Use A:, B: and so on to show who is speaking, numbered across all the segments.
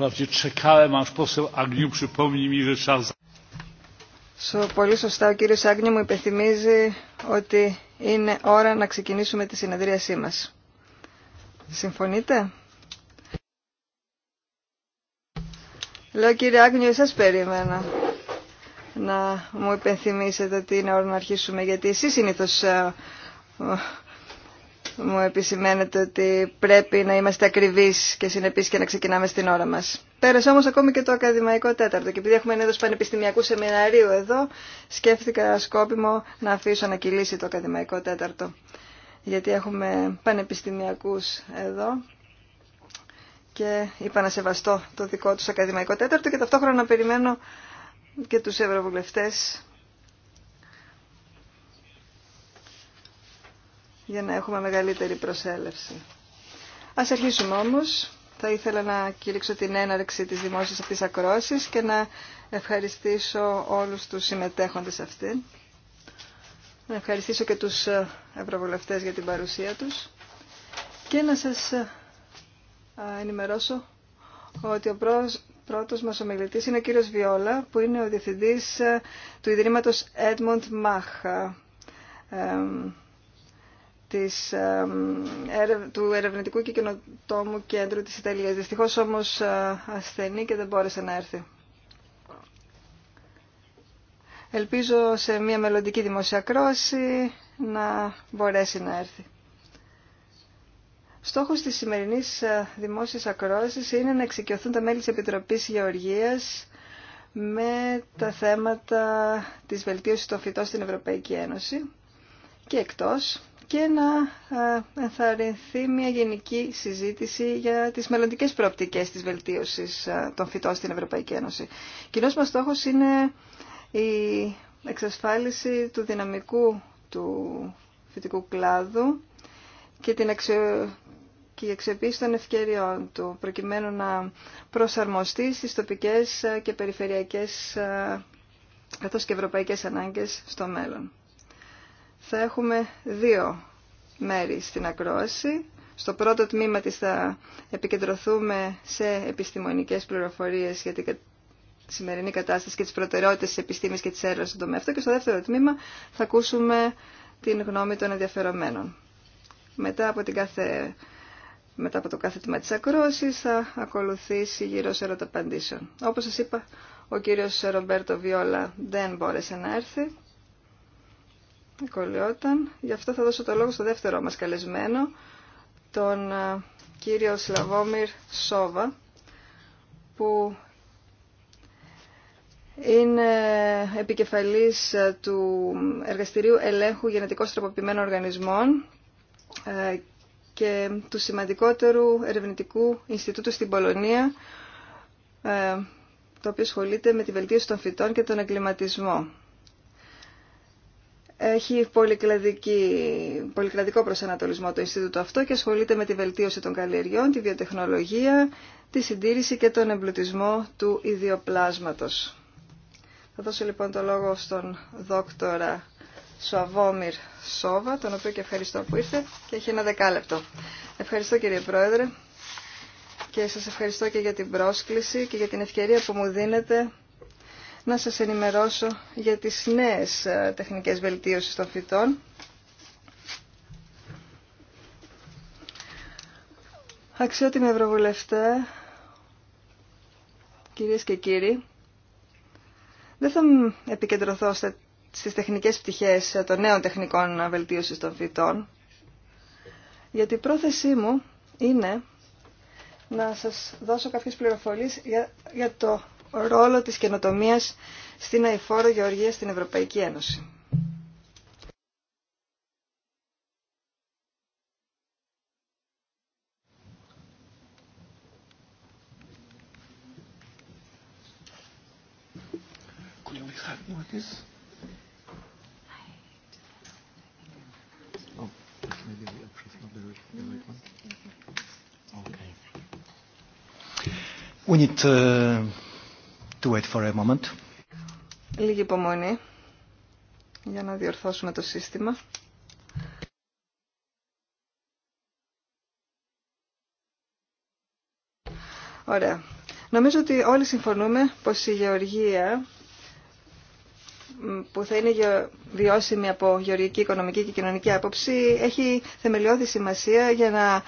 A: Wprawdzie
B: Πολύ σωστά ο κύριος Άγνιο μου υπενθυμίζει ότι είναι ώρα να ξεκινήσουμε τη συνεδρίασή μας. Συμφωνείτε? Λέω κύριε Άγνιο, εσάς περίμενα να μου υπενθυμίσετε ότι είναι ώρα να αρχίσουμε, γιατί εσείς συνήθως ε, ε, μου επισημαίνεται ότι πρέπει να είμαστε ακριβείς και συνεπείς και να ξεκινάμε στην ώρα μας. Πέρασε όμως ακόμη και το ακαδημαϊκό τέταρτο και επειδή έχουμε ένα πανεπιστημιακού σεμιναρίου εδώ, σκέφτηκα σκόπιμο να αφήσω να κυλήσει το ακαδημαϊκό τέταρτο. Γιατί έχουμε πανεπιστημιακούς εδώ και είπα να σεβαστώ το δικό του ακαδημαϊκό τέταρτο και ταυτόχρονα περιμένω και τους ευρωβουλευτές για να έχουμε μεγαλύτερη προσέλευση. Ας αρχίσουμε όμως. Θα ήθελα να κηρύξω την έναρξη της δημόσιας αυτής ακρόασης και να ευχαριστήσω όλους τους συμμετέχοντες αυτήν. Να ευχαριστήσω και τους ευρωβουλευτές για την παρουσία τους και να σας ε, ενημερώσω ότι ο πρώτος μας ομιλητής είναι ο κύριος Βιόλα που είναι ο διευθυντής ε, του ιδρύματο Edmund Mach ε, της, του Ερευνητικού και Κοινοτόμου Κέντρου της Ιταλίας. Δυστυχώς όμως ε, ασθενή και δεν μπόρεσε να έρθει. Ελπίζω σε μια μελλοντική δημοσιακρόση να μπορέσει να έρθει. Στόχος της σημερινής ε, δημόσιας ακρόασης είναι να εξοικειωθούν τα μέλη της Επιτροπής Γεωργίας με τα θέματα της βελτίωσης των φυτών στην Ευρωπαϊκή Ένωση και εκτός και να ε, ενθαρρυνθεί μια γενική συζήτηση για τις μελλοντικές προοπτικές της βελτίωσης ε, των φυτών στην Ευρωπαϊκή Ένωση. Κοινός μας στόχος είναι η εξασφάλιση του δυναμικού του φυτικού κλάδου και την αξιο... και η αξιοποίηση των ευκαιριών του, προκειμένου να προσαρμοστεί στις τοπικές ε, και περιφερειακές καθώς και ευρωπαϊκές ανάγκες στο μέλλον θα έχουμε δύο μέρη στην ακρόαση. Στο πρώτο τμήμα της θα επικεντρωθούμε σε επιστημονικές πληροφορίες για την σημερινή κατάσταση και τις προτεραιότητες της επιστήμης και της έρευνας στον τομέα αυτό και στο δεύτερο τμήμα θα ακούσουμε την γνώμη των ενδιαφερομένων. Μετά από, την μετά από το κάθε τμήμα της ακρόασης θα ακολουθήσει γύρω σε ερωταπαντήσεων. Όπως σας είπα, ο κύριος Ρομπέρτο Βιόλα δεν μπόρεσε να έρθει Γι' αυτό θα δώσω το λόγο στο δεύτερο μας καλεσμένο, τον ε, κύριο Σλαβόμιρ Σόβα, που είναι επικεφαλής ε, του Εργαστηρίου Ελέγχου Γενετικώς Τροποποιημένων Οργανισμών ε, και του σημαντικότερου ερευνητικού Ινστιτούτου στην Πολωνία, το οποίο ασχολείται με τη βελτίωση των φυτών και τον εγκληματισμό. Έχει πολυκλαδικό προσανατολισμό το Ινστιτούτο αυτό και ασχολείται με τη βελτίωση των καλλιεργιών, τη βιοτεχνολογία, τη συντήρηση και τον εμπλουτισμό του ιδιοπλάσματος. Θα δώσω λοιπόν το λόγο στον δόκτορα Σουαβόμιρ Σόβα, τον οποίο και ευχαριστώ που ήρθε και έχει ένα δεκάλεπτο. Ευχαριστώ κύριε Πρόεδρε και σας ευχαριστώ και για την πρόσκληση και για την ευκαιρία που μου δίνετε να σας ενημερώσω για τις νέες ε, τεχνικές βελτίωσεις των φυτών. Αξιότιμοι Ευρωβουλευτέ, κυρίες και κύριοι, δεν θα επικεντρωθώ στις τεχνικές πτυχές ε, των νέων τεχνικών βελτίωσης των φυτών, γιατί η πρόθεσή μου είναι να σας δώσω κάποιες πληροφορίες για το ρόλο της καινοτομίας στην αηφόρο γεωργία στην Ευρωπαϊκή Ένωση. Λίγη υπομονή για να διορθώσουμε το σύστημα. Ωραία. Νομίζω ότι όλοι συμφωνούμε πως η γεωργία που θα είναι βιώσιμη από γεωργική, οικονομική και κοινωνική άποψη έχει θεμελιώδη σημασία για να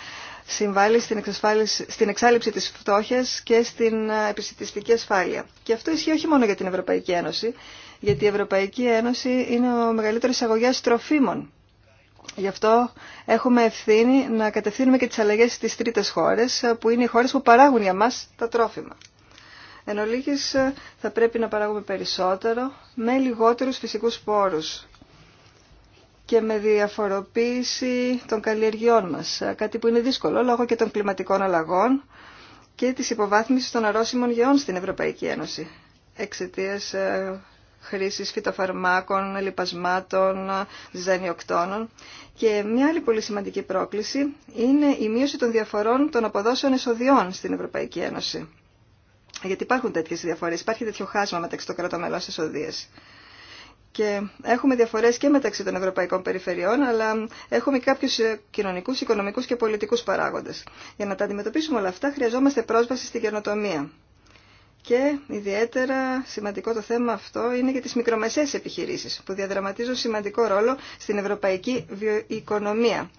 B: συμβάλλει στην, στην εξάλληψη της φτώχειας και στην ε, επιστημιστική ασφάλεια. Και αυτό ισχύει όχι μόνο για την Ευρωπαϊκή Ένωση, γιατί η Ευρωπαϊκή Ένωση είναι ο μεγαλύτερος αγωγιάς τροφίμων. Γι' αυτό έχουμε ευθύνη να κατευθύνουμε και τις αλλαγές στις τρίτες χώρες, ε, που είναι οι χώρες που παράγουν για μας τα τρόφιμα. Εν ολίγης, ε, θα πρέπει να παράγουμε περισσότερο με λιγότερους φυσικούς πόρους και με διαφοροποίηση των καλλιεργειών μας. Κάτι που είναι δύσκολο λόγω και των κλιματικών αλλαγών και της υποβάθμισης των αρρώσιμων γεών στην Ευρωπαϊκή Ένωση εξαιτίας ε, χρήσης φυτοφαρμάκων, λιπασμάτων, ζανιοκτώνων. Και μια άλλη πολύ σημαντική πρόκληση είναι η μείωση των διαφορών των αποδόσεων εσοδιών στην Ευρωπαϊκή Ένωση. Γιατί υπάρχουν τέτοιε διαφορέ, υπάρχει τέτοιο χάσμα μεταξύ των κρατών μελών εσοδίες. Και έχουμε διαφορές και μεταξύ των ευρωπαϊκών περιφερειών, αλλά έχουμε κάποιους κοινωνικούς, οικονομικούς και πολιτικούς παράγοντες. Για να τα αντιμετωπίσουμε όλα αυτά χρειαζόμαστε πρόσβαση στην καινοτομία. Και ιδιαίτερα σημαντικό το θέμα αυτό είναι για τις μικρομεσαίες επιχειρήσεις που διαδραματίζουν σημαντικό ρόλο στην ευρωπαϊκή βιοοικονομία.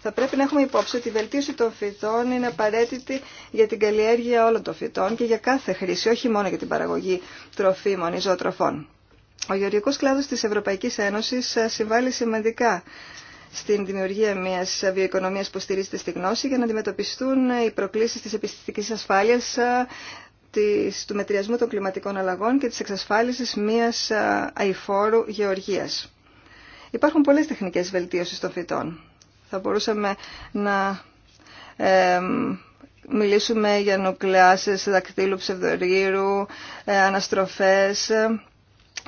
B: Θα πρέπει να έχουμε υπόψη ότι η βελτίωση των φυτών είναι απαραίτητη για την καλλιέργεια όλων των φυτών και για κάθε χρήση, όχι μόνο για την παραγωγή τροφίμων ή ζωοτροφών. Ο γεωργικός κλάδος της Ευρωπαϊκής Ένωσης ε, συμβάλλει σημαντικά στην δημιουργία μια βιοοικονομία που στηρίζεται στη γνώση για να αντιμετωπιστούν ε, οι προκλήσει τη επιστημική ασφάλεια, ε, του μετριασμού των κλιματικών αλλαγών και τη εξασφάλιση μια αηφόρου γεωργίας. Υπάρχουν πολλέ τεχνικέ βελτίωσει των φυτών. Θα μπορούσαμε να μιλήσουμε για νουκλεάσες δακτύλου ψευδορύρου, ε, αναστροφές,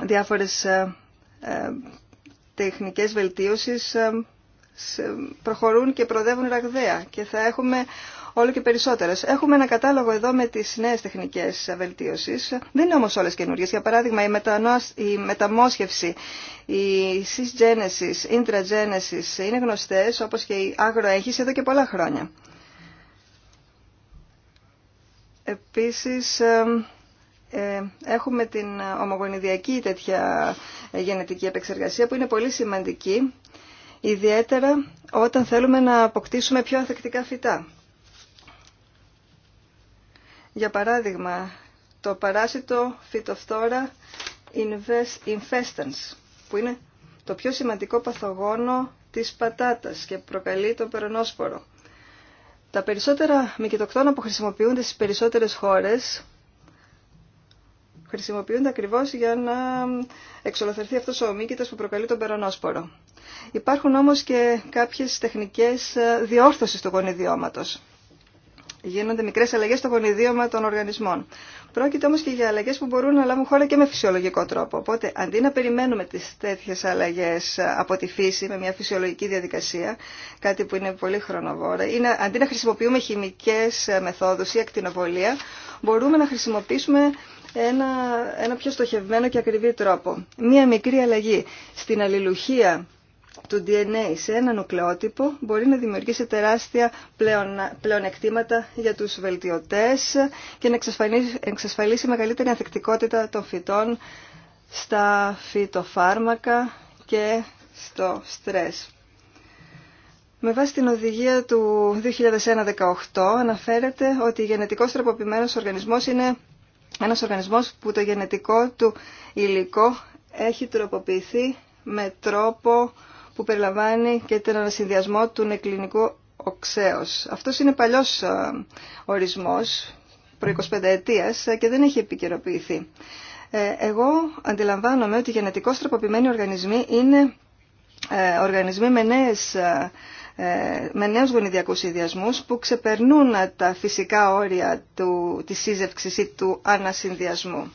B: διάφορες ε, ε, τεχνικές βελτίωσης ε, προχωρούν και προοδεύουν ραγδαία και θα έχουμε όλο και περισσότερες. Έχουμε ένα κατάλογο εδώ με τις νέες τεχνικές βελτίωσεις. Δεν είναι όμως όλες καινούριες. Για παράδειγμα, η, μεταμόσχευση, η μεταμόσχευση, η cisgenesis, intragenesis είναι γνωστές όπως και η έχει εδώ και πολλά χρόνια. Επίσης, ε, έχουμε την ομογονιδιακή τέτοια γενετική επεξεργασία που είναι πολύ σημαντική, ιδιαίτερα όταν θέλουμε να αποκτήσουμε πιο ανθεκτικά φυτά. Για παράδειγμα, το παράσιτο φυτοφθόρα infestans, που είναι το πιο σημαντικό παθογόνο της πατάτας και προκαλεί τον περονόσπορο. Τα περισσότερα μικητοκτόνα που χρησιμοποιούνται στις περισσότερες χώρες χρησιμοποιούνται ακριβώ για να εξολοθερθεί αυτό ο ομίκητο που προκαλεί τον περονόσπορο. Υπάρχουν όμω και κάποιε τεχνικέ διόρθωση του γονιδιώματο. Γίνονται μικρέ αλλαγέ στο γονιδίωμα των οργανισμών. Πρόκειται όμω και για αλλαγέ που μπορούν να λάβουν χώρα και με φυσιολογικό τρόπο. Οπότε αντί να περιμένουμε τι τέτοιε αλλαγέ από τη φύση με μια φυσιολογική διαδικασία, κάτι που είναι πολύ χρονοβόρα, ή να, αντί να χρησιμοποιούμε χημικέ μεθόδου ή ακτινοβολία, μπορούμε να χρησιμοποιήσουμε ένα, ένα πιο στοχευμένο και ακριβή τρόπο. Μία μικρή αλλαγή στην αλληλουχία του DNA σε ένα νουκλεότυπο μπορεί να δημιουργήσει τεράστια πλεονεκτήματα για τους βελτιωτές και να εξασφαλίσει, μεγαλύτερη ανθεκτικότητα των φυτών στα φυτοφάρμακα και στο στρες. Με βάση την οδηγία του 2001-18 αναφέρεται ότι η γενετικός τροποποιημένος οργανισμός είναι ένας οργανισμός που το γενετικό του υλικό έχει τροποποιηθεί με τρόπο που περιλαμβάνει και τον ανασυνδυασμό του νεκλινικού οξέως. Αυτός είναι παλιός ε, ορισμός, προ 25 ετίας ε, και δεν έχει επικαιροποιηθεί. Ε, εγώ αντιλαμβάνομαι ότι οι γενετικώς τροποποιημένοι οργανισμοί είναι οργανισμοί με νέες ε, με νέους γονιδιακούς συνδυασμούς που ξεπερνούν τα φυσικά όρια του, της σύζευξης ή του ανασυνδυασμού.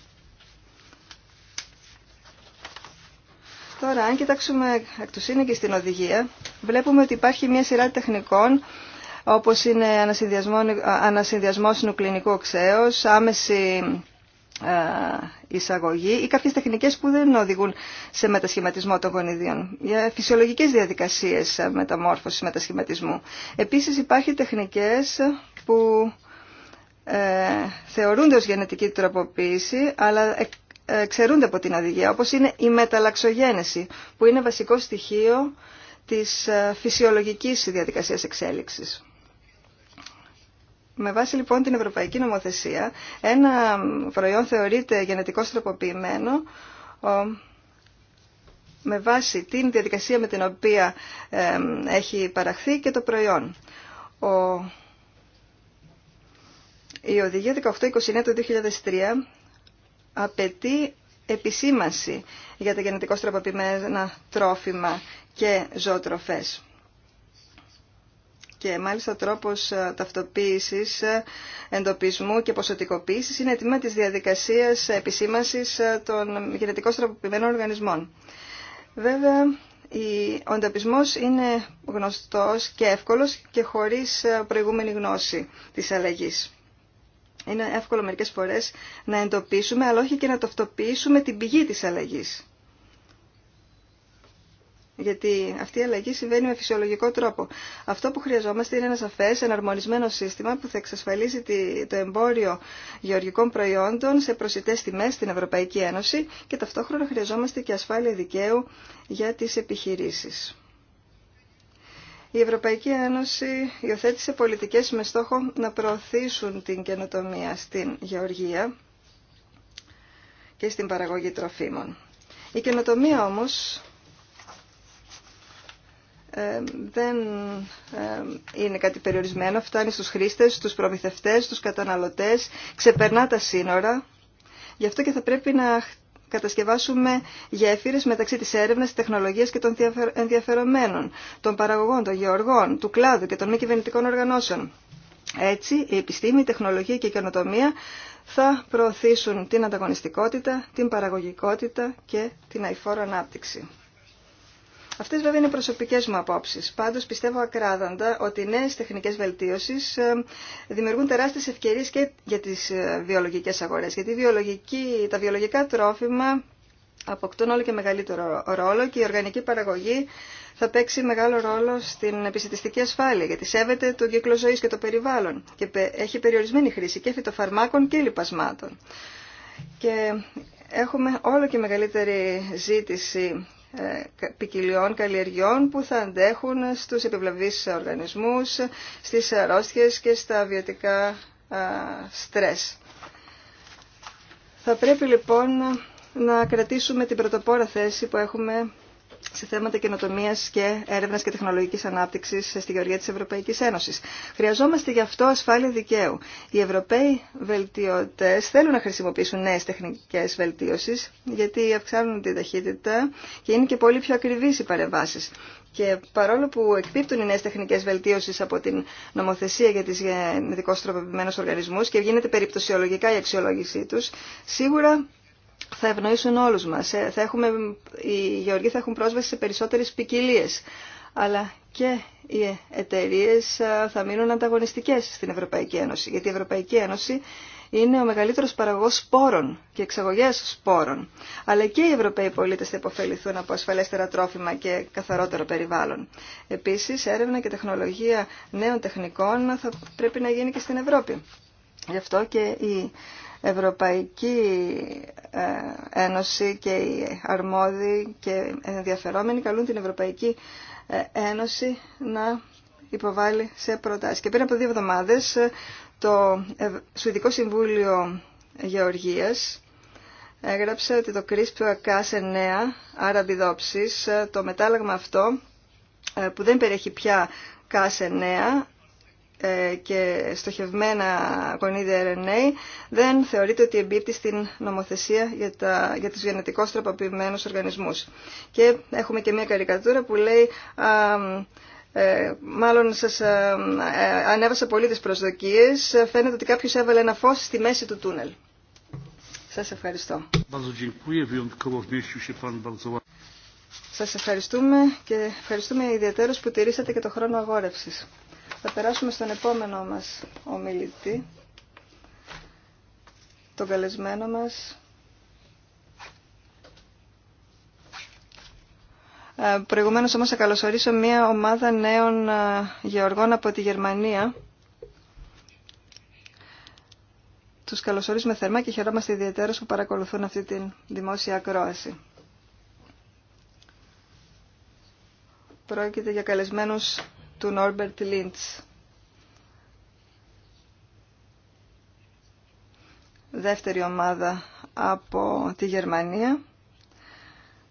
B: Τώρα, αν κοιτάξουμε εκ του στην οδηγία, βλέπουμε ότι υπάρχει μια σειρά τεχνικών όπως είναι ανασυνδυασμός νουκλινικού οξέως, άμεση ε, εισαγωγή ή κάποιες τεχνικές που δεν οδηγούν σε μετασχηματισμό των γονιδίων, για φυσιολογικές διαδικασίες ε, μεταμόρφωσης μετασχηματισμού. Επίσης υπάρχει τεχνικές που ε, θεωρούνται ως γενετική τροποποίηση, αλλά εξαιρούνται από την οδηγία, όπως είναι η μεταλλαξογένεση, που είναι βασικό στοιχείο της φυσιολογικής διαδικασίας εξέλιξης. Με βάση λοιπόν την Ευρωπαϊκή Νομοθεσία, ένα προϊόν θεωρείται γενετικώς τροποποιημένο με βάση την διαδικασία με την οποία έχει παραχθεί και το προϊόν. Ο... Η Οδηγία 1829 του 2003 απαιτεί επισήμανση για τα γενετικώς τροποποιημένα τρόφιμα και ζωοτροφές και μάλιστα ο τρόπος ε, ταυτοποίησης, ε, εντοπισμού και ποσοτικοποίησης είναι τμήμα της διαδικασίας επισήμανσης ε, των γενετικώς τροποποιημένων οργανισμών. Βέβαια, ο εντοπισμός είναι γνωστός και εύκολος και χωρίς προηγούμενη γνώση της αλλαγής. Είναι εύκολο μερικές φορές να εντοπίσουμε, αλλά όχι και να ταυτοποιήσουμε την πηγή της αλλαγής γιατί αυτή η αλλαγή συμβαίνει με φυσιολογικό τρόπο. Αυτό που χρειαζόμαστε είναι ένα σαφέ, εναρμονισμένο σύστημα που θα εξασφαλίσει το εμπόριο γεωργικών προϊόντων σε προσιτέ τιμέ στην Ευρωπαϊκή Ένωση και ταυτόχρονα χρειαζόμαστε και ασφάλεια δικαίου για τι επιχειρήσει. Η Ευρωπαϊκή Ένωση υιοθέτησε πολιτικές με στόχο να προωθήσουν την καινοτομία στην γεωργία και στην παραγωγή τροφίμων. Η καινοτομία όμως ε, δεν ε, είναι κάτι περιορισμένο. Φτάνει στους χρήστες, στους προμηθευτές, στους καταναλωτές, ξεπερνά τα σύνορα. Γι' αυτό και θα πρέπει να κατασκευάσουμε γέφυρες μεταξύ της έρευνας, της τεχνολογίας και των ενδιαφερομένων, των παραγωγών, των γεωργών, του κλάδου και των μη κυβερνητικών οργανώσεων. Έτσι, η επιστήμη, η τεχνολογία και η καινοτομία θα προωθήσουν την ανταγωνιστικότητα, την παραγωγικότητα και την αηφόρο ανάπτυξη. Αυτέ βέβαια είναι προσωπικέ μου απόψει. Πάντως πιστεύω ακράδαντα ότι οι νέες τεχνικές βελτίωσεις ε, δημιουργούν τεράστιε ευκαιρίε και για τι ε, βιολογικέ αγορέ, Γιατί βιολογική, τα βιολογικά τρόφιμα αποκτούν όλο και μεγαλύτερο ρόλο και η οργανική παραγωγή θα παίξει μεγάλο ρόλο στην επιστημιστική ασφάλεια, γιατί σέβεται τον κύκλο ζωή και το περιβάλλον και έχει περιορισμένη χρήση και φυτοφαρμάκων και λοιπασμάτων. Και έχουμε όλο και μεγαλύτερη ζήτηση ε, ποικιλιών καλλιεργιών που θα αντέχουν στους επιβλαβείς οργανισμούς, στις αρρώστιες και στα βιωτικά στρες. Θα πρέπει λοιπόν να κρατήσουμε την πρωτοπόρα θέση που έχουμε σε θέματα καινοτομία και έρευνα και τεχνολογική ανάπτυξη στη γεωργία τη Ευρωπαϊκή Ένωση. Χρειαζόμαστε γι' αυτό ασφάλεια δικαίου. Οι Ευρωπαίοι βελτιωτέ θέλουν να χρησιμοποιήσουν νέε τεχνικέ βελτίωσει, γιατί αυξάνουν την ταχύτητα και είναι και πολύ πιο ακριβεί οι παρεμβάσει. Και παρόλο που εκπίπτουν οι νέε τεχνικέ βελτίωσει από την νομοθεσία για τις γενετικώ τροποποιημένου οργανισμού και γίνεται περιπτωσιολογικά η αξιολόγησή του, σίγουρα θα ευνοήσουν όλους μας. Ε, θα έχουμε, οι γεωργοί θα έχουν πρόσβαση σε περισσότερες ποικιλίε. Αλλά και οι εταιρείε ε, θα μείνουν ανταγωνιστικές στην Ευρωπαϊκή Ένωση. Γιατί η Ευρωπαϊκή Ένωση είναι ο μεγαλύτερος παραγωγός σπόρων και εξαγωγές σπόρων. Αλλά και οι Ευρωπαίοι πολίτες θα υποφεληθούν από ασφαλέστερα τρόφιμα και καθαρότερο περιβάλλον. Επίσης, έρευνα και τεχνολογία νέων τεχνικών θα πρέπει να γίνει και στην Ευρώπη. Γι' αυτό και η Ευρωπαϊκή ε, Ένωση και οι αρμόδιοι και ενδιαφερόμενοι καλούν την Ευρωπαϊκή ε, Ένωση να υποβάλει σε προτάσεις. Και πριν από δύο εβδομάδες ε, το Σουηδικό Συμβούλιο Γεωργίας έγραψε ότι το CRISPR-Cas9, άρα επιδόψεις, το μετάλλαγμα αυτό που δεν περιέχει πια Cas9 ε, και στοχευμένα γονίδια RNA δεν θεωρείται ότι εμπίπτει στην νομοθεσία για, τα, για τους γενετικώς τροποποιημένους οργανισμούς. Και έχουμε και μια καρικατούρα που λέει ε, μάλλον σας ε, ε, ανέβασα πολύ τις προσδοκίες φαίνεται ότι κάποιος έβαλε ένα φως στη μέση του τούνελ. Σας ευχαριστώ. Σας ευχαριστούμε και ευχαριστούμε ιδιαίτερως που τηρήσατε και το χρόνο αγόρευσης. Θα περάσουμε στον επόμενό μας ομιλητή, τον καλεσμένο μας. Ε, προηγουμένως όμως θα καλωσορίσω μια ομάδα νέων ε, γεωργών από τη Γερμανία. Τους καλωσορίζουμε θερμά και χαιρόμαστε ιδιαίτερα που παρακολουθούν αυτή τη δημόσια ακρόαση. Πρόκειται για καλεσμένους του Νόρμπερτ Λίντς. Δεύτερη ομάδα από τη Γερμανία.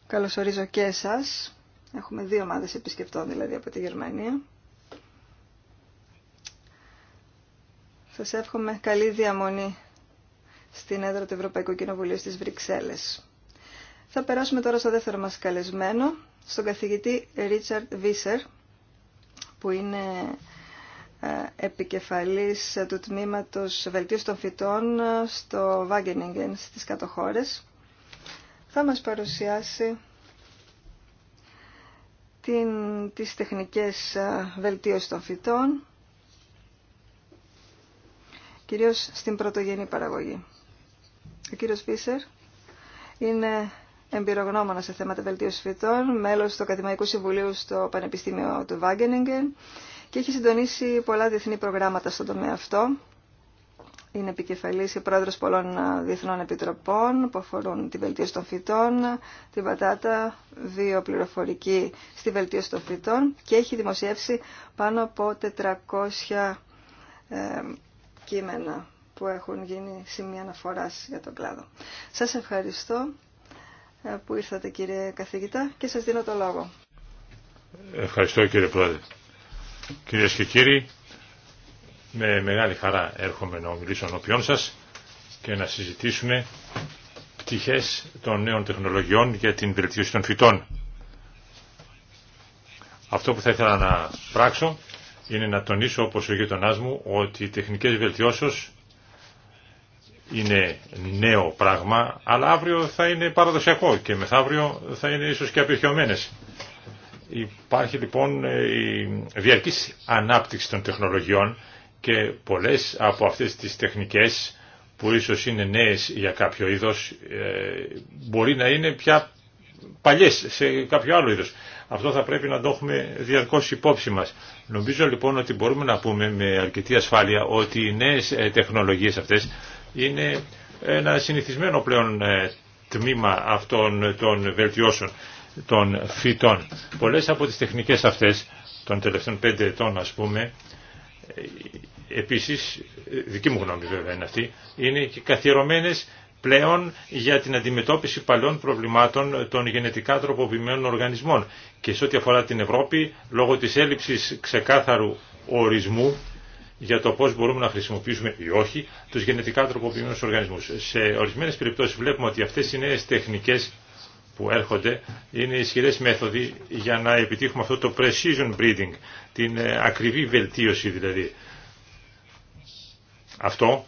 B: Καλωσορίζω και εσάς. Έχουμε δύο ομάδες επισκεπτών δηλαδή από τη Γερμανία. Σας εύχομαι καλή διαμονή στην έδρα του Ευρωπαϊκού Κοινοβουλίου στις Βρυξέλλες. Θα περάσουμε τώρα στο δεύτερο μας καλεσμένο, στον καθηγητή Ρίτσαρντ Βίσερ, που είναι ε, επικεφαλής του τμήματος βελτίωση των φυτών ε, στο Wageningen στις κατοχώρες θα μας παρουσιάσει την, τις τεχνικές ε, βελτίωσης των φυτών κυρίως στην πρωτογενή παραγωγή. Ο κύριος Βίσερ είναι εμπειρογνώμονα σε θέματα βελτίωση φυτών, μέλο του Ακαδημαϊκού Συμβουλίου στο Πανεπιστήμιο του Βάγκενιγκεν και έχει συντονίσει πολλά διεθνή προγράμματα στον τομέα αυτό. Είναι επικεφαλή και πρόεδρο πολλών διεθνών επιτροπών που αφορούν τη βελτίωση των φυτών, την πατάτα, βιοπληροφορική στη βελτίωση των φυτών και έχει δημοσιεύσει πάνω από 400 ε, κείμενα που έχουν γίνει σημεία αναφοράς για τον κλάδο. Σας ευχαριστώ. Ε, που ήρθατε κύριε καθηγητά και σας δίνω το λόγο.
A: Ευχαριστώ κύριε Πρόεδρε. Κυρίες και κύριοι, με μεγάλη χαρά έρχομαι να ομιλήσω ενώπιόν σας και να συζητήσουμε πτυχές των νέων τεχνολογιών για την βελτίωση των φυτών. Αυτό που θα ήθελα να πράξω είναι να τονίσω όπως ο γειτονάς μου ότι οι τεχνικές βελτιώσεις είναι νέο πράγμα, αλλά αύριο θα είναι παραδοσιακό και μεθαύριο θα είναι ίσως και απειχιωμένες. Υπάρχει λοιπόν ε, η διαρκής ανάπτυξη των τεχνολογιών και πολλές από αυτές τις τεχνικές που ίσως είναι νέες για κάποιο είδος ε, μπορεί να είναι πια παλιές σε κάποιο άλλο είδος. Αυτό θα πρέπει να το έχουμε διαρκώς υπόψη μας. Νομίζω λοιπόν ότι μπορούμε να πούμε με αρκετή ασφάλεια ότι οι νέες ε, τεχνολογίες αυτές είναι ένα συνηθισμένο πλέον ε, τμήμα αυτών των βελτιώσεων των φυτών. Πολλές από τις τεχνικές αυτές των τελευταίων πέντε ετών ας πούμε ε, επίσης, ε, δική μου γνώμη βέβαια είναι αυτή, είναι και καθιερωμένες πλέον για την αντιμετώπιση παλιών προβλημάτων των γενετικά τροποποιημένων οργανισμών. Και σε ό,τι αφορά την Ευρώπη, λόγω της έλλειψης ξεκάθαρου ορισμού για το πώς μπορούμε να χρησιμοποιήσουμε ή όχι τους γενετικά τροποποιημένους οργανισμούς. Σε ορισμένες περιπτώσεις βλέπουμε ότι αυτές οι νέες τεχνικές που έρχονται είναι ισχυρές μέθοδοι για να επιτύχουμε αυτό το precision breeding, την ε, ακριβή βελτίωση δηλαδή. Αυτό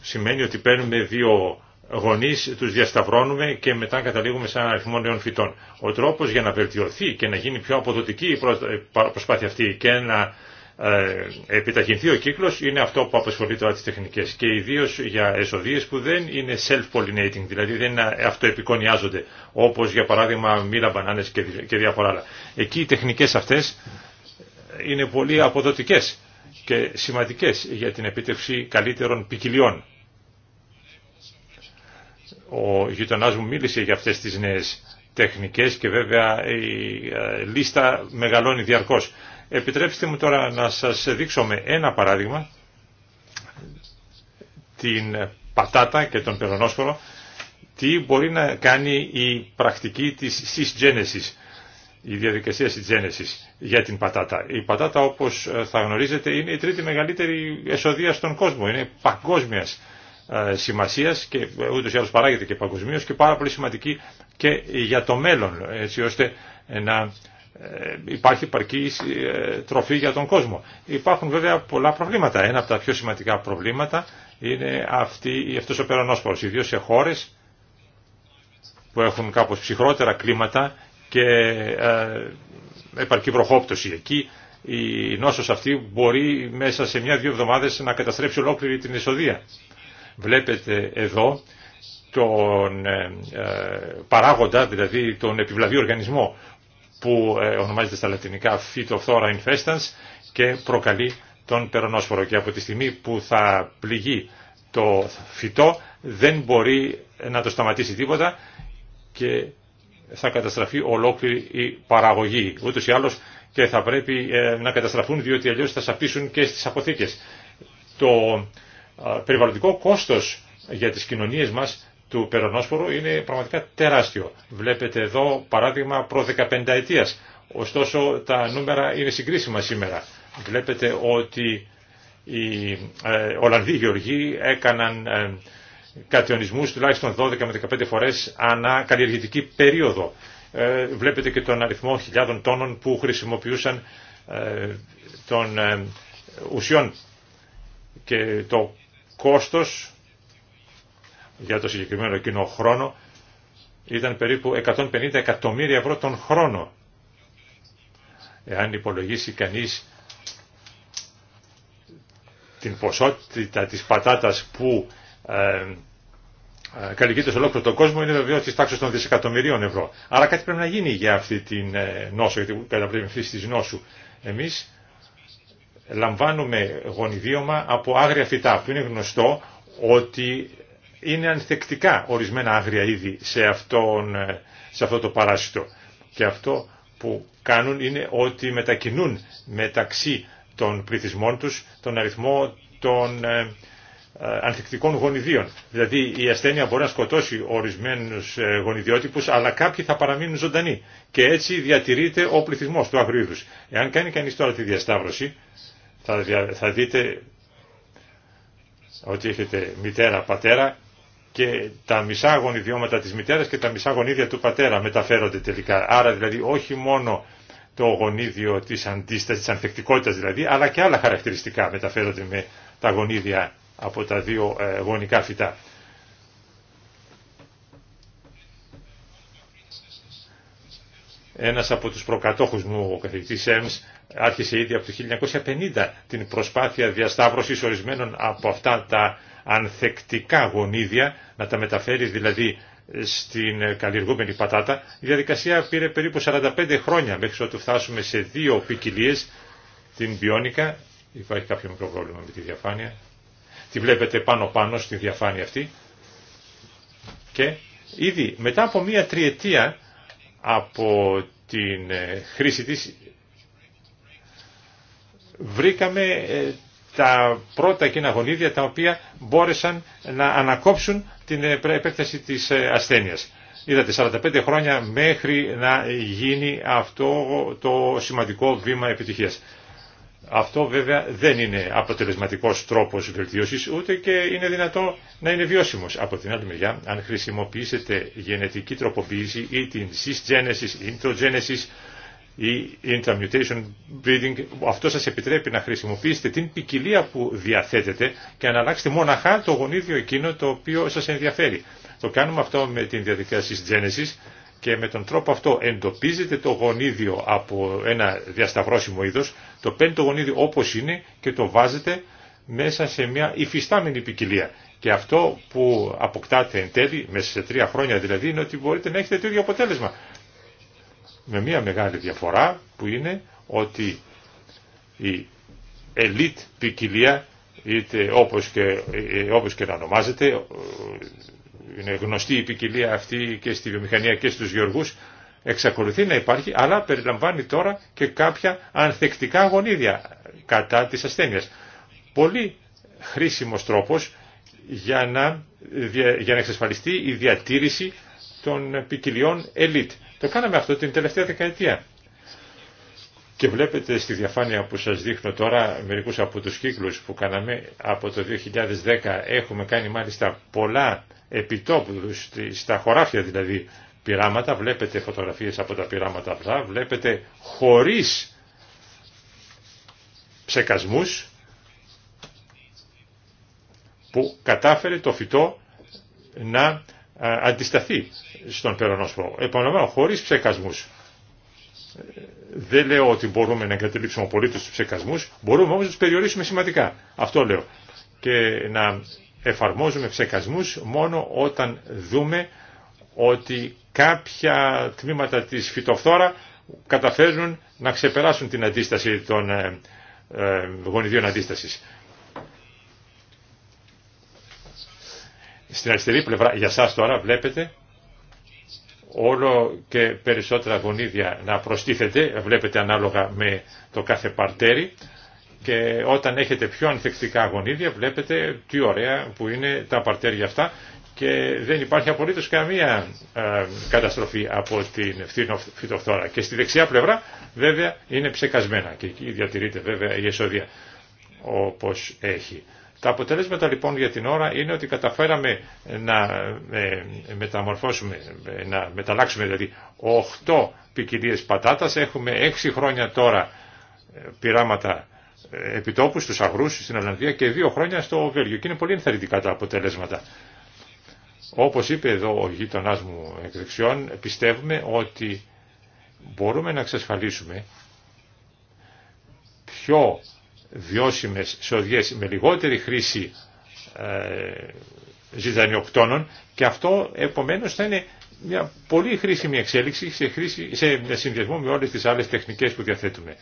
A: σημαίνει ότι παίρνουμε δύο γονείς, τους διασταυρώνουμε και μετά καταλήγουμε σε ένα αριθμό νέων φυτών. Ο τρόπος για να βελτιωθεί και να γίνει πιο αποδοτική η ε, προσπάθεια αυτή και να ε, επιταχυνθεί ο κύκλος είναι αυτό που απασχολεί τώρα τι τεχνικές και ιδίω για εσοδίες που δεν είναι self-pollinating, δηλαδή δεν αυτοεπικονιάζονται όπως για παράδειγμα μήλα, μπανάνες και διάφορα άλλα. Εκεί οι τεχνικές αυτές είναι πολύ αποδοτικές και σημαντικές για την επίτευξη καλύτερων ποικιλιών. Ο γειτονά μου μίλησε για αυτές τις νέες τεχνικές και βέβαια η ε, λίστα μεγαλώνει διαρκώς. Επιτρέψτε μου τώρα να σας δείξω με ένα παράδειγμα την πατάτα και τον πελονόσφορο τι μπορεί να κάνει η πρακτική της cisgenesis, η διαδικασία cisgenesis για την πατάτα. Η πατάτα όπως θα γνωρίζετε είναι η τρίτη μεγαλύτερη εσοδεία στον κόσμο, είναι παγκόσμιας ε, σημασίας και ε, ούτως ή άλλως παράγεται και παγκοσμίως και πάρα πολύ σημαντική και για το μέλλον έτσι ώστε να ε, υπάρχει παρκή ε, τροφή για τον κόσμο. Υπάρχουν βέβαια πολλά προβλήματα. Ένα από τα πιο σημαντικά προβλήματα είναι αυτή, αυτός ο περονόσπορος, ιδίως σε χώρες που έχουν κάπως ψυχρότερα κλίματα και ε, επαρκή βροχόπτωση. Εκεί η νόσος αυτή μπορεί μέσα σε μια-δύο εβδομάδες να καταστρέψει ολόκληρη την εισοδεία. Βλέπετε εδώ τον παράγοντα, δηλαδή τον επιβλαβή οργανισμό που ε, ονομάζεται στα λατινικά Phytophthora infestans και προκαλεί τον περονόσφορο. Και από τη στιγμή που θα πληγεί το φυτό δεν μπορεί να το σταματήσει τίποτα και θα καταστραφεί ολόκληρη η παραγωγή. Ούτως ή άλλως και θα πρέπει ε, να καταστραφούν διότι αλλιώς θα σαπίσουν και στις αποθήκες. Το ε, περιβαλλοντικό κόστος για τις κοινωνίες μας του Περονόσπορου είναι πραγματικά τεράστιο. Βλέπετε εδώ παράδειγμα προ 15 ετία, Ωστόσο τα νούμερα είναι συγκρίσιμα σήμερα. Βλέπετε ότι οι ε, Ολλανδοί γεωργοί έκαναν ε, τουλάχιστον 12 με 15 φορές ανά καλλιεργητική περίοδο. Ε, βλέπετε και τον αριθμό χιλιάδων τόνων που χρησιμοποιούσαν ε, των ε, ουσιών και το κόστος για το συγκεκριμένο εκείνο χρόνο ήταν περίπου 150 εκατομμύρια ευρώ τον χρόνο. Εάν υπολογίσει κανείς την ποσότητα της πατάτας που ε, σε ολόκληρο τον κόσμο είναι βεβαίω τη τάξη των δισεκατομμυρίων ευρώ. Άρα κάτι πρέπει να γίνει για αυτή την ε, νόσο, για την καταπληκτική τη νόσου. εμείς. λαμβάνουμε γονιδίωμα από άγρια φυτά που είναι γνωστό ότι είναι ανθεκτικά ορισμένα άγρια είδη σε, αυτόν, ε, σε αυτό το παράσιτο. Και αυτό που κάνουν είναι ότι μετακινούν μεταξύ των πληθυσμών τους τον αριθμό των ε, ε, ανθεκτικών γονιδίων. Δηλαδή η ασθένεια μπορεί να σκοτώσει ορισμένους γονιδιότυπους αλλά κάποιοι θα παραμείνουν ζωντανοί και έτσι διατηρείται ο πληθυσμός του είδους. Εάν κάνει κανείς τώρα τη διασταύρωση θα, θα δείτε ότι έχετε μητέρα, πατέρα και τα μισά γονιδιώματα της μητέρας και τα μισά γονίδια του πατέρα μεταφέρονται τελικά. Άρα δηλαδή όχι μόνο το γονίδιο της αντίστασης, της ανθεκτικότητας δηλαδή, αλλά και άλλα χαρακτηριστικά μεταφέρονται με τα γονίδια από τα δύο ε, γονικά φυτά. Ένας από τους προκατόχους μου, ο καθηγητής ΕΜΣ, άρχισε ήδη από το 1950 την προσπάθεια διασταύρωσης ορισμένων από αυτά τα ανθεκτικά γονίδια, να τα μεταφέρει δηλαδή στην καλλιεργούμενη πατάτα. Η διαδικασία πήρε περίπου 45 χρόνια μέχρι ότου φτάσουμε σε δύο ποικιλίε την πιόνικα... Υπάρχει κάποιο μικρό πρόβλημα με τη διαφάνεια. Τη βλέπετε πάνω-πάνω στη διαφάνεια αυτή. Και ήδη μετά από μία τριετία από την ε, χρήση της βρήκαμε ε, τα πρώτα εκείνα γονίδια τα οποία μπόρεσαν να ανακόψουν την ε, επέκταση της ε, ασθένειας. Είδατε 45 χρόνια μέχρι να γίνει αυτό το σημαντικό βήμα επιτυχίας. Αυτό βέβαια δεν είναι αποτελεσματικός τρόπος βελτίωσης ούτε και είναι δυνατό να είναι βιώσιμος. Από την άλλη μεριά αν χρησιμοποιήσετε γενετική τροποποίηση ή την cisgenesis, introgenesis ή intermutation breeding, αυτό σας επιτρέπει να χρησιμοποιήσετε την ποικιλία που διαθέτετε και να αλλάξετε μοναχά το γονίδιο εκείνο το οποίο σας ενδιαφέρει. Το κάνουμε αυτό με την διαδικασία της Genesis και με τον τρόπο αυτό εντοπίζετε το γονίδιο από ένα διασταυρώσιμο είδος, το παίρνει το γονίδιο όπως είναι και το βάζετε μέσα σε μια υφιστάμενη ποικιλία. Και αυτό που αποκτάτε εν τέλει, μέσα σε τρία χρόνια δηλαδή, είναι ότι μπορείτε να έχετε το ίδιο αποτέλεσμα με μια μεγάλη διαφορά που είναι ότι η ελίτ ποικιλία είτε όπως και, ε, ε, όπως και να ονομάζεται ε, είναι γνωστή η ποικιλία αυτή και στη βιομηχανία και στους γεωργούς εξακολουθεί να υπάρχει αλλά περιλαμβάνει τώρα και κάποια ανθεκτικά γονίδια κατά της ασθένειας. Πολύ χρήσιμος τρόπος για να, για να εξασφαλιστεί η διατήρηση των ποικιλιών ελίτ. Το κάναμε αυτό την τελευταία δεκαετία. Και βλέπετε στη διαφάνεια που σας δείχνω τώρα μερικούς από τους κύκλους που κάναμε από το 2010 έχουμε κάνει μάλιστα πολλά επιτόπου στα χωράφια δηλαδή πειράματα, βλέπετε φωτογραφίες από τα πειράματα αυτά, βλέπετε χωρίς ψεκασμούς που κατάφερε το φυτό να ε, αντισταθεί στον περονόσπο. Επαναλαμβάνω, χωρίς ψεκασμούς. Δεν λέω ότι μπορούμε να εγκαταλείψουμε πολύ του ψεκασμού, μπορούμε όμω να του περιορίσουμε σημαντικά. Αυτό λέω. Και να εφαρμόζουμε ψεκασμού μόνο όταν δούμε ότι κάποια τμήματα τη φυτοφθόρα καταφέρνουν να ξεπεράσουν την αντίσταση των ε, ε, γονιδίων αντίσταση. Στην αριστερή πλευρά, για σας τώρα βλέπετε όλο και περισσότερα γονίδια να προστίθεται, βλέπετε ανάλογα με το κάθε παρτέρι και όταν έχετε πιο ανθεκτικά γονίδια βλέπετε τι ωραία που είναι τα παρτέρια αυτά και δεν υπάρχει απολύτως καμία ε, καταστροφή από την φυτοφθόρα. Και στη δεξιά πλευρά βέβαια είναι ψεκασμένα και εκεί διατηρείται βέβαια η εισόδια όπως έχει. Τα αποτελέσματα λοιπόν για την ώρα είναι ότι καταφέραμε να ε, μεταμορφώσουμε, ε, να μεταλλάξουμε δηλαδή 8 ποικιλίε πατάτας. Έχουμε 6 χρόνια τώρα ε, πειράματα επιτόπου στους αγρούς στην Ολλανδία και 2 χρόνια στο Βέλγιο και είναι πολύ ενθαρρυντικά τα αποτελέσματα. Όπως είπε εδώ ο γείτονά μου εκ δεξιών, πιστεύουμε ότι μπορούμε να εξασφαλίσουμε πιο βιώσιμες σοδιές με λιγότερη χρήση ε, και αυτό επομένως θα είναι μια πολύ χρήσιμη εξέλιξη σε, χρήση, σε συνδυασμό με όλες τις άλλες τεχνικές που διαθέτουμε.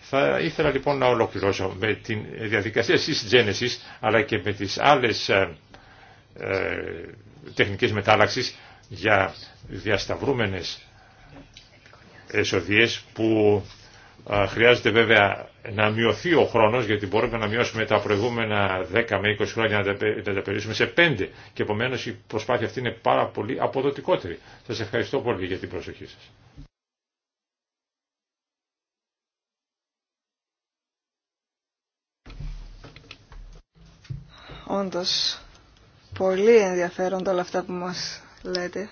A: Θα ήθελα λοιπόν να ολοκληρώσω με τη διαδικασία cisgenesis αλλά και με τις άλλες ε, ε, τεχνικές μετάλλαξης για διασταυρούμενες εσοδίες που Χρειάζεται βέβαια να μειωθεί ο χρόνος γιατί μπορούμε να μειώσουμε τα προηγούμενα 10 με 20 χρόνια να τα περιορίσουμε σε 5 και επομένως η προσπάθεια αυτή είναι πάρα πολύ αποδοτικότερη. Σας ευχαριστώ πολύ για την προσοχή σας.
B: Όντως, πολύ ενδιαφέροντα όλα αυτά που μας λέτε.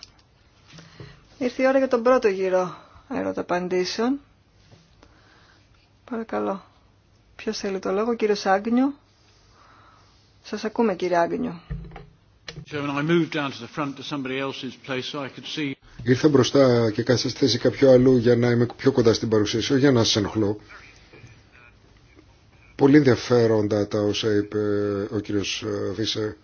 B: Ήρθε η ώρα για τον πρώτο γύρο ερωταπαντήσεων. Παρακαλώ. Ποιος θέλει το λόγο, κύριος Άγνιου. Σας ακούμε κύριε Άγνιου.
C: Ήρθα μπροστά και κάθισα στη θέση κάποιου αλλού για να είμαι πιο κοντά στην παρουσίαση, για να σας ενοχλώ. Πολύ ενδιαφέροντα τα όσα είπε ο κύριος ε, Βίσε.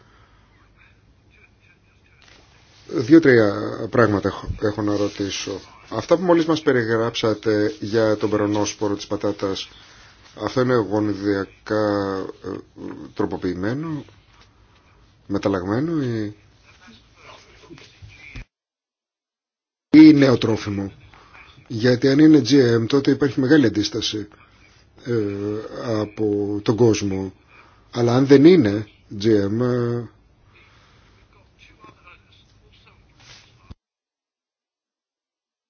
C: Δύο-τρία πράγματα έχω να ρωτήσω. Αυτά που μόλις μας περιγράψατε για τον περονόσπορο της πατάτας, αυτό είναι γονιδιακά ε, τροποποιημένο, μεταλλαγμένο ή... ή νέο τρόφιμο. Γιατί αν είναι GM τότε υπάρχει μεγάλη αντίσταση ε, από τον κόσμο. Αλλά αν δεν είναι GM ε,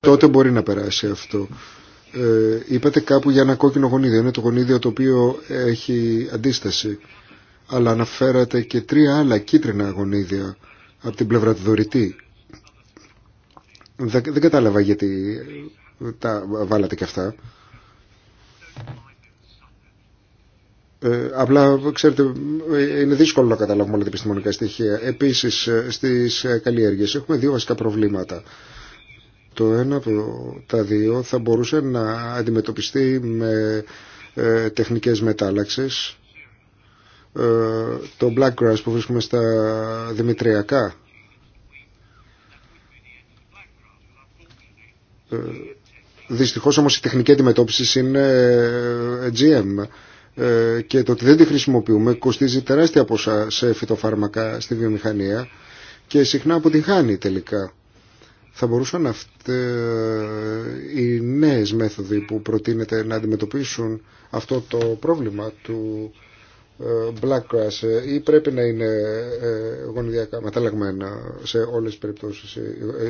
C: τότε μπορεί να περάσει αυτό. Ε, είπατε κάπου για ένα κόκκινο γονίδιο. Είναι το γονίδιο το οποίο έχει αντίσταση. Αλλά αναφέρατε και τρία άλλα κίτρινα γονίδια από την πλευρά του δωρητή. Δεν, δεν κατάλαβα γιατί ε, τα βάλατε και αυτά. Ε, απλά, ξέρετε, είναι δύσκολο να καταλάβουμε όλα τα επιστημονικά στοιχεία. Επίσης, ε, στις ε, καλλιέργειες έχουμε δύο βασικά προβλήματα. Το ένα από τα δύο θα μπορούσε να αντιμετωπιστεί με ε, τεχνικές μετάλλαξες. Ε, το black grass που βρίσκουμε στα δημητριακά. Ε, δυστυχώς όμως η τεχνική αντιμετώπιση είναι ε, GM και το ότι δεν τη χρησιμοποιούμε κοστίζει τεράστια ποσά σε φυτοφάρμακα στη βιομηχανία και συχνά αποτυγχάνει τελικά θα μπορούσαν ε, οι νέες μέθοδοι που προτείνεται να αντιμετωπίσουν αυτό το πρόβλημα του ε, black grass ε, ή πρέπει να είναι γονιδιακά μεταλλαγμένα σε όλες τις περιπτώσεις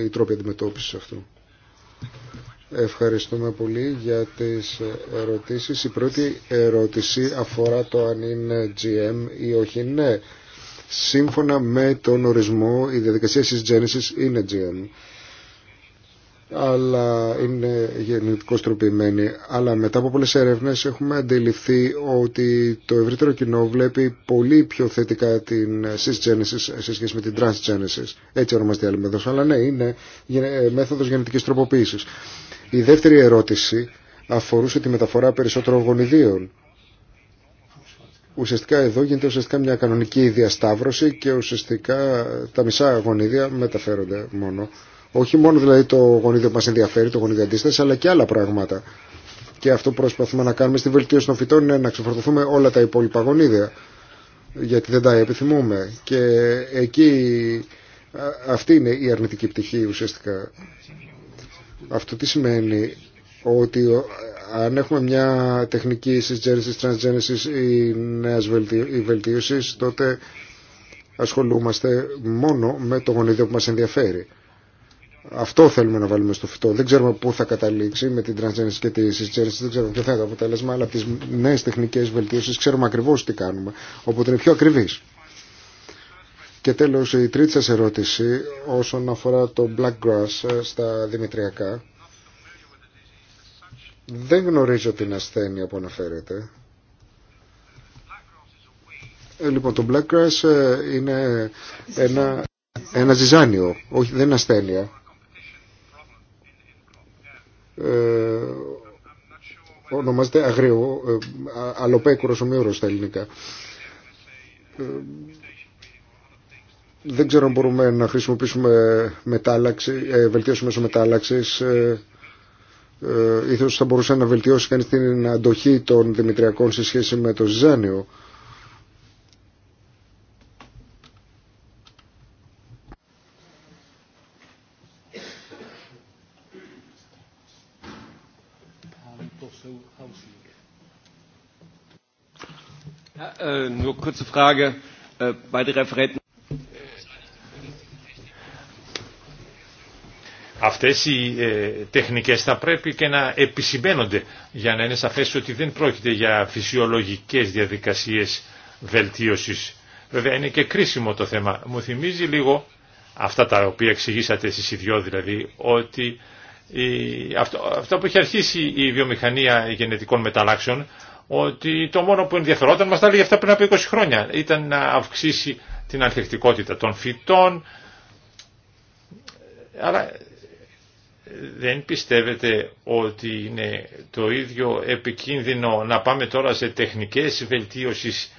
C: οι τρόποι αντιμετώπισης αυτού. Ευχαριστούμε πολύ για τις ερωτήσεις. Η πρώτη ερώτηση αφορά το αν είναι GM ή όχι. Ναι, σύμφωνα με τον ορισμό η διαδικασία της Genesis είναι GM αλλά είναι γενετικό τροποιημένη. Αλλά μετά από πολλές έρευνες έχουμε αντιληφθεί ότι το ευρύτερο κοινό βλέπει πολύ πιο θετικά την cisgenesis σε σχέση με την transgenesis. Έτσι ονομάζεται η άλλη μέθοδος. Αλλά ναι, είναι ε, μέθοδος γενετικής τροποποίησης. Η δεύτερη ερώτηση αφορούσε τη μεταφορά περισσότερων γονιδίων. Ουσιαστικά εδώ γίνεται ουσιαστικά μια κανονική διασταύρωση και ουσιαστικά τα μισά γονίδια μεταφέρονται μόνο. Όχι μόνο δηλαδή το γονίδιο που μας ενδιαφέρει, το γονίδιο αντίσταση, αλλά και άλλα πράγματα. Και αυτό που προσπαθούμε να κάνουμε στη βελτίωση των φυτών είναι να ξεφορτωθούμε όλα τα υπόλοιπα γονίδια. Γιατί δεν τα επιθυμούμε. Και εκεί αυτή είναι η αρνητική πτυχή ουσιαστικά. Αυτό τι σημαίνει ότι αν έχουμε μια τεχνική συσγένεσης, transgenesis ή νέας βελτίωσης, τότε ασχολούμαστε μόνο με το γονίδιο που μας ενδιαφέρει. Αυτό θέλουμε να βάλουμε στο φυτό. Δεν ξέρουμε πού θα καταλήξει με την τρανσένεση και τη συστσέρεση. Δεν ξέρουμε ποιο θα είναι το αποτέλεσμα, αλλά από τι νέε τεχνικέ βελτιώσει ξέρουμε ακριβώ τι κάνουμε. Οπότε είναι πιο ακριβή. Και τέλο, η τρίτη σα ερώτηση όσον αφορά το black grass ε, στα δημητριακά. Δεν γνωρίζω την ασθένεια που αναφέρεται. Ε, λοιπόν, το black grass ε, είναι ένα, ένα ζυζάνιο, όχι, δεν είναι ασθένεια. Ε, ονομάζεται αγρίο, ε, αλοπέκουρο ομοιόρο στα ελληνικά. Ε, δεν ξέρω αν μπορούμε να χρησιμοποιήσουμε μετάλλαξη, βελτίωση μέσω μετάλλαξη. Ε, ίσως θα μπορούσε να βελτιώσει κανεί την αντοχή των Δημητριακών σε σχέση με το Ζιζάνιο.
B: Äh, äh,
A: Αυτές οι ε, τεχνικές θα πρέπει και να επισημαίνονται για να είναι σαφές ότι δεν πρόκειται για φυσιολογικές διαδικασίες βελτίωσης. Βέβαια είναι και κρίσιμο το θέμα. Μου θυμίζει λίγο αυτά τα οποία εξηγήσατε εσείς οι δυο δηλαδή, ότι η, αυτό, που έχει αρχίσει η βιομηχανία γενετικών μεταλλάξεων ότι το μόνο που ενδιαφερόταν μας τα έλεγε αυτά πριν από 20 χρόνια ήταν να αυξήσει την ανθεκτικότητα των φυτών αλλά δεν πιστεύετε ότι είναι το ίδιο επικίνδυνο να πάμε τώρα σε τεχνικές βελτίωσεις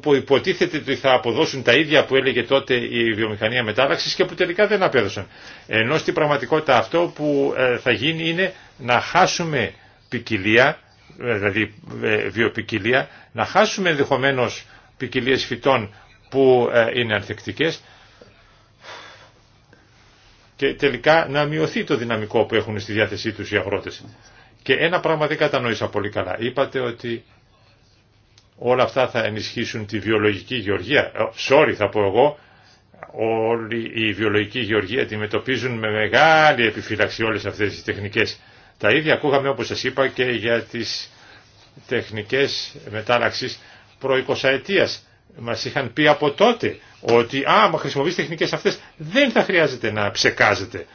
A: που υποτίθεται ότι θα αποδώσουν τα ίδια που έλεγε τότε η βιομηχανία μετάλλαξης και που τελικά δεν απέδωσαν. Ενώ στην πραγματικότητα αυτό που ε, θα γίνει είναι να χάσουμε ποικιλία δηλαδή ε, βιοπικιλία, να χάσουμε ενδεχομένω ποικιλίε φυτών που ε, είναι ανθεκτικές και τελικά να μειωθεί το δυναμικό που έχουν στη διάθεσή τους οι αγρότες. Και ένα πράγμα δεν κατανόησα πολύ καλά. Είπατε ότι όλα αυτά θα ενισχύσουν τη βιολογική γεωργία. Ε, sorry θα πω εγώ, όλη η βιολογική γεωργία αντιμετωπίζουν με μεγάλη επιφύλαξη όλες αυτές τις τεχνικές. Τα ίδια ακούγαμε όπως σας είπα και για τις τεχνικές μετάλλαξης προοικοσαετίας. Μας είχαν πει από τότε ότι άμα χρησιμοποιείς τεχνικές αυτές δεν θα χρειάζεται να ψεκάζετε.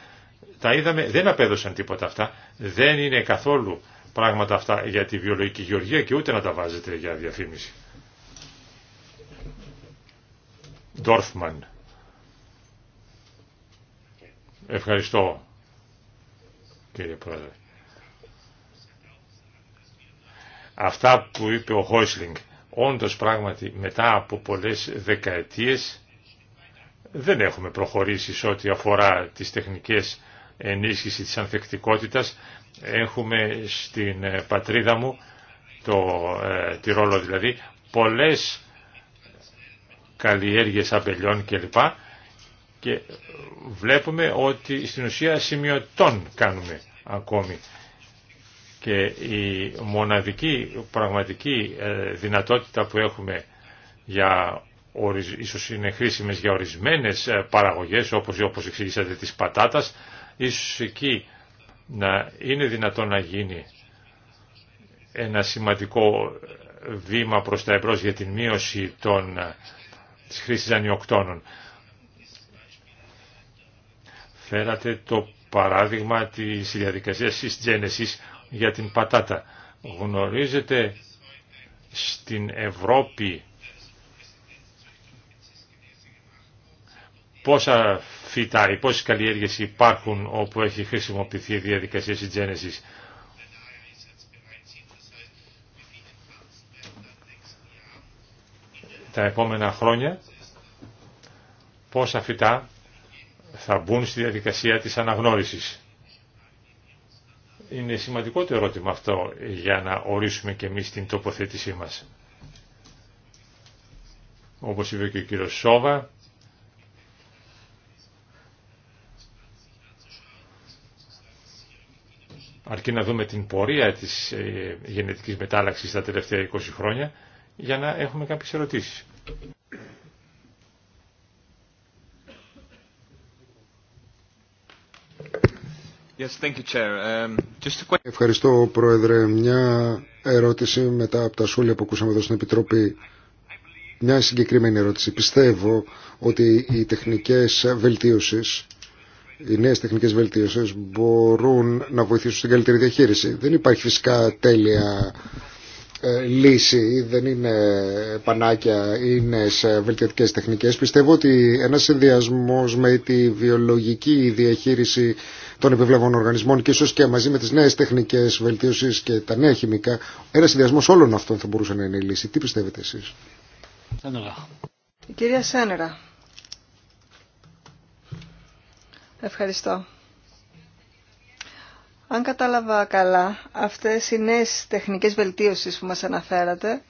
A: Τα είδαμε, δεν απέδωσαν τίποτα αυτά. Δεν είναι καθόλου πράγματα αυτά για τη βιολογική γεωργία και ούτε να τα βάζετε για διαφήμιση. Ντόρφμαν. Ευχαριστώ κύριε Πρόεδρε. Αυτά που είπε ο Χόισλινγκ, όντως πράγματι μετά από πολλές δεκαετίες δεν έχουμε προχωρήσει σε ό,τι αφορά τις τεχνικές ενίσχυση της ανθεκτικότητας. Έχουμε στην ε, πατρίδα μου, το, ε, τη Ρόλο δηλαδή, πολλές καλλιέργειες αμπελιών κλπ. Και βλέπουμε ότι στην ουσία σημειωτών κάνουμε ακόμη και η μοναδική πραγματική ε, δυνατότητα που έχουμε για ίσως είναι χρήσιμες για ορισμένες ε, παραγωγές όπως, όπως εξήγησατε της πατάτας ίσως εκεί να είναι δυνατό να γίνει ένα σημαντικό βήμα προς τα εμπρός για την μείωση των, ε, της χρήσης ανιοκτώνων. Φέρατε το παράδειγμα της διαδικασίας της Genesis για την πατάτα. Γνωρίζετε στην Ευρώπη πόσα φυτά ή πόσες καλλιέργειες υπάρχουν όπου έχει χρησιμοποιηθεί η πόσε καλλιεργειες υπαρχουν οπου εχει συγγένεσης. Τα επόμενα χρόνια πόσα φυτά θα μπουν στη διαδικασία της αναγνώρισης. Είναι σημαντικό το ερώτημα αυτό για να ορίσουμε και εμείς την τοποθέτησή μας. Όπως είπε και ο κύριος Σόβα, αρκεί να δούμε την πορεία της ε, γενετικής μετάλλαξης τα τελευταία 20 χρόνια, για να έχουμε κάποιες
C: ερωτήσεις. Um, Ευχαριστώ, Πρόεδρε. Μια ερώτηση μετά από τα σχόλια που ακούσαμε εδώ στην Επιτροπή. Μια συγκεκριμένη ερώτηση. Πιστεύω ότι οι τεχνικές βελτίωσεις, οι νέες τεχνικές βελτίωσεις μπορούν να βοηθήσουν στην καλύτερη διαχείριση. Δεν υπάρχει φυσικά τέλεια ε, λύση, δεν είναι πανάκια, είναι σε βελτιωτικές τεχνικές. Πιστεύω ότι ένας συνδυασμός με τη βιολογική διαχείριση των επιβλαβών οργανισμών και ίσως και μαζί με τις νέες τεχνικές βελτίωσης και τα νέα χημικά, ένας συνδυασμός όλων αυτών θα μπορούσε να είναι η λύση. Τι πιστεύετε εσείς?
B: Η κυρία Σένερα. Ευχαριστώ. Αν κατάλαβα καλά, αυτές οι νέες τεχνικές βελτίωσεις που μας αναφέρατε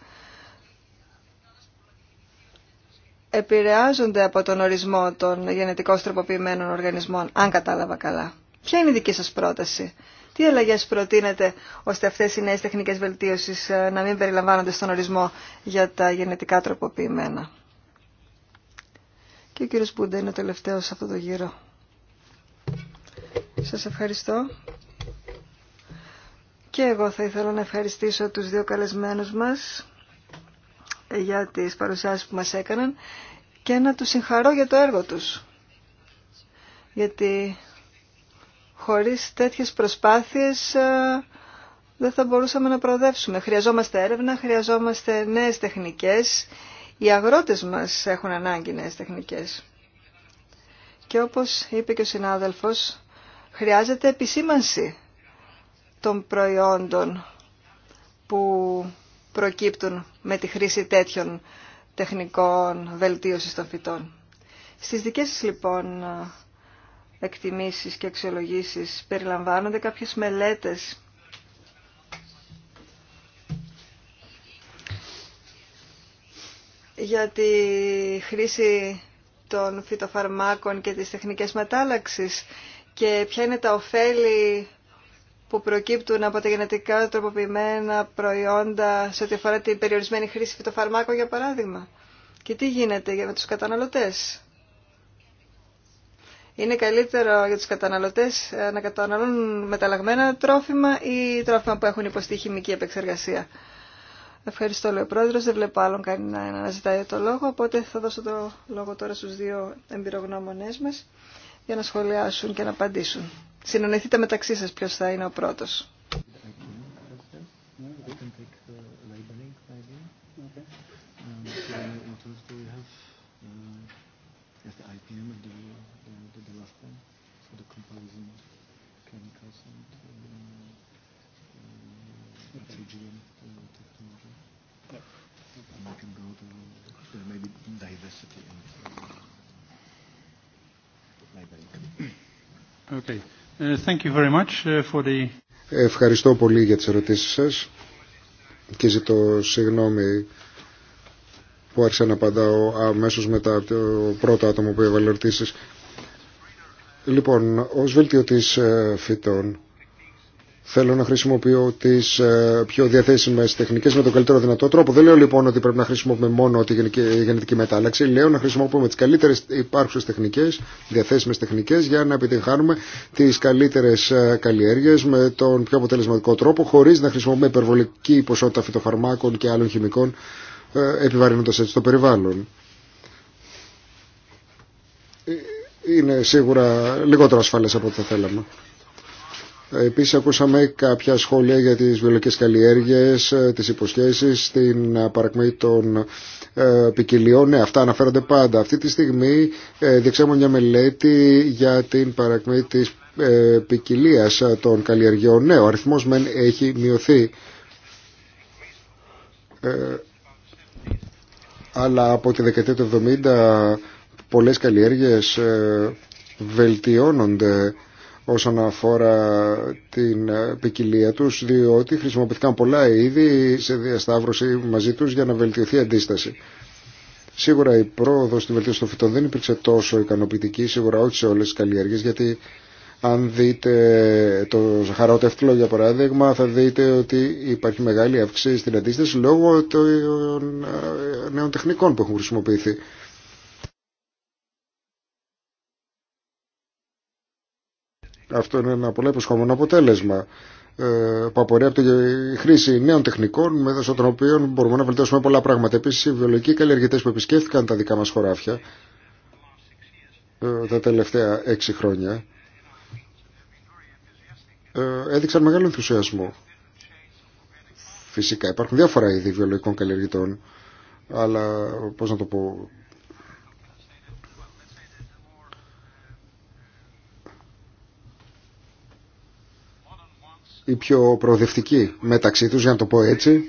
B: επηρεάζονται από τον ορισμό των γενετικώς τροποποιημένων οργανισμών, αν κατάλαβα καλά. Ποια είναι η δική σας πρόταση, τι αλλαγές προτείνετε ώστε αυτές οι νέες τεχνικές βελτίωσεις ε, να μην περιλαμβάνονται στον ορισμό για τα γενετικά τροποποιημένα. Και ο κύριος Μπούντα είναι ο τελευταίος σε αυτό το γύρο. Σας ευχαριστώ και εγώ θα ήθελα να ευχαριστήσω τους δύο καλεσμένους μας για τις παρουσιάσεις που μας έκαναν και να τους συγχαρώ για το έργο τους. Γιατί χωρίς τέτοιες προσπάθειες ε, δεν θα μπορούσαμε να προοδεύσουμε. Χρειαζόμαστε έρευνα, χρειαζόμαστε νέες τεχνικές. Οι αγρότες μας έχουν ανάγκη νέες τεχνικές. Και όπως είπε και ο συνάδελφος, χρειάζεται επισήμανση των προϊόντων που προκύπτουν με τη χρήση τέτοιων τεχνικών βελτίωσης των φυτών. Στις δικές σας λοιπόν εκτιμήσεις και αξιολογήσεις περιλαμβάνονται κάποιες μελέτες για τη χρήση των φυτοφαρμάκων και τις τεχνικές μετάλλαξης και ποια είναι τα ωφέλη που προκύπτουν από τα γενετικά τροποποιημένα προϊόντα σε ό,τι αφορά την περιορισμένη χρήση φυτοφαρμάκων, για παράδειγμα. Και τι γίνεται για τους καταναλωτές. Είναι καλύτερο για τους καταναλωτές ε, να καταναλώνουν μεταλλαγμένα τρόφιμα ή τρόφιμα που έχουν υποστεί χημική επεξεργασία. Ευχαριστώ, λέει ο πρόεδρο. Δεν βλέπω άλλον κανένα να αναζητάει το λόγο, οπότε θα δώσω το λόγο τώρα στου δύο εμπειρογνώμονέ μα για να σχολιάσουν και να απαντήσουν. Συνονεθείτε μεταξύ σας ποιος θα είναι ο πρώτος.
C: Okay. Uh, uh, Ευχαριστώ πολύ για τις ερωτήσεις σας και ζητώ συγγνώμη που άρχισα να απαντάω αμέσως μετά από το πρώτο άτομο που έβαλε ερωτήσεις. Λοιπόν, ως βέλτιο της ε, φυτών Θέλω να χρησιμοποιώ τι ε, πιο διαθέσιμε τεχνικέ με τον καλύτερο δυνατό τρόπο. Δεν λέω λοιπόν ότι πρέπει να χρησιμοποιούμε μόνο τη γενετική μετάλλαξη. Λέω να χρησιμοποιούμε τι καλύτερε υπάρχουσε τεχνικέ, διαθέσιμε τεχνικέ, για να επιτυγχάνουμε τι καλύτερε καλλιέργειε με τον πιο αποτελεσματικό τρόπο, χωρί να χρησιμοποιούμε υπερβολική ποσότητα φυτοφαρμάκων και άλλων χημικών, ε, επιβαρύνοντα έτσι το περιβάλλον. Ε, είναι σίγουρα λιγότερο ασφαλέ από ό,τι θα θέλαμε. Επίσης ακούσαμε κάποια σχόλια για τις βιολογικές καλλιέργειες, ε, τις υποσχέσεις, την ε, παρακμή των ε, ποικιλιών. Ναι, αυτά αναφέρονται πάντα. Αυτή τη στιγμή διεξάγουμε μια μελέτη για την παρακμή της ποικιλία των καλλιεργειών. Ναι, ο αριθμός μεν έχει μειωθεί. αλλά από τη δεκαετία του 70 πολλές καλλιέργειες βελτιώνονται όσον αφορά την ε, ποικιλία τους διότι χρησιμοποιήθηκαν πολλά είδη σε διασταύρωση μαζί τους για να βελτιωθεί η αντίσταση. Σίγουρα η πρόοδο στη βελτίωση των φυτών δεν υπήρξε τόσο ικανοποιητική, σίγουρα όχι σε όλε τι καλλιέργειε, γιατί αν δείτε το ζαχαρότευτλο για παράδειγμα θα δείτε ότι υπάρχει μεγάλη αύξηση στην αντίσταση λόγω των ε, νέων τεχνικών που έχουν χρησιμοποιηθεί. Αυτό είναι ένα πολύ υποσχόμενο αποτέλεσμα ε, που απορρέει από τη χρήση νέων τεχνικών μέσω των οποίων μπορούμε να βελτιώσουμε πολλά πράγματα. Επίση, οι βιολογικοί καλλιεργητέ που επισκέφθηκαν τα δικά μα χωράφια ε, τα τελευταία έξι χρόνια ε, έδειξαν μεγάλο ενθουσιασμό. Φυσικά υπάρχουν διάφορα είδη βιολογικών καλλιεργητών, αλλά πώς να το πω, οι πιο προοδευτικοί μεταξύ τους, για να το πω έτσι,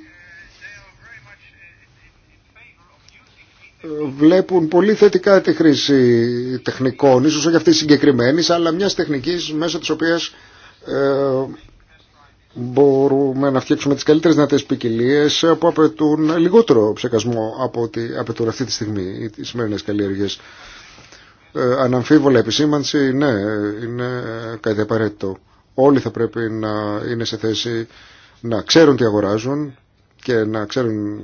C: ε, βλέπουν πολύ θετικά τη χρήση τεχνικών, ίσως όχι αυτή συγκεκριμένης, αλλά μιας τεχνικής μέσω της οποίας ε, μπορούμε να φτιάξουμε τις καλύτερες δυνατές ποικιλίε ε, που απαιτούν λιγότερο ψεκασμό από ότι απαιτούν αυτή τη στιγμή οι σημερινές καλλιέργειες. Ε, αναμφίβολα επισήμανση, ναι, είναι κάτι απαραίτητο. Όλοι θα πρέπει να είναι σε θέση να ξέρουν τι αγοράζουν και να ξέρουν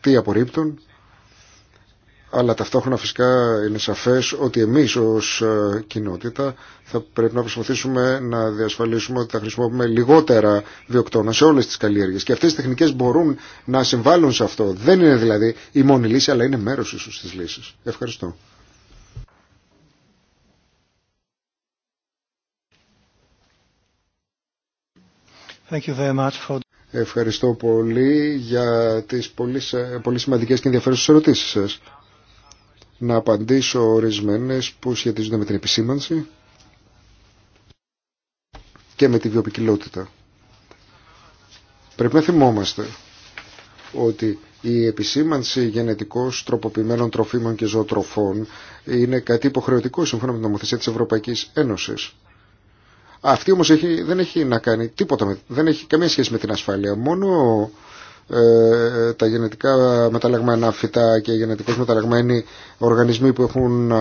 C: τι απορρίπτουν. Αλλά ταυτόχρονα φυσικά είναι σαφές ότι εμείς ως ε, κοινότητα θα πρέπει να προσπαθήσουμε να διασφαλίσουμε ότι θα χρησιμοποιούμε λιγότερα βιοκτώνα σε όλες τις καλλιέργειες. Και αυτές οι τεχνικές μπορούν να συμβάλλουν σε αυτό. Δεν είναι δηλαδή η μόνη λύση αλλά είναι μέρος ίσως της λύσης. Ευχαριστώ. Ευχαριστώ πολύ για τις πολύ, πολύ σημαντικές και ενδιαφέρουσες ερωτήσεις σας. Να απαντήσω ορισμένες που σχετίζονται με την επισήμανση και με τη βιοπικιλότητα. Πρέπει να θυμόμαστε ότι η επισήμανση γενετικώς τροποποιημένων τροφίμων και ζωοτροφών είναι κάτι υποχρεωτικό σύμφωνα με την νομοθεσία της Ευρωπαϊκής Ένωσης. Αυτή όμως δεν έχει να κάνει τίποτα, δεν έχει καμία σχέση με την ασφάλεια. Μόνο ε, τα γενετικά μεταλλαγμένα φυτά και γενετικώς μεταλλαγμένοι οργανισμοί που έχουν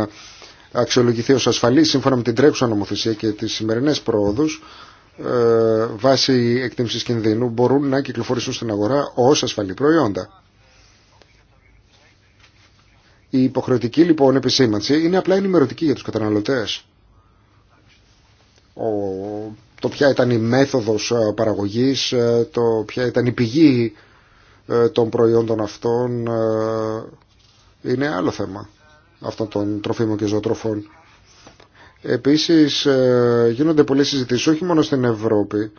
C: αξιολογηθεί ως ασφαλείς σύμφωνα με την τρέχουσα νομοθεσία και τις σημερινές προόδους ε, βάσει εκτίμησης κινδύνου μπορούν να κυκλοφορήσουν στην αγορά ως ασφαλή προϊόντα. Η υποχρεωτική λοιπόν επισήμανση είναι απλά ενημερωτική για τους καταναλωτές το ποια ήταν η μέθοδος ε, παραγωγής, ε, το ποια ήταν η πηγή ε, των προϊόντων αυτών είναι άλλο θέμα αυτών των τροφίμων και ζωοτροφών. Επίσης γίνονται πολλές συζητήσεις όχι μόνο στην Ευρώπη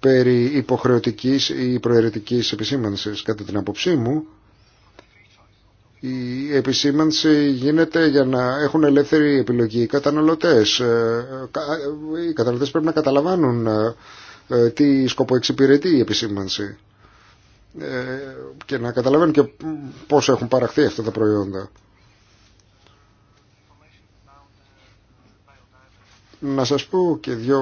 C: περί υποχρεωτικής ή προαιρετικής επισήμανσης κατά την άποψή μου η επισήμανση γίνεται για να έχουν ελεύθερη επιλογή οι καταναλωτές. Ε, οι καταναλωτές πρέπει να καταλαμβάνουν ε, ε, τι σκοπό εξυπηρετεί η επισήμανση και να καταλαβαίνουν και πώς έχουν παραχθεί αυτά τα προϊόντα. Να σας πω και δύο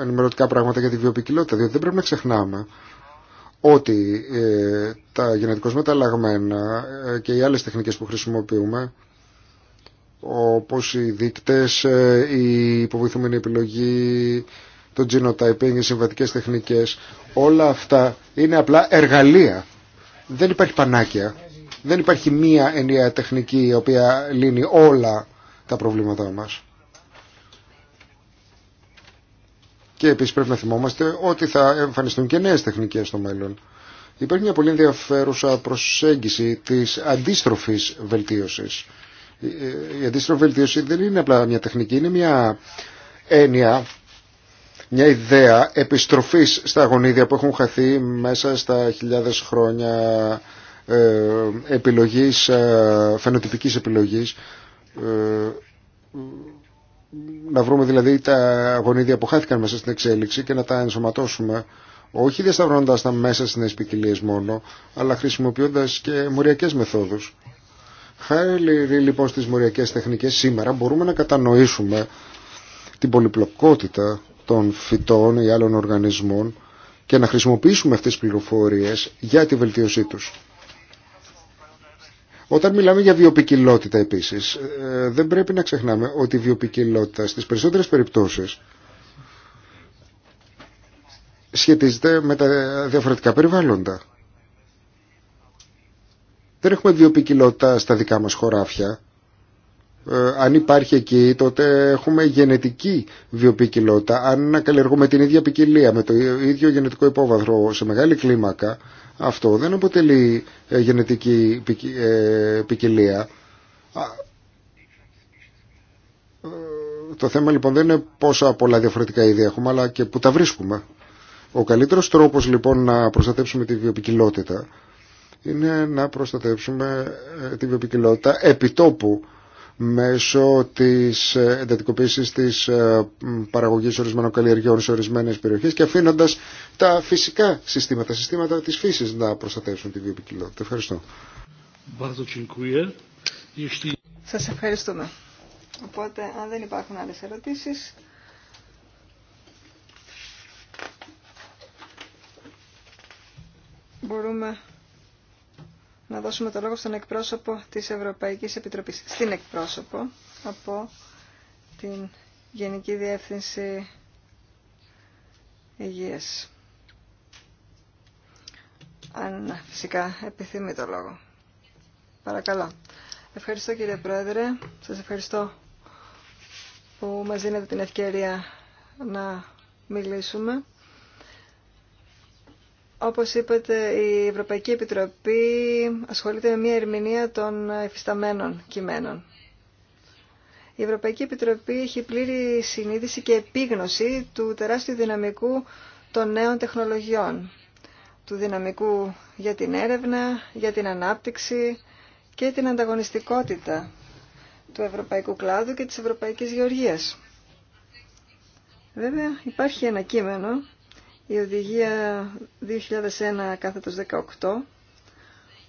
C: ενημερωτικά πράγματα για τη βιοπικιλότητα, διότι δεν πρέπει να ξεχνάμε ότι ε, τα γενετικώς μεταλλαγμένα ε, και οι άλλες τεχνικές που χρησιμοποιούμε όπως οι δείκτες, ε, η υποβοηθούμενη επιλογή, το genotyping, οι συμβατικές τεχνικές όλα αυτά είναι απλά εργαλεία. Δεν υπάρχει πανάκια. Δεν υπάρχει μία ενιαία τεχνική η οποία λύνει όλα τα προβλήματά μας. Και επίσης πρέπει να θυμόμαστε ότι θα εμφανιστούν και νέες τεχνικές στο μέλλον. Υπάρχει μια πολύ ενδιαφέρουσα προσέγγιση της αντίστροφης βελτίωσης. Ε, η αντίστροφη βελτίωση δεν είναι απλά μια τεχνική, είναι μια έννοια, μια ιδέα επιστροφής στα γονίδια που έχουν χαθεί μέσα στα χιλιάδες χρόνια ε, επιλογής, ε, φαινοτυπικής επιλογής να βρούμε δηλαδή τα γονίδια που χάθηκαν μέσα στην εξέλιξη και να τα ενσωματώσουμε όχι διασταυρώνοντας τα μέσα στις νέες μόνο αλλά χρησιμοποιώντας και μοριακές μεθόδους. Χάρη λοιπόν στις μοριακές τεχνικές σήμερα μπορούμε να κατανοήσουμε την πολυπλοκότητα των φυτών ή άλλων οργανισμών και να χρησιμοποιήσουμε αυτές τις πληροφορίες για τη βελτίωσή τους. Όταν μιλάμε για βιοπικιλότητα επίσης, ε, δεν πρέπει να ξεχνάμε ότι η βιοπικιλότητα στις περισσότερες περιπτώσεις σχετίζεται με τα διαφορετικά περιβάλλοντα. Δεν έχουμε βιοπικιλότητα στα δικά μας χωράφια. Ε, αν υπάρχει εκεί τότε έχουμε γενετική βιοποικιλότητα. Αν καλλιεργούμε την ίδια ποικιλία με το ίδιο γενετικό υπόβαθρο σε μεγάλη κλίμακα, αυτό δεν αποτελεί ε, γενετική ε, ποικιλία. Το θέμα λοιπόν δεν είναι πόσα πολλά διαφορετικά είδη έχουμε, αλλά και που τα βρίσκουμε. Ο καλύτερος τρόπος λοιπόν να προστατεύσουμε τη βιοπικιλότητα είναι να προστατεύσουμε τη βιοπικιλότητα επιτόπου μέσω της ε, εντατικοποίησης της ε, παραγωγής ορισμένων καλλιεργειών σε ορισμένες περιοχές και αφήνοντας τα φυσικά συστήματα, τα συστήματα της φύσης να προστατεύσουν τη βιοποικιλότητα. Ευχαριστώ. Σας
B: ευχαριστούμε. Οπότε, αν δεν υπάρχουν άλλες ερωτήσεις... Μπορούμε να δώσουμε το λόγο στον εκπρόσωπο της Ευρωπαϊκής Επιτροπής, στην εκπρόσωπο από την Γενική Διεύθυνση Υγείας. Αν φυσικά επιθυμεί το λόγο. Παρακαλώ. Ευχαριστώ κύριε Πρόεδρε. Σας ευχαριστώ που μας δίνετε την ευκαιρία να μιλήσουμε. Όπως είπατε, η Ευρωπαϊκή Επιτροπή ασχολείται με μια ερμηνεία των εφισταμένων κειμένων. Η Ευρωπαϊκή Επιτροπή έχει πλήρη συνείδηση και επίγνωση του τεράστιου δυναμικού των νέων τεχνολογιών, του δυναμικού για την έρευνα, για την ανάπτυξη και την ανταγωνιστικότητα του ευρωπαϊκού κλάδου και της ευρωπαϊκής γεωργίας. Βέβαια, υπάρχει ένα κείμενο η οδηγία 2001 κάθετος 18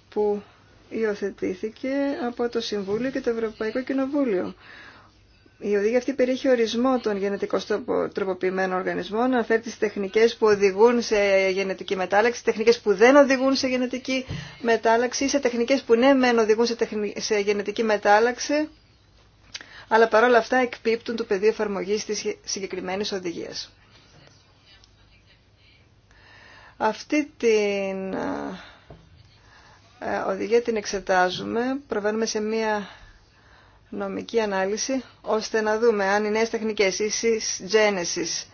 B: που υιοθετήθηκε από το Συμβούλιο και το Ευρωπαϊκό Κοινοβούλιο. Η οδηγία αυτή περιέχει ορισμό των γενετικώς τροποποιημένων οργανισμών, αναφέρει τις τεχνικές που οδηγούν σε γενετική μετάλλαξη, τεχνικές που δεν οδηγούν σε γενετική μετάλλαξη, σε τεχνικές που ναι μεν οδηγούν σε, σε γενετική μετάλλαξη, αλλά παρόλα αυτά εκπίπτουν του πεδίου εφαρμογής της συγκεκριμένης οδηγίας. Αυτή την ε, οδηγία την εξετάζουμε, προβαίνουμε σε μία νομική ανάλυση, ώστε να δούμε αν οι νέες τεχνικές, η Genesis,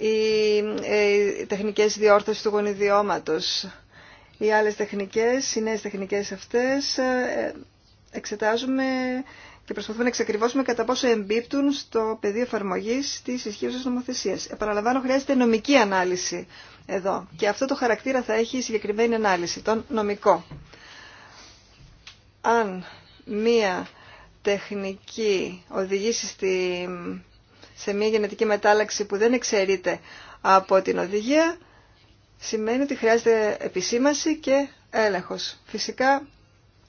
B: ε, οι τεχνικές διόρθωσης του γονιδιώματος, οι άλλες τεχνικές, οι νέες τεχνικές αυτές, ε, εξετάζουμε και προσπαθούμε να εξακριβώσουμε κατά πόσο εμπίπτουν στο πεδίο εφαρμογή τη ισχύουσα νομοθεσία. Επαναλαμβάνω, χρειάζεται νομική ανάλυση εδώ. Και αυτό το χαρακτήρα θα έχει η συγκεκριμένη ανάλυση, τον νομικό. Αν μία τεχνική οδηγήσει στη, σε μία γενετική μετάλλαξη που δεν εξαιρείται από την οδηγία, σημαίνει ότι χρειάζεται επισήμαση και έλεγχος. Φυσικά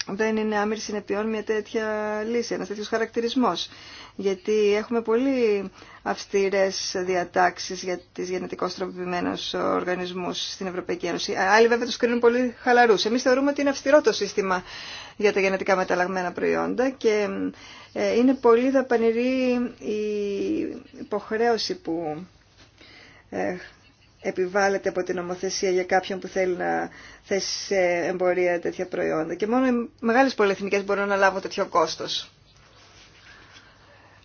B: δεν είναι άμερη συνεπειών μια τέτοια λύση, ένας τέτοιος χαρακτηρισμός. Γιατί έχουμε πολύ αυστηρές διατάξεις για τις γενετικώς τροποποιημένους οργανισμούς στην Ευρωπαϊκή Ένωση. Άλλοι βέβαια τους κρίνουν πολύ χαλαρούς. Εμείς θεωρούμε ότι είναι αυστηρό το σύστημα για τα γενετικά μεταλλαγμένα προϊόντα και ε, είναι πολύ δαπανηρή η υποχρέωση που ε, επιβάλλεται από την νομοθεσία για κάποιον που θέλει να θέσει σε εμπορία τέτοια προϊόντα. Και μόνο οι μεγάλες πολυεθνικές μπορούν να λάβουν τέτοιο κόστος.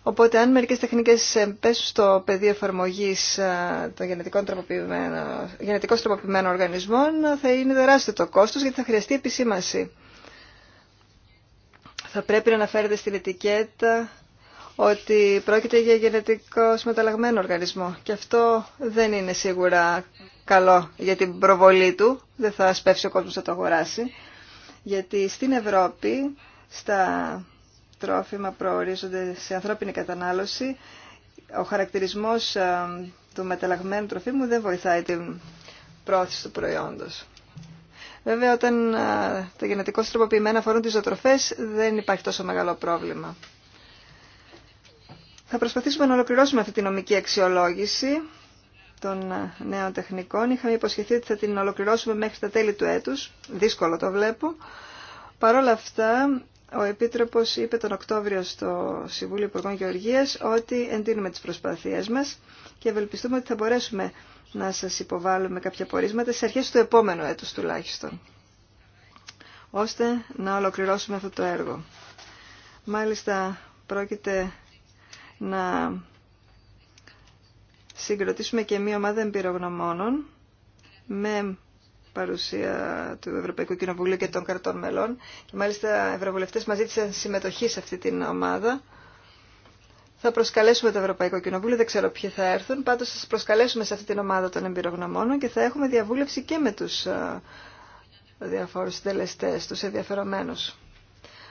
B: Οπότε αν μερικές τεχνικές πέσουν στο πεδίο εφαρμογής των γενετικών τροποποιημένων, οργανισμών θα είναι τεράστιο το κόστος γιατί θα χρειαστεί επισήμαση. Θα πρέπει να αναφέρεται στην ετικέτα ότι πρόκειται για γενετικό μεταλλαγμένο οργανισμό και αυτό δεν είναι σίγουρα καλό για την προβολή του, δεν θα σπεύσει ο κόσμος να το αγοράσει, γιατί στην Ευρώπη στα τρόφιμα προορίζονται σε ανθρώπινη κατανάλωση, ο χαρακτηρισμός ε, του μεταλλαγμένου τροφίμου δεν βοηθάει την πρόθεση του προϊόντος. Βέβαια, όταν ε, τα γενετικώς τροποποιημένα αφορούν τις ζωοτροφές, δεν υπάρχει τόσο μεγάλο πρόβλημα. Θα προσπαθήσουμε να ολοκληρώσουμε αυτή τη νομική αξιολόγηση των ε, νέων τεχνικών. Είχαμε υποσχεθεί ότι θα την ολοκληρώσουμε μέχρι τα τέλη του έτους. Δύσκολο το βλέπω. Παρ' όλα αυτά, ο Επίτροπος είπε τον Οκτώβριο στο Συμβούλιο Υπουργών Γεωργίας ότι εντείνουμε τις προσπάθειές μας και ευελπιστούμε ότι θα μπορέσουμε να σας υποβάλουμε κάποια πορίσματα σε αρχές του επόμενου έτους τουλάχιστον, ώστε να ολοκληρώσουμε αυτό το έργο. Μάλιστα, πρόκειται να συγκροτήσουμε και μία ομάδα εμπειρογνωμόνων με παρουσία του Ευρωπαϊκού Κοινοβουλίου και των κρατών μελών και μάλιστα οι ευρωβουλευτές μαζί ζήτησαν συμμετοχή σε αυτή την ομάδα. Θα προσκαλέσουμε το Ευρωπαϊκό Κοινοβούλιο, δεν ξέρω ποιοι θα έρθουν, πάντως θα προσκαλέσουμε σε αυτή την ομάδα των εμπειρογνωμόνων και θα έχουμε διαβούλευση και με τους ε, διαφόρους συντελεστές, τους ενδιαφερομένους.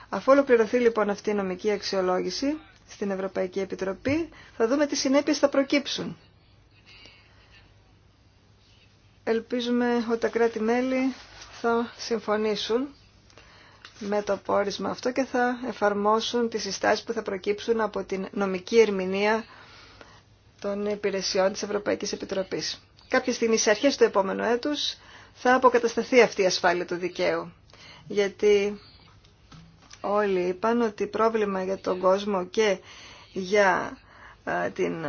B: Αφού ολοκληρωθεί λοιπόν αυτή η νομική αξιολόγηση, στην Ευρωπαϊκή Επιτροπή, θα δούμε τι συνέπειες θα προκύψουν. Ελπίζουμε ότι τα κράτη-μέλη θα συμφωνήσουν με το πόρισμα αυτό και θα εφαρμόσουν τις συστάσεις που θα προκύψουν από την νομική ερμηνεία των υπηρεσιών της Ευρωπαϊκής Επιτροπής. Κάποια στιγμή σε αρχές του επόμενου έτους θα αποκατασταθεί αυτή η ασφάλεια του δικαίου, γιατί όλοι είπαν ότι πρόβλημα για τον κόσμο και για την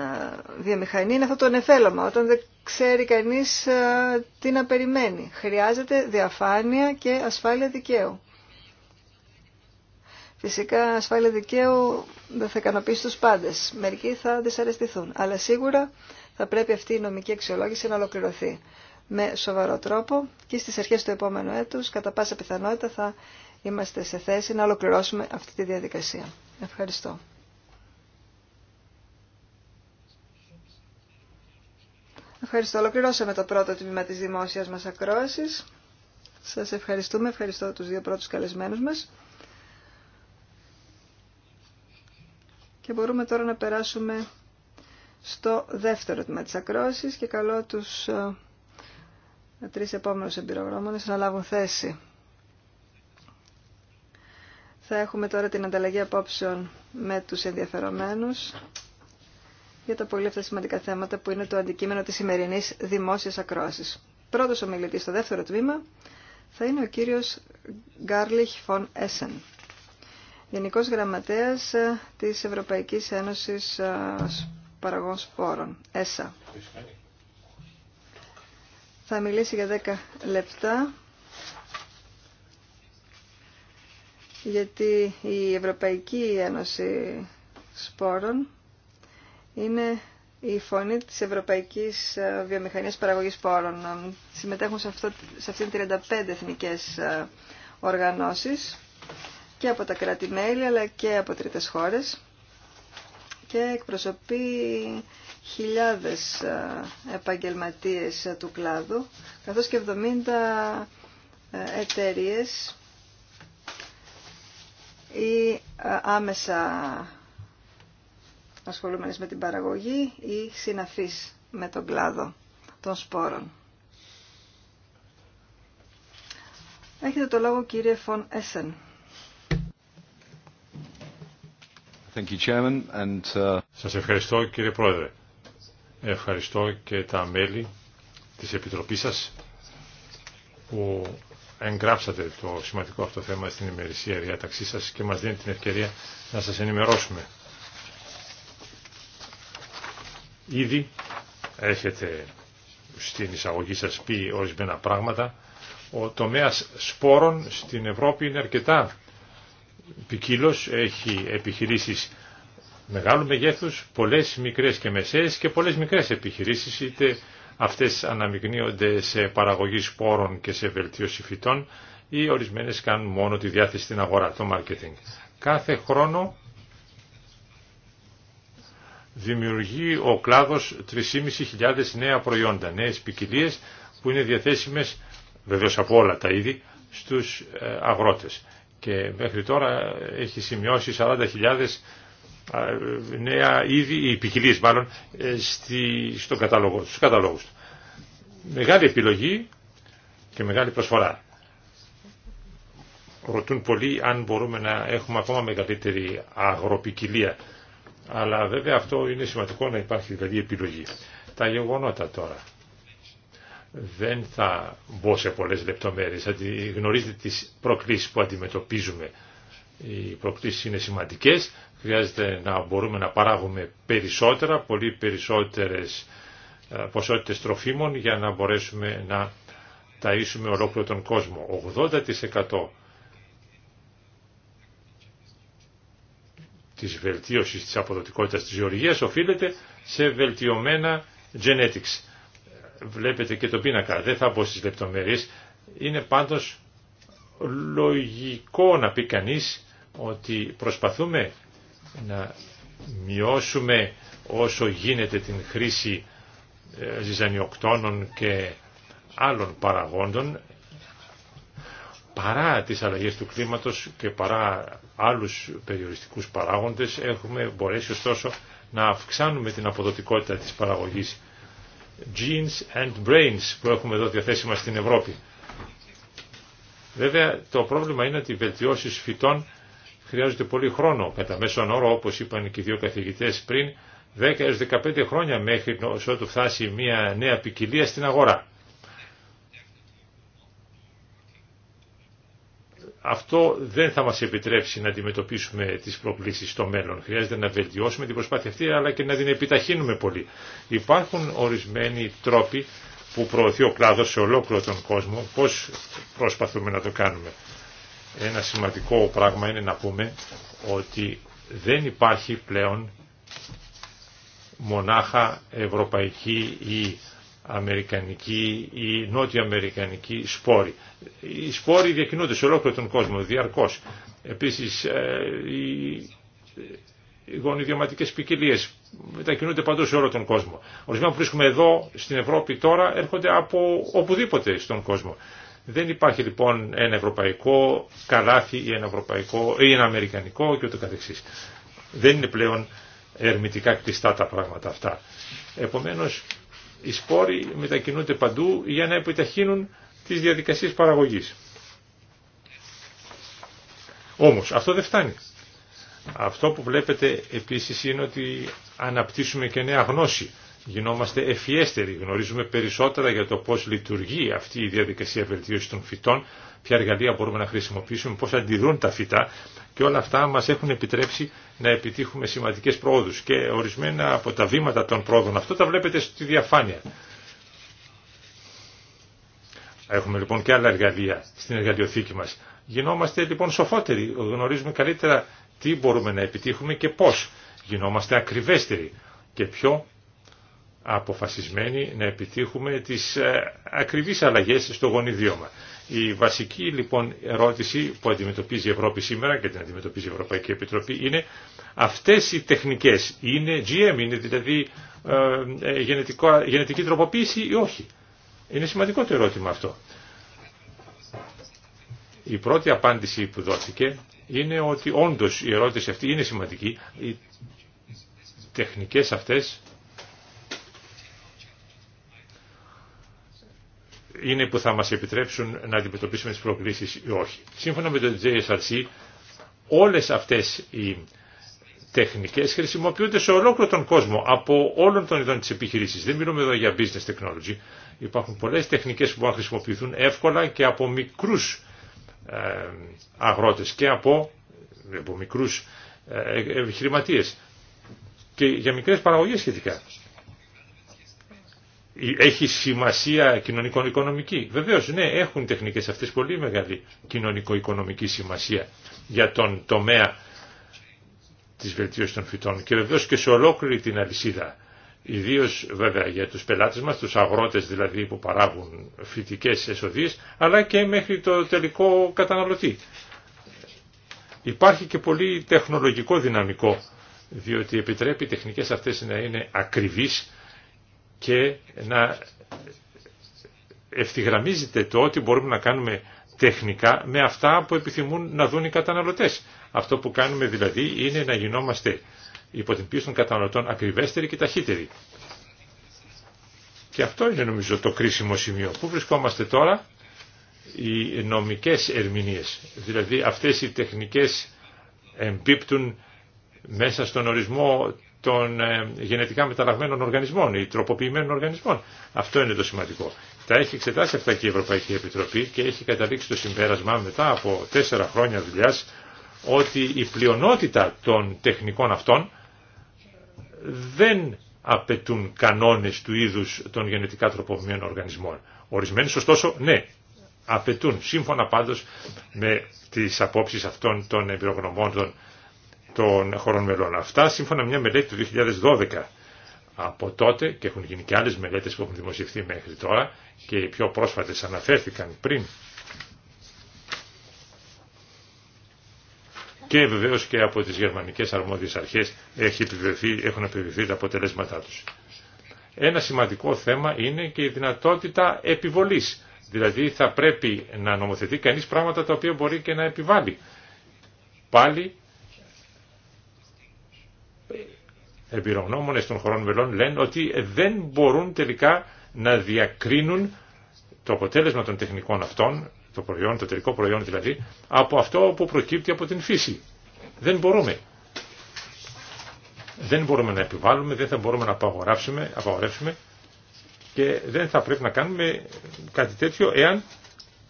B: βιομηχανία είναι αυτό το νεφέλωμα, όταν δεν ξέρει κανείς τι να περιμένει. Χρειάζεται διαφάνεια και ασφάλεια δικαίου. Φυσικά ασφάλεια δικαίου δεν θα ικανοποιήσει τους πάντες. Μερικοί θα δυσαρεστηθούν, αλλά σίγουρα θα πρέπει αυτή η νομική αξιολόγηση να ολοκληρωθεί με σοβαρό τρόπο και στις αρχές του επόμενου έτους κατά πάσα πιθανότητα θα είμαστε σε θέση να ολοκληρώσουμε αυτή τη διαδικασία. Ευχαριστώ. Ευχαριστώ. Ολοκληρώσαμε το πρώτο τμήμα της δημόσιας μας ακρόασης. Σας ευχαριστούμε. Ευχαριστώ τους δύο πρώτους καλεσμένους μας. Και μπορούμε τώρα να περάσουμε στο δεύτερο τμήμα της ακρόασης και καλώ τους ε, τρεις επόμενους εμπειρογνώμονες να λάβουν θέση. Θα έχουμε τώρα την ανταλλαγή απόψεων με τους ενδιαφερομένους για τα πολύ αυτά σημαντικά θέματα που είναι το αντικείμενο της σημερινής δημόσιας ακρόασης. Πρώτος ομιλητής στο δεύτερο τμήμα θα είναι ο κύριος Γκάρλιχ Φον Έσεν, Γενικός Γραμματέας της Ευρωπαϊκής Ένωσης ε, Παραγών Σπόρων, ΕΣΑ. Θα μιλήσει για 10 λεπτά γιατί η Ευρωπαϊκή Ένωση Σπόρων είναι η φωνή της Ευρωπαϊκής ε, Βιομηχανίας Παραγωγής Σπόρων. Ε, συμμετέχουν σε, αυτό, σε αυτήν 35 εθνικές ε, οργανώσεις και από τα κράτη-μέλη αλλά και από τρίτες χώρες και εκπροσωπεί χιλιάδες επαγγελματίες του κλάδου καθώς και 70 εταιρείες ή ε, άμεσα ασχολούμενες με την παραγωγή ή συναφείς με τον κλάδο των σπόρων. Έχετε το λόγο κύριε Φων Έσεν.
C: Thank you, Chairman, and, uh, Σας
A: ευχαριστώ κύριε Πρόεδρε. Ευχαριστώ και τα μέλη της Επιτροπής σας εγγράψατε το σημαντικό αυτό θέμα στην ημερησία διάταξή σας και μας δίνει την ευκαιρία να σας ενημερώσουμε. Ήδη έχετε στην εισαγωγή σας πει ορισμένα πράγματα. Ο τομέας σπόρων στην Ευρώπη είναι αρκετά ποικίλο, έχει επιχειρήσεις μεγάλου μεγέθους, πολλές μικρές και μεσαίες και πολλές μικρές επιχειρήσεις, είτε Αυτές αναμειγνύονται σε παραγωγή σπόρων και σε βελτίωση φυτών ή ορισμένες κάνουν μόνο τη διάθεση στην αγορά, το marketing. Κάθε χρόνο δημιουργεί ο κλάδος 3.500 νέα προϊόντα, νέες ποικιλίε που είναι διαθέσιμες βεβαίως από όλα τα είδη στους ε, αγρότες. Και μέχρι τώρα έχει σημειώσει 40.000 νέα είδη, ή ποικιλίες μάλλον, ε, στη, στο κατάλογο, στους καταλόγους του. Μεγάλη επιλογή και μεγάλη προσφορά. Ρωτούν πολλοί αν μπορούμε να έχουμε ακόμα μεγαλύτερη αγροπικιλία. Αλλά βέβαια αυτό είναι σημαντικό να υπάρχει δηλαδή επιλογή. Τα γεγονότα τώρα. Δεν θα μπω σε πολλές λεπτομέρειες. Γνωρίζετε τις προκλήσεις που αντιμετωπίζουμε. Οι προκλήσεις είναι σημαντικές. Χρειάζεται να μπορούμε να παράγουμε περισσότερα, πολύ περισσότερες ε, ποσότητες τροφίμων για να μπορέσουμε να ταΐσουμε ολόκληρο τον κόσμο. 80% της βελτίωσης της αποδοτικότητας της γεωργίας οφείλεται σε βελτιωμένα genetics. Βλέπετε και το πίνακα, δεν θα μπω στις λεπτομέρειες. Είναι πάντως λογικό να πει κανείς ότι προσπαθούμε να μειώσουμε όσο γίνεται την χρήση ε, ζυζανιοκτώνων και άλλων παραγόντων παρά τις αλλαγές του κλίματος και παρά άλλους περιοριστικούς παράγοντες έχουμε μπορέσει ωστόσο να αυξάνουμε την αποδοτικότητα της παραγωγής genes and brains που έχουμε εδώ διαθέσιμα στην Ευρώπη. Βέβαια το πρόβλημα είναι ότι οι βελτιώσεις φυτών χρειάζεται πολύ χρόνο. Κατά μέσον όρο, όπως είπαν και οι δύο καθηγητές πριν, 10 έως 15 χρόνια μέχρι του φτάσει μια νέα ποικιλία στην αγορά. Αυτό δεν θα μας επιτρέψει να αντιμετωπίσουμε τις προκλήσεις στο μέλλον. Χρειάζεται να βελτιώσουμε την προσπάθεια αυτή αλλά και να την επιταχύνουμε πολύ. Υπάρχουν ορισμένοι τρόποι που προωθεί ο κλάδος σε ολόκληρο τον κόσμο. Πώς προσπαθούμε να το κάνουμε ένα σημαντικό πράγμα είναι να πούμε ότι δεν υπάρχει πλέον μονάχα ευρωπαϊκή ή αμερικανική νότια νότιο-αμερικανική σπόρη. Οι σπόροι διακινούνται σε ολόκληρο τον κόσμο, διαρκώς. Επίσης, ε, οι ε, γονιδιαματικές ποικιλίε μετακινούνται παντού σε όλο τον κόσμο. Ορισμένα που βρίσκουμε εδώ στην Ευρώπη τώρα έρχονται από οπουδήποτε στον κόσμο. Δεν υπάρχει λοιπόν ένα ευρωπαϊκό καλάθι ή ένα, ευρωπαϊκό, ή ένα αμερικανικό και ούτω καθεξής. Δεν είναι πλέον ερμητικά κλειστά τα πράγματα αυτά. Επομένως, οι σπόροι μετακινούνται παντού για να επιταχύνουν τις διαδικασίες παραγωγής. Όμως, αυτό δεν φτάνει. Αυτό που βλέπετε επίσης είναι ότι αναπτύσσουμε και νέα γνώση γινόμαστε ευφιέστεροι, γνωρίζουμε περισσότερα για το πώς λειτουργεί αυτή η διαδικασία βελτίωση των φυτών, ποια εργαλεία μπορούμε να χρησιμοποιήσουμε, πώς αντιδρούν τα φυτά και όλα αυτά μας έχουν επιτρέψει να επιτύχουμε σημαντικές πρόοδους και ορισμένα από τα βήματα των πρόοδων αυτό τα βλέπετε στη διαφάνεια. Έχουμε λοιπόν και άλλα εργαλεία στην εργαλειοθήκη μας. Γινόμαστε λοιπόν σοφότεροι, γνωρίζουμε καλύτερα τι μπορούμε να επιτύχουμε και πώς. Γινόμαστε ακριβέστεροι και πιο αποφασισμένοι να επιτύχουμε τις ε, ακριβείς αλλαγές στο γονιδιώμα. Η βασική λοιπόν ερώτηση που αντιμετωπίζει η Ευρώπη σήμερα και την αντιμετωπίζει η Ευρωπαϊκή Επιτροπή είναι αυτές οι τεχνικές είναι GM, είναι δηλαδή ε, ε, γενετικό, γενετική τροποποίηση ή όχι. Είναι σημαντικό το ερώτημα αυτό. Η πρώτη απάντηση που δόθηκε είναι ότι όντως η ερώτηση αυτή είναι σημαντική. Οι τεχνικές αυτές είναι που θα μας επιτρέψουν να αντιμετωπίσουμε τις προκλήσεις ή όχι. Σύμφωνα με το JSRC, όλες αυτές οι τεχνικές χρησιμοποιούνται σε ολόκληρο τον κόσμο, από όλων των ειδών της επιχειρήσης. Δεν μιλούμε εδώ για business technology. Υπάρχουν πολλές τεχνικές που μπορούν να χρησιμοποιηθούν εύκολα και από μικρούς ε, αγρότες και από, από μικρούς ε, ε, επιχειρηματίες και για μικρές παραγωγές σχετικά έχει σημασία κοινωνικο-οικονομική. Βεβαίως, ναι, έχουν τεχνικές αυτές πολύ μεγάλη κοινωνικο-οικονομική σημασία για τον τομέα της βελτίωσης των φυτών και βεβαίως και σε ολόκληρη την αλυσίδα. Ιδίω βέβαια για τους πελάτες μας, τους αγρότες δηλαδή που παράγουν φυτικές εσοδίες, αλλά και μέχρι το τελικό καταναλωτή. Υπάρχει και πολύ τεχνολογικό δυναμικό, διότι επιτρέπει οι τεχνικές αυτές να είναι ακριβείς και να ευθυγραμμίζεται το ότι μπορούμε να κάνουμε τεχνικά με αυτά που επιθυμούν να δουν οι καταναλωτές. Αυτό που κάνουμε δηλαδή είναι να γινόμαστε υπό την πίεση των καταναλωτών ακριβέστεροι και ταχύτεροι. Και αυτό είναι νομίζω το κρίσιμο σημείο. Πού βρισκόμαστε τώρα οι νομικές ερμηνείες. Δηλαδή αυτές οι τεχνικές εμπίπτουν μέσα στον ορισμό των ε, γενετικά μεταλλαγμένων οργανισμών ή τροποποιημένων οργανισμών. Αυτό είναι το σημαντικό. Τα έχει εξετάσει αυτά και η Ευρωπαϊκή Επιτροπή και έχει καταλήξει το συμπέρασμα μετά από τέσσερα χρόνια δουλειά ότι η πλειονότητα των τεχνικών αυτών δεν απαιτούν κανόνες του είδους των γενετικά τροποποιημένων οργανισμών. Ορισμένες ωστόσο ναι, απαιτούν σύμφωνα πάντως με τις απόψεις αυτών των εμπειρογνωμών των των χωρών μελών. Αυτά σύμφωνα με μια μελέτη του 2012. Από τότε και έχουν γίνει και άλλες μελέτες που έχουν δημοσιευθεί μέχρι τώρα και οι πιο πρόσφατες αναφέρθηκαν πριν. Και βεβαίως και από τις γερμανικές αρμόδιες αρχές έχει έχουν επιβεβαιωθεί τα αποτελέσματά τους. Ένα σημαντικό θέμα είναι και η δυνατότητα επιβολή. Δηλαδή θα πρέπει να νομοθετεί κανεί πράγματα τα οποία μπορεί και να επιβάλλει. Πάλι εμπειρογνώμονες των χωρών μελών λένε ότι δεν μπορούν τελικά να διακρίνουν το αποτέλεσμα των τεχνικών αυτών, το προϊόν, το τελικό προϊόν δηλαδή, από αυτό που προκύπτει από την φύση. Δεν μπορούμε. Δεν μπορούμε να επιβάλλουμε, δεν θα μπορούμε να απαγορεύσουμε, απαγορεύσουμε και δεν θα πρέπει να κάνουμε κάτι τέτοιο εάν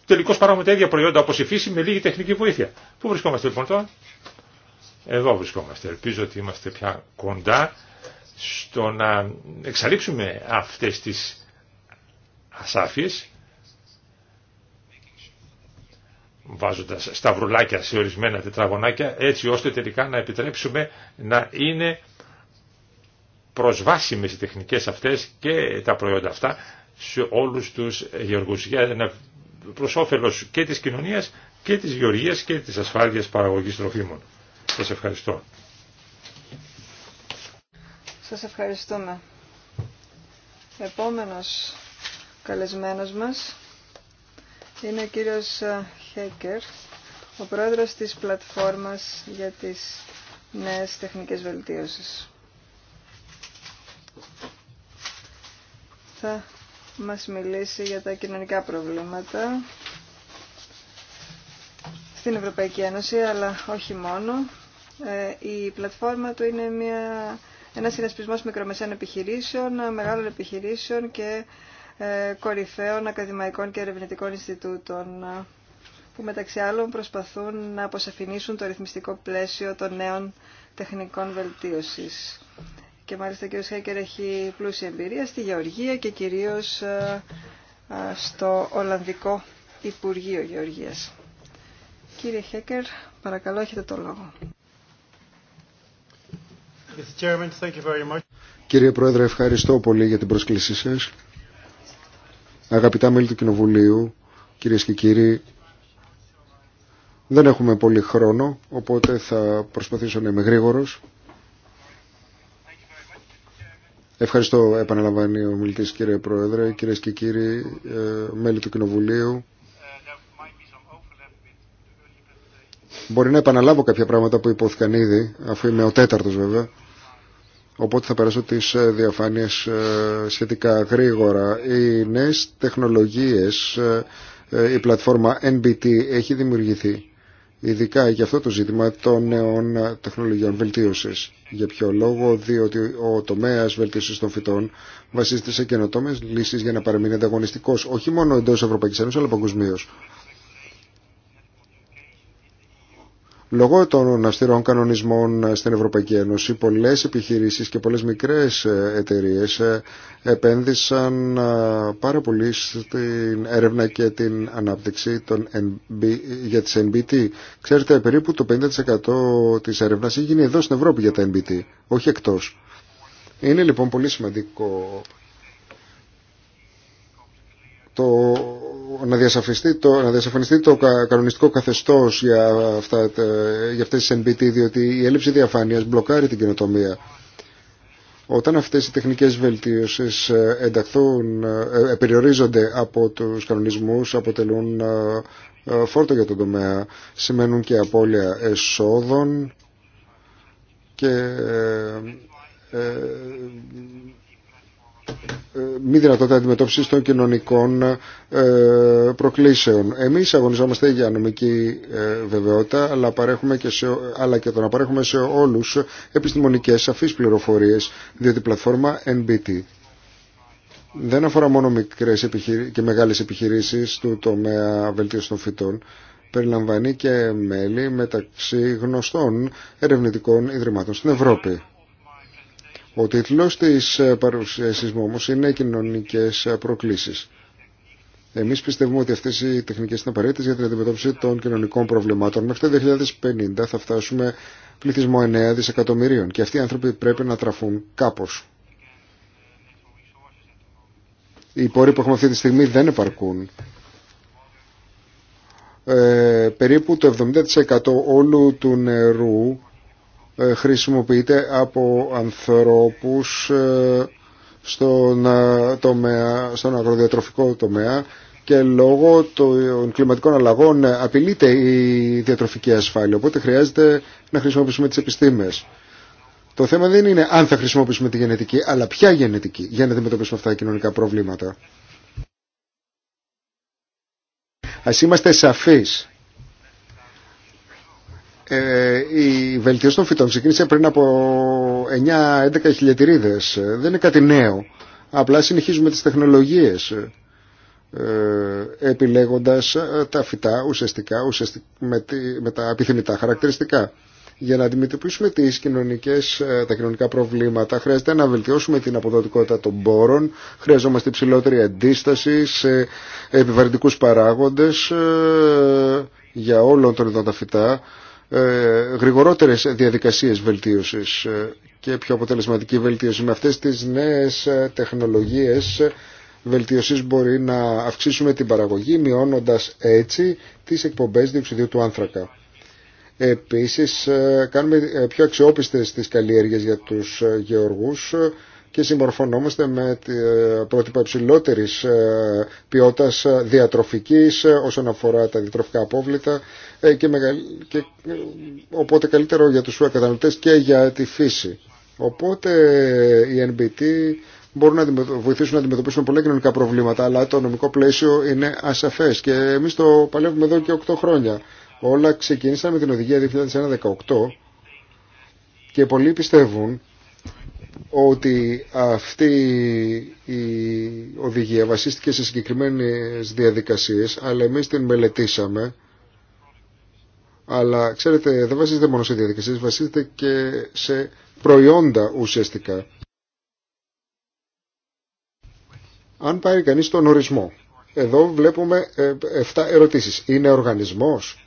A: τελικώς παράγουμε τα ίδια προϊόντα όπως η φύση με λίγη τεχνική βοήθεια. Πού βρισκόμαστε λοιπόν τώρα. Εδώ βρισκόμαστε. Ελπίζω ότι είμαστε πια κοντά στο να εξαλείψουμε αυτές τις ασάφειες βάζοντας σταυρουλάκια σε ορισμένα τετραγωνάκια έτσι ώστε τελικά να επιτρέψουμε να είναι προσβάσιμες οι τεχνικές αυτές και τα προϊόντα αυτά σε όλους τους γεωργούς για προς όφελος και της κοινωνίας και της γεωργίας και της ασφάλειας παραγωγής τροφίμων. Σας ευχαριστώ.
B: Σας ευχαριστούμε. Επόμενος καλεσμένος μας είναι ο κύριος ε, Χέκερ, ο πρόεδρος της πλατφόρμας για τις νέες τεχνικές βελτίωσεις. Θα μας μιλήσει για τα κοινωνικά προβλήματα στην Ευρωπαϊκή Ένωση, αλλά όχι μόνο. Ε, η πλατφόρμα του είναι μια, ένα συνασπισμό μικρομεσαίων επιχειρήσεων, μεγάλων επιχειρήσεων και ε, κορυφαίων ακαδημαϊκών και ερευνητικών Ινστιτούτων που μεταξύ άλλων προσπαθούν να αποσαφηνίσουν το ρυθμιστικό πλαίσιο των νέων τεχνικών βελτίωσης. Και μάλιστα ο κ. Χέκερ έχει πλούσια εμπειρία στη Γεωργία και κυρίως ε, στο Ολλανδικό Υπουργείο Γεωργίας. Κύριε Χέκερ, παρακαλώ έχετε το λόγο.
C: Κύριε Πρόεδρε, ευχαριστώ πολύ για την πρόσκλησή σας. Αγαπητά μέλη του Κοινοβουλίου, κύριε και κύριοι, δεν έχουμε πολύ χρόνο, οπότε θα προσπαθήσω να είμαι γρήγορος. Ευχαριστώ, επαναλαμβάνει ο μιλητής κύριε Πρόεδρε, κύριε και κύριοι, ε, μέλη του Κοινοβουλίου. Μπορεί να επαναλάβω κάποια πράγματα που υπόθηκαν ήδη, αφού είμαι ο τέταρτος βέβαια. Οπότε θα περάσω τις ε, διαφάνειες ε, σχετικά γρήγορα. Οι νέες τεχνολογίες, ε, η πλατφόρμα NBT έχει δημιουργηθεί ειδικά για αυτό το ζήτημα των νέων τεχνολογιών βελτίωσης. Για ποιο λόγο, διότι ο τομέας βελτίωσης των φυτών βασίζεται σε καινοτόμες λύσεις για να παραμείνει ανταγωνιστικός, όχι μόνο εντός Ευρωπαϊκής Ένωσης, αλλά παγκοσμίω. Λόγω των αυστηρών κανονισμών στην Ευρωπαϊκή Ένωση, πολλές επιχειρήσεις και πολλές μικρές ε, εταιρείες ε, επένδυσαν ε, πάρα πολύ στην έρευνα και την ανάπτυξη των για τις NBT. Ξέρετε, περίπου το 50% της έρευνας έγινε εδώ στην Ευρώπη για τα NBT, όχι εκτός. Είναι λοιπόν πολύ σημαντικό να, διασαφιστεί το, να διασαφανιστεί το κανονιστικό καθεστώς για, αυτά, για αυτές τις NBT διότι η έλλειψη διαφάνειας μπλοκάρει την καινοτομία. Όταν αυτές οι τεχνικές βελτίωσεις ε, ενταχθούν, ε, ε, περιορίζονται από τους κανονισμούς, αποτελούν φόρτο για τον τομέα, σημαίνουν και απώλεια εσόδων και ε, μη δυνατότητα αντιμετώπισης των κοινωνικών ε, προκλήσεων. Εμείς αγωνιζόμαστε για νομική ε, βεβαιότητα, αλλά, παρέχουμε και αλλά και το να παρέχουμε σε όλους επιστημονικές σαφείς πληροφορίες, διότι η πλατφόρμα NBT δεν αφορά μόνο μικρές και μεγάλες επιχειρήσεις του τομέα βελτίωση των φυτών, περιλαμβάνει και μέλη μεταξύ γνωστών ερευνητικών ιδρυμάτων στην Ευρώπη. Ο τίτλος της ε, παρουσίασης μου όμως είναι «Κοινωνικές ε, προκλήσεις». Εμείς πιστεύουμε ότι αυτές οι τεχνικές είναι απαραίτητες για την αντιμετώπιση των κοινωνικών προβλημάτων. Μέχρι το 2050 θα φτάσουμε πληθυσμό 9 δισεκατομμυρίων και αυτοί οι άνθρωποι πρέπει να τραφούν κάπως. Οι πόροι που έχουμε αυτή τη στιγμή δεν επαρκούν. Ε, περίπου το 70% όλου του νερού ε, χρησιμοποιείται από ανθρώπους ε, στον, τομέα, στον αγροδιατροφικό τομέα και λόγω των κλιματικών αλλαγών απειλείται η διατροφική ασφάλεια. Οπότε χρειάζεται να χρησιμοποιήσουμε τις επιστήμες. Το θέμα δεν είναι αν θα χρησιμοποιήσουμε τη γενετική, αλλά ποια γενετική για να αντιμετωπίσουμε αυτά τα κοινωνικά προβλήματα. Ας είμαστε σαφείς. Ε, η βελτίωση των φυτών ξεκίνησε πριν από 9-11 χιλιατηρίδες. Δεν είναι κάτι νέο. Απλά συνεχίζουμε τις τεχνολογίες ε, επιλέγοντας ε, τα φυτά ουσιαστικά, ουσιαστικά με, τα επιθυμητά χαρακτηριστικά. Για να αντιμετωπίσουμε τις κοινωνικές, τα κοινωνικά προβλήματα χρειάζεται να βελτιώσουμε την αποδοτικότητα των πόρων, χρειαζόμαστε υψηλότερη αντίσταση σε επιβαρυντικούς παράγοντες για όλων των ειδών τα φυτά, ε, γρηγορότερες διαδικασίες βελτίωσης ε, και πιο αποτελεσματική βελτίωση. Με αυτές τις νέες ε, τεχνολογίες βελτίωσης μπορεί να αυξήσουμε την παραγωγή μειώνοντας έτσι τις εκπομπές διοξιδίου του άνθρακα. Επίσης κάνουμε πιο αξιόπιστες τις καλλιέργειες για τους γεωργούς και συμμορφωνόμαστε με ε, πρότυπα υψηλότερη ε, ποιότητα ε, διατροφική όσον αφορά τα διατροφικά απόβλητα και, και οπότε καλύτερο για του καταναλωτέ και για τη φύση. Οπότε οι NBT μπορούν να βοηθήσουν να αντιμετωπίσουν πολλά κοινωνικά προβλήματα, αλλά το νομικό πλαίσιο είναι ασαφέ και εμεί το παλεύουμε εδώ και 8 χρόνια. Όλα ξεκίνησαν με την οδηγία 2018 και πολλοί πιστεύουν ότι αυτή η οδηγία βασίστηκε σε συγκεκριμένες διαδικασίες, αλλά εμείς την μελετήσαμε. Αλλά ξέρετε, δεν βασίζεται μόνο σε διαδικασίες, βασίζεται και σε προϊόντα ουσιαστικά. Αν πάρει κανείς τον ορισμό, εδώ βλέπουμε 7 ε, ερωτήσεις. Είναι οργανισμός,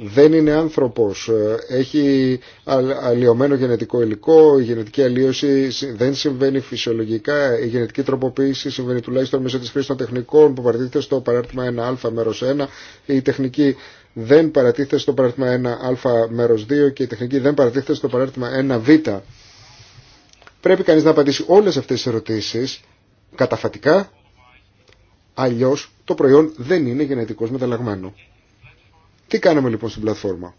C: δεν είναι άνθρωπος, ε, έχει αλλοιωμένο γενετικό υλικό, η γενετική αλλοιώση δεν συμβαίνει φυσιολογικά, η γενετική τροποποίηση συμβαίνει τουλάχιστον μέσω της χρήσης των τεχνικών που παρατίθεται στο παράρτημα 1α μέρος 1, η τεχνική δεν παρατίθεται στο παράρτημα 1α μέρος 2 και η τεχνική δεν παρατίθεται στο παράρτημα 1β. Πρέπει κανείς να απαντήσει όλες αυτές τις ερωτήσεις καταφατικά, αλλιώς το προϊόν δεν είναι γενετικώς μεταλλαγμένο. Τι κάναμε λοιπόν στην πλατφόρμα.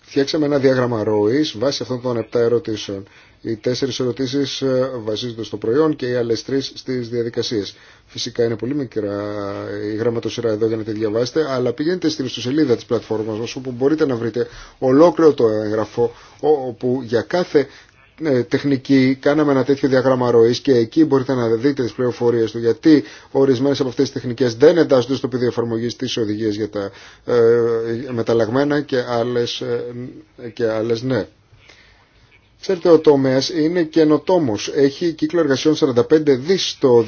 C: Φτιάξαμε ένα διάγραμμα ροής βάσει αυτών των 7 ερωτήσεων. Οι τέσσερις ερωτήσεις ε, βασίζονται στο προϊόν και οι άλλες τρεις στις διαδικασίες. Φυσικά είναι πολύ μικρά η γραμματοσυρά εδώ για να τη διαβάσετε, αλλά πηγαίνετε στην ιστοσελίδα της πλατφόρμας μας όπου μπορείτε να βρείτε ολόκληρο το έγγραφο όπου για κάθε ναι, τεχνική, κάναμε ένα τέτοιο διαγράμμα ροής και εκεί μπορείτε να δείτε τις πληροφορίες του γιατί ορισμένες από αυτές τις τεχνικές δεν εντάσσονται στο πεδίο εφαρμογή της οδηγίας για τα ε, μεταλλαγμένα ε, και άλλες, ναι. Ξέρετε, ο τομέα είναι καινοτόμο. Έχει κύκλο εργασιών 45 δι το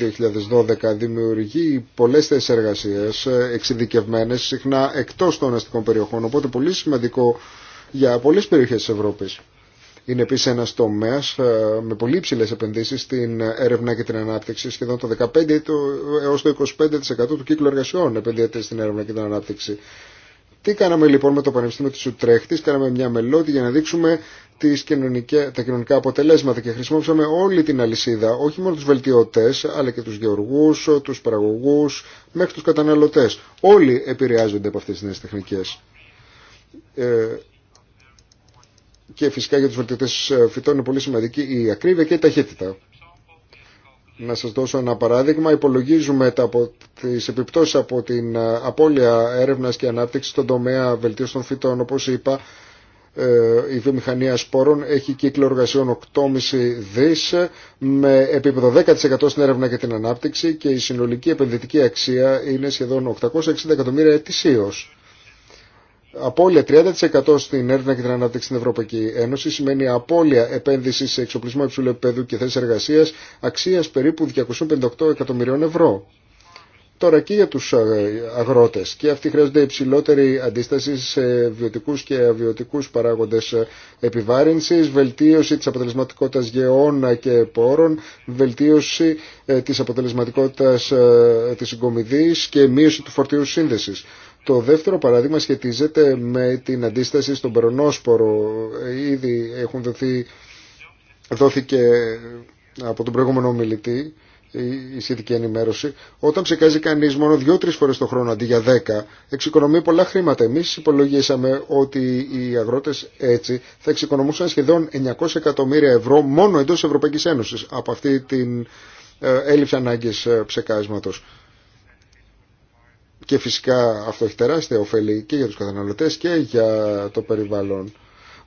C: 2012. Δημιουργεί πολλέ θέσει εργασία ε, εξειδικευμένε, συχνά εκτό των αστικών περιοχών. Οπότε πολύ σημαντικό για πολλέ περιοχέ τη Ευρώπη. Είναι επίσης ένας τομέας ε, με πολύ ψηλές επενδύσεις στην έρευνα και την ανάπτυξη. Σχεδόν το 15% έως το 25% του κύκλου εργασιών επενδύεται στην έρευνα και την ανάπτυξη. Τι κάναμε λοιπόν με το Πανεπιστήμιο της Ουτρέχτης, κάναμε μια μελώδη για να δείξουμε τις τα κοινωνικά αποτελέσματα και χρησιμοποιήσαμε όλη την αλυσίδα, όχι μόνο τους βελτιωτές, αλλά και τους γεωργούς, τους παραγωγούς, μέχρι τους καταναλωτές. Όλοι επηρεάζονται από αυτές τις νέες τεχνικές. Ε, και φυσικά για τους βελτιωτές ε, φυτών είναι πολύ σημαντική η ακρίβεια και η ταχύτητα. Να σας δώσω ένα παράδειγμα. Υπολογίζουμε τα, από τις επιπτώσεις από την ε, απώλεια έρευνας και ανάπτυξης στον τομέα βελτίωσης των φυτών. Όπως είπα, ε, η βιομηχανία σπόρων έχει κύκλο εργασιών 8,5 δις με επίπεδο 10% στην έρευνα και την ανάπτυξη και η συνολική επενδυτική αξία είναι σχεδόν 860 εκατομμύρια ετησίως. Απόλυα 30% στην έρευνα και την ανάπτυξη στην Ευρωπαϊκή Ένωση σημαίνει απώλεια επένδυση σε εξοπλισμό υψηλού επίπεδου και θέσει εργασία αξία περίπου 258 εκατομμυρίων ευρώ. Τώρα και για του ε, αγρότε. Και αυτοί χρειάζονται υψηλότερη αντίσταση σε βιωτικού και αβιωτικού παράγοντε επιβάρυνση, βελτίωση τη αποτελεσματικότητα γεών και πόρων, βελτίωση ε, τη αποτελεσματικότητα ε, τη συγκομιδή και μείωση του φορτίου σύνδεση. Το δεύτερο παράδειγμα σχετίζεται με την αντίσταση στον περονόσπορο. Ήδη έχουν δοθεί, δόθηκε από τον προηγούμενο ομιλητή η σχετική ενημέρωση. Όταν ψεκάζει κανεί μόνο δύο-τρει φορέ το χρόνο αντί για δέκα, εξοικονομεί πολλά χρήματα. Εμεί υπολογίσαμε ότι οι αγρότε έτσι θα εξοικονομούσαν σχεδόν 900 εκατομμύρια ευρώ μόνο εντό Ευρωπαϊκή Ένωση από αυτή την ε, έλλειψη ανάγκη ε, ψεκάσματο. Και φυσικά αυτό έχει τεράστια ωφέλη και για τους καταναλωτές και για το περιβάλλον.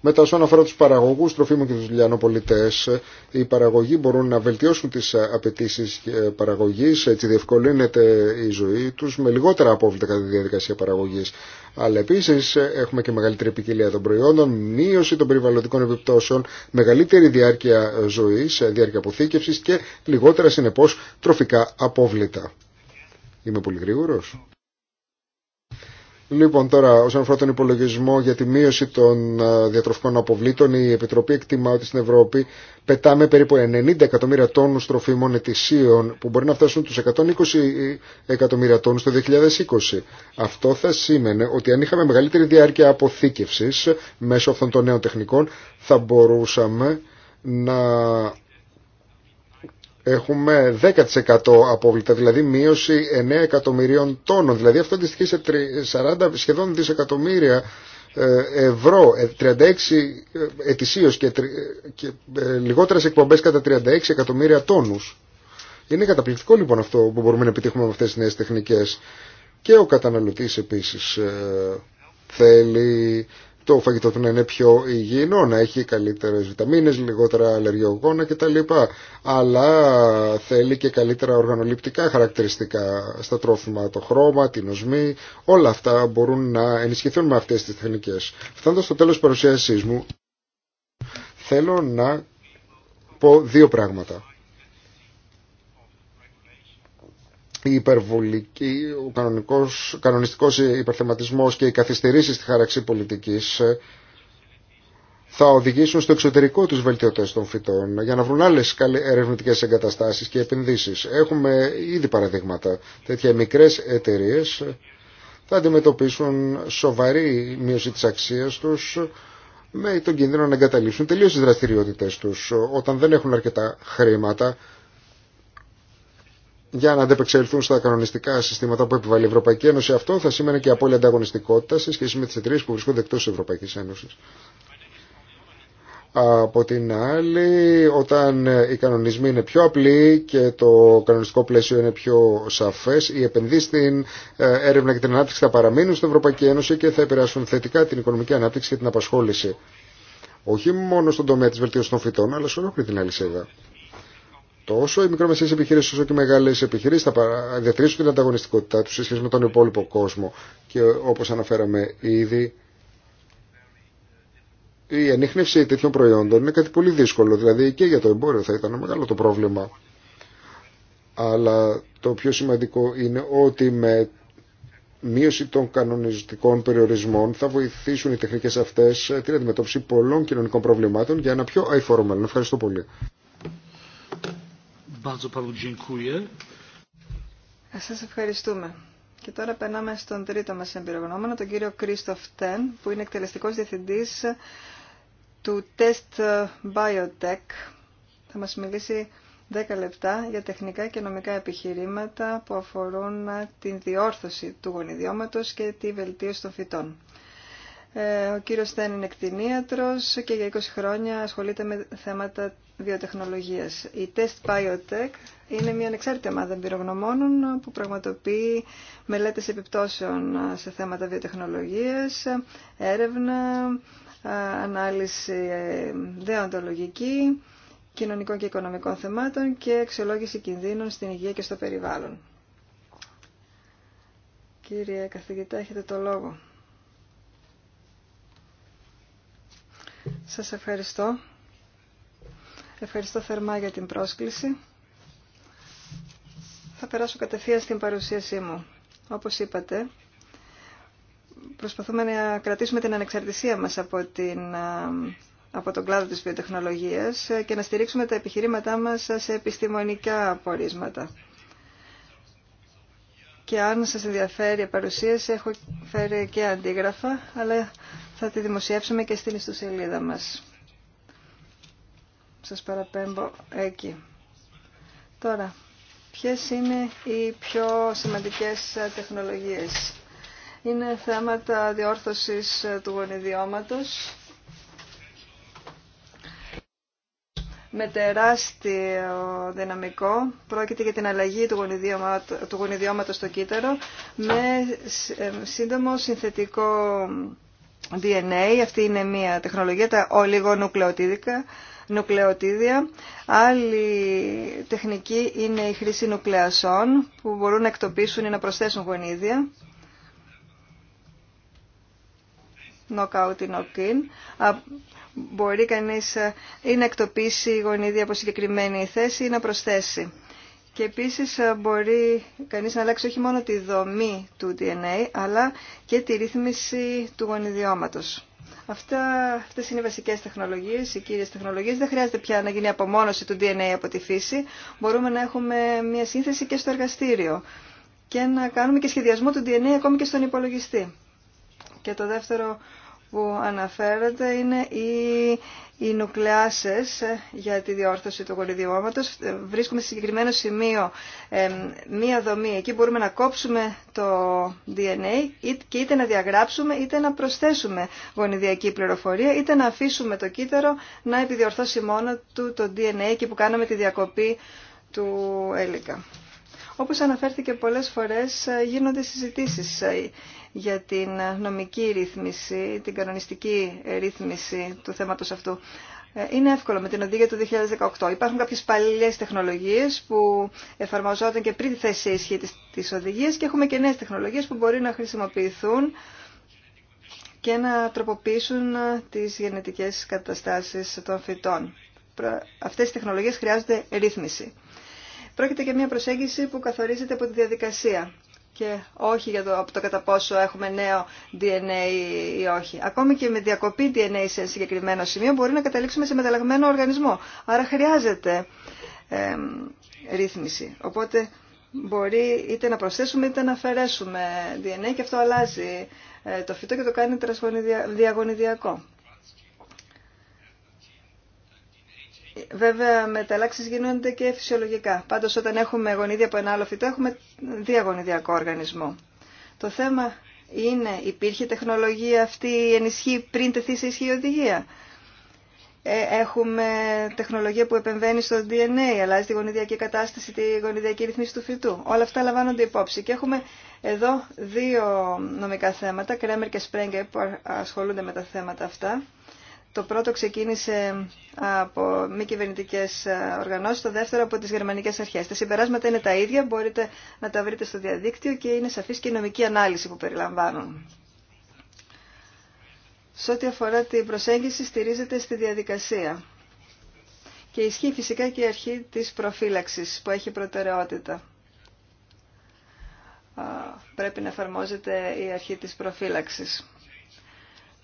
C: Μετά όσον αφορά τους παραγωγούς τροφίμων και τους λιανοπολιτές, οι παραγωγοί μπορούν να βελτιώσουν τις απαιτήσει ε, παραγωγής, έτσι διευκολύνεται η ζωή τους με λιγότερα απόβλητα κατά τη διαδικασία παραγωγής. Αλλά επίσης έχουμε και μεγαλύτερη ποικιλία των προϊόντων, μείωση των περιβαλλοντικών επιπτώσεων, μεγαλύτερη διάρκεια ζωής, διάρκεια αποθήκευσης και λιγότερα συνεπώς τροφικά απόβλητα. Είμαι πολύ γρήγορος. Λοιπόν, τώρα, όσον αφορά τον υπολογισμό για τη μείωση των ε, διατροφικών αποβλήτων, η Επιτροπή εκτιμά ότι στην Ευρώπη πετάμε περίπου 90 εκατομμύρια τόνου τροφίμων ετησίων, που μπορεί να φτάσουν του 120 εκατομμύρια τόνου το 2020. Αυτό θα σήμαινε ότι αν είχαμε μεγαλύτερη διάρκεια αποθήκευση μέσω αυτών των νέων τεχνικών, θα μπορούσαμε να έχουμε 10% απόβλητα, δηλαδή μείωση 9 εκατομμυρίων τόνων. Δηλαδή αυτό αντιστοιχεί σε 40 σχεδόν δισεκατομμύρια ε, ευρώ, 36 ε, ε, ετησίως και, και λιγότερες εκπομπές κατά 36 εκατομμύρια τόνους. Είναι καταπληκτικό λοιπόν αυτό που μπορούμε να επιτύχουμε με αυτές τις νέες τεχνικές. Και ο καταναλωτής επίσης θέλει το φαγητό του να είναι πιο υγιεινό, να έχει καλύτερες βιταμίνες, λιγότερα αλλεργιογόνα κτλ. Αλλά θέλει και καλύτερα οργανοληπτικά χαρακτηριστικά στα τρόφιμα, το χρώμα, την οσμή, όλα αυτά μπορούν να ενισχυθούν με αυτές τις τεχνικέ. Φτάνοντας στο τέλος παρουσιασή μου, θέλω να πω δύο πράγματα. η υπερβολική, ο κανονικός, κανονιστικός υπερθεματισμός και οι καθυστερήσει στη χάραξη πολιτικής ε, θα οδηγήσουν στο εξωτερικό τους βελτιωτές των φυτών για να βρουν άλλες ερευνητικέ εγκαταστάσεις και επενδύσεις. Έχουμε ήδη παραδείγματα. Τέτοια μικρές εταιρείε ε, θα αντιμετωπίσουν σοβαρή μείωση της αξίας τους με τον κίνδυνο να εγκαταλείψουν τελείως τις δραστηριότητες τους ε, όταν δεν έχουν αρκετά χρήματα για να αντεπεξέλθουν στα κανονιστικά συστήματα που επιβάλλει η Ευρωπαϊκή Ένωση. Αυτό θα σήμαινε και απόλυτη ανταγωνιστικότητα σε σχέση με τι εταιρείε που βρίσκονται εκτό τη Ευρωπαϊκή Ένωση. Από την άλλη, όταν οι κανονισμοί είναι πιο απλοί και το κανονιστικό πλαίσιο είναι πιο σαφές, οι επενδύσεις στην ε, έρευνα και την ανάπτυξη θα παραμείνουν στην Ευρωπαϊκή Ένωση και θα επηρεάσουν θετικά την οικονομική ανάπτυξη και την απασχόληση. Όχι μόνο στον τομέα της βελτίωσης των φυτών, αλλά σε ολόκληρη την αλυσίδα. Τόσο οι μικρομεσαίες επιχειρήσεις όσο και οι μεγάλες επιχειρήσεις θα διατηρήσουν την ανταγωνιστικότητά τους σε σχέση με τον υπόλοιπο κόσμο και όπως αναφέραμε ήδη η ανείχνευση τέτοιων προϊόντων είναι κάτι πολύ δύσκολο δηλαδή και για το εμπόριο θα ήταν μεγάλο το πρόβλημα αλλά το πιο σημαντικό είναι ότι με μείωση των κανονιστικών περιορισμών θα βοηθήσουν οι τεχνικές αυτές την αντιμετώπιση πολλών κοινωνικών προβλημάτων για ένα πιο αιφόρο μέλλον. Ευχαριστώ πολύ.
B: Σα ευχαριστούμε. Και τώρα περνάμε στον τρίτο μας εμπειρογνώμονα, τον κύριο Κρίστοφ Τεν, που είναι εκτελεστικός διευθυντής του Test Biotech. Θα μας μιλήσει 10 λεπτά για τεχνικά και νομικά επιχειρήματα που αφορούν την διόρθωση του γονιδιώματος και τη βελτίωση των φυτών. Ε, ο κύριος Στέν είναι εκτινίατρος και για 20 χρόνια ασχολείται με θέματα βιοτεχνολογίας. Η Test Biotech είναι μια ανεξάρτητη ομάδα εμπειρογνωμόνων που πραγματοποιεί μελέτες επιπτώσεων σε θέματα βιοτεχνολογίας, έρευνα, ε, ανάλυση ε, δεοντολογική, κοινωνικών και οικονομικών θεμάτων και αξιολόγηση κινδύνων στην υγεία και στο περιβάλλον. Κύριε καθηγητά, έχετε το λόγο. Σας ευχαριστώ. Ευχαριστώ θερμά για την πρόσκληση. Θα περάσω κατευθείαν στην παρουσίασή μου. Όπως είπατε, προσπαθούμε να κρατήσουμε την ανεξαρτησία μας από, την, από τον κλάδο της βιοτεχνολογίας και να στηρίξουμε τα επιχειρήματά μας σε επιστημονικά απορίσματα και αν σας ενδιαφέρει η παρουσίαση έχω φέρει και αντίγραφα, αλλά θα τη δημοσιεύσουμε και στην ιστοσελίδα μας. Σας παραπέμπω εκεί. Τώρα, ποιες είναι οι πιο σημαντικές τεχνολογίες. Είναι θέματα διόρθωσης του γονιδιώματος, με τεράστιο δυναμικό. Πρόκειται για την αλλαγή του γονιδιώματος στο κύτταρο με ε, σύντομο συνθετικό DNA. Αυτή είναι μια τεχνολογία, τα ολιγονουκλεοτίδικα νουκλεοτίδια. Άλλη τεχνική είναι η χρήση νουκλεασών που μπορούν να εκτοπίσουν ή να προσθέσουν γονίδια. Knockout ή knock-in μπορεί κανείς ε, ή να εκτοπίσει γονίδια από συγκεκριμένη θέση ή να προσθέσει. Και επίσης ε, μπορεί κανείς να αλλάξει όχι μόνο τη δομή του DNA, αλλά και τη ρύθμιση του γονιδιώματος. Αυτέ αυτές είναι οι βασικές τεχνολογίες, οι κύριες τεχνολογίες. Δεν χρειάζεται πια να γίνει απομόνωση του DNA από τη φύση. Μπορούμε να έχουμε μια σύνθεση και στο εργαστήριο και να κάνουμε και σχεδιασμό του DNA ακόμη και στον υπολογιστή. Και το δεύτερο που αναφέρονται είναι οι, οι νουκλεάσες ε, για τη διόρθωση του γονιδιώματος. Ε, βρίσκουμε σε συγκεκριμένο σημείο ε, μία δομή. Εκεί μπορούμε να κόψουμε το DNA και είτε να διαγράψουμε είτε να προσθέσουμε γονιδιακή πληροφορία είτε να αφήσουμε το κύτταρο να επιδιορθώσει μόνο του το DNA και που κάναμε τη διακοπή του έλικα. Όπως αναφέρθηκε πολλές φορές γίνονται συζητήσεις για την νομική ρύθμιση, την κανονιστική ρύθμιση του θέματος αυτού. Ε, είναι εύκολο με την οδηγία του 2018. Υπάρχουν κάποιες παλιές τεχνολογίες που εφαρμοζόταν και πριν τη θέση ισχύ της οδηγίας και έχουμε και νέες τεχνολογίες που μπορεί να χρησιμοποιηθούν και να τροποποιήσουν τις γενετικές καταστάσεις των φυτών. Αυτές οι τεχνολογίες χρειάζονται ρύθμιση. Πρόκειται για μια προσέγγιση που καθορίζεται από τη διαδικασία και όχι για το, από το κατά πόσο έχουμε νέο DNA ή όχι. Ακόμη και με διακοπή DNA σε συγκεκριμένο σημείο μπορεί να καταλήξουμε σε μεταλλαγμένο οργανισμό. Άρα χρειάζεται ε, ρύθμιση. Οπότε μπορεί είτε να προσθέσουμε είτε να αφαιρέσουμε DNA και αυτό αλλάζει ε, το φυτό και το κάνει διαγωνιδιακό. Βέβαια, μεταλλάξει γίνονται και φυσιολογικά. Πάντω, όταν έχουμε γονίδια από ένα άλλο φυτό, έχουμε διαγωνιδιακό οργανισμό. Το θέμα είναι, υπήρχε τεχνολογία αυτή ενισχύει πριν τεθεί σε ισχύ η οδηγία. Ε, έχουμε τεχνολογία που επεμβαίνει στο DNA, αλλάζει τη γονιδιακή κατάσταση, τη γονιδιακή ρυθμίση του φυτού. Όλα αυτά λαμβάνονται υπόψη. Και έχουμε εδώ δύο νομικά θέματα, Κρέμερ και Σπρέγκερ, που ασχολούνται με τα θέματα αυτά. Το πρώτο ξεκίνησε από μη κυβερνητικέ ε, οργανώσει, το δεύτερο από τι γερμανικέ αρχέ. Τα συμπεράσματα είναι τα ίδια, μπορείτε να τα βρείτε στο διαδίκτυο και είναι σαφή και η νομική ανάλυση που περιλαμβάνουν. Σε ό,τι αφορά την προσέγγιση, στηρίζεται στη διαδικασία. Και ισχύει φυσικά και η αρχή της προφύλαξης που έχει προτεραιότητα. Πρέπει να εφαρμόζεται η αρχή της προφύλαξης.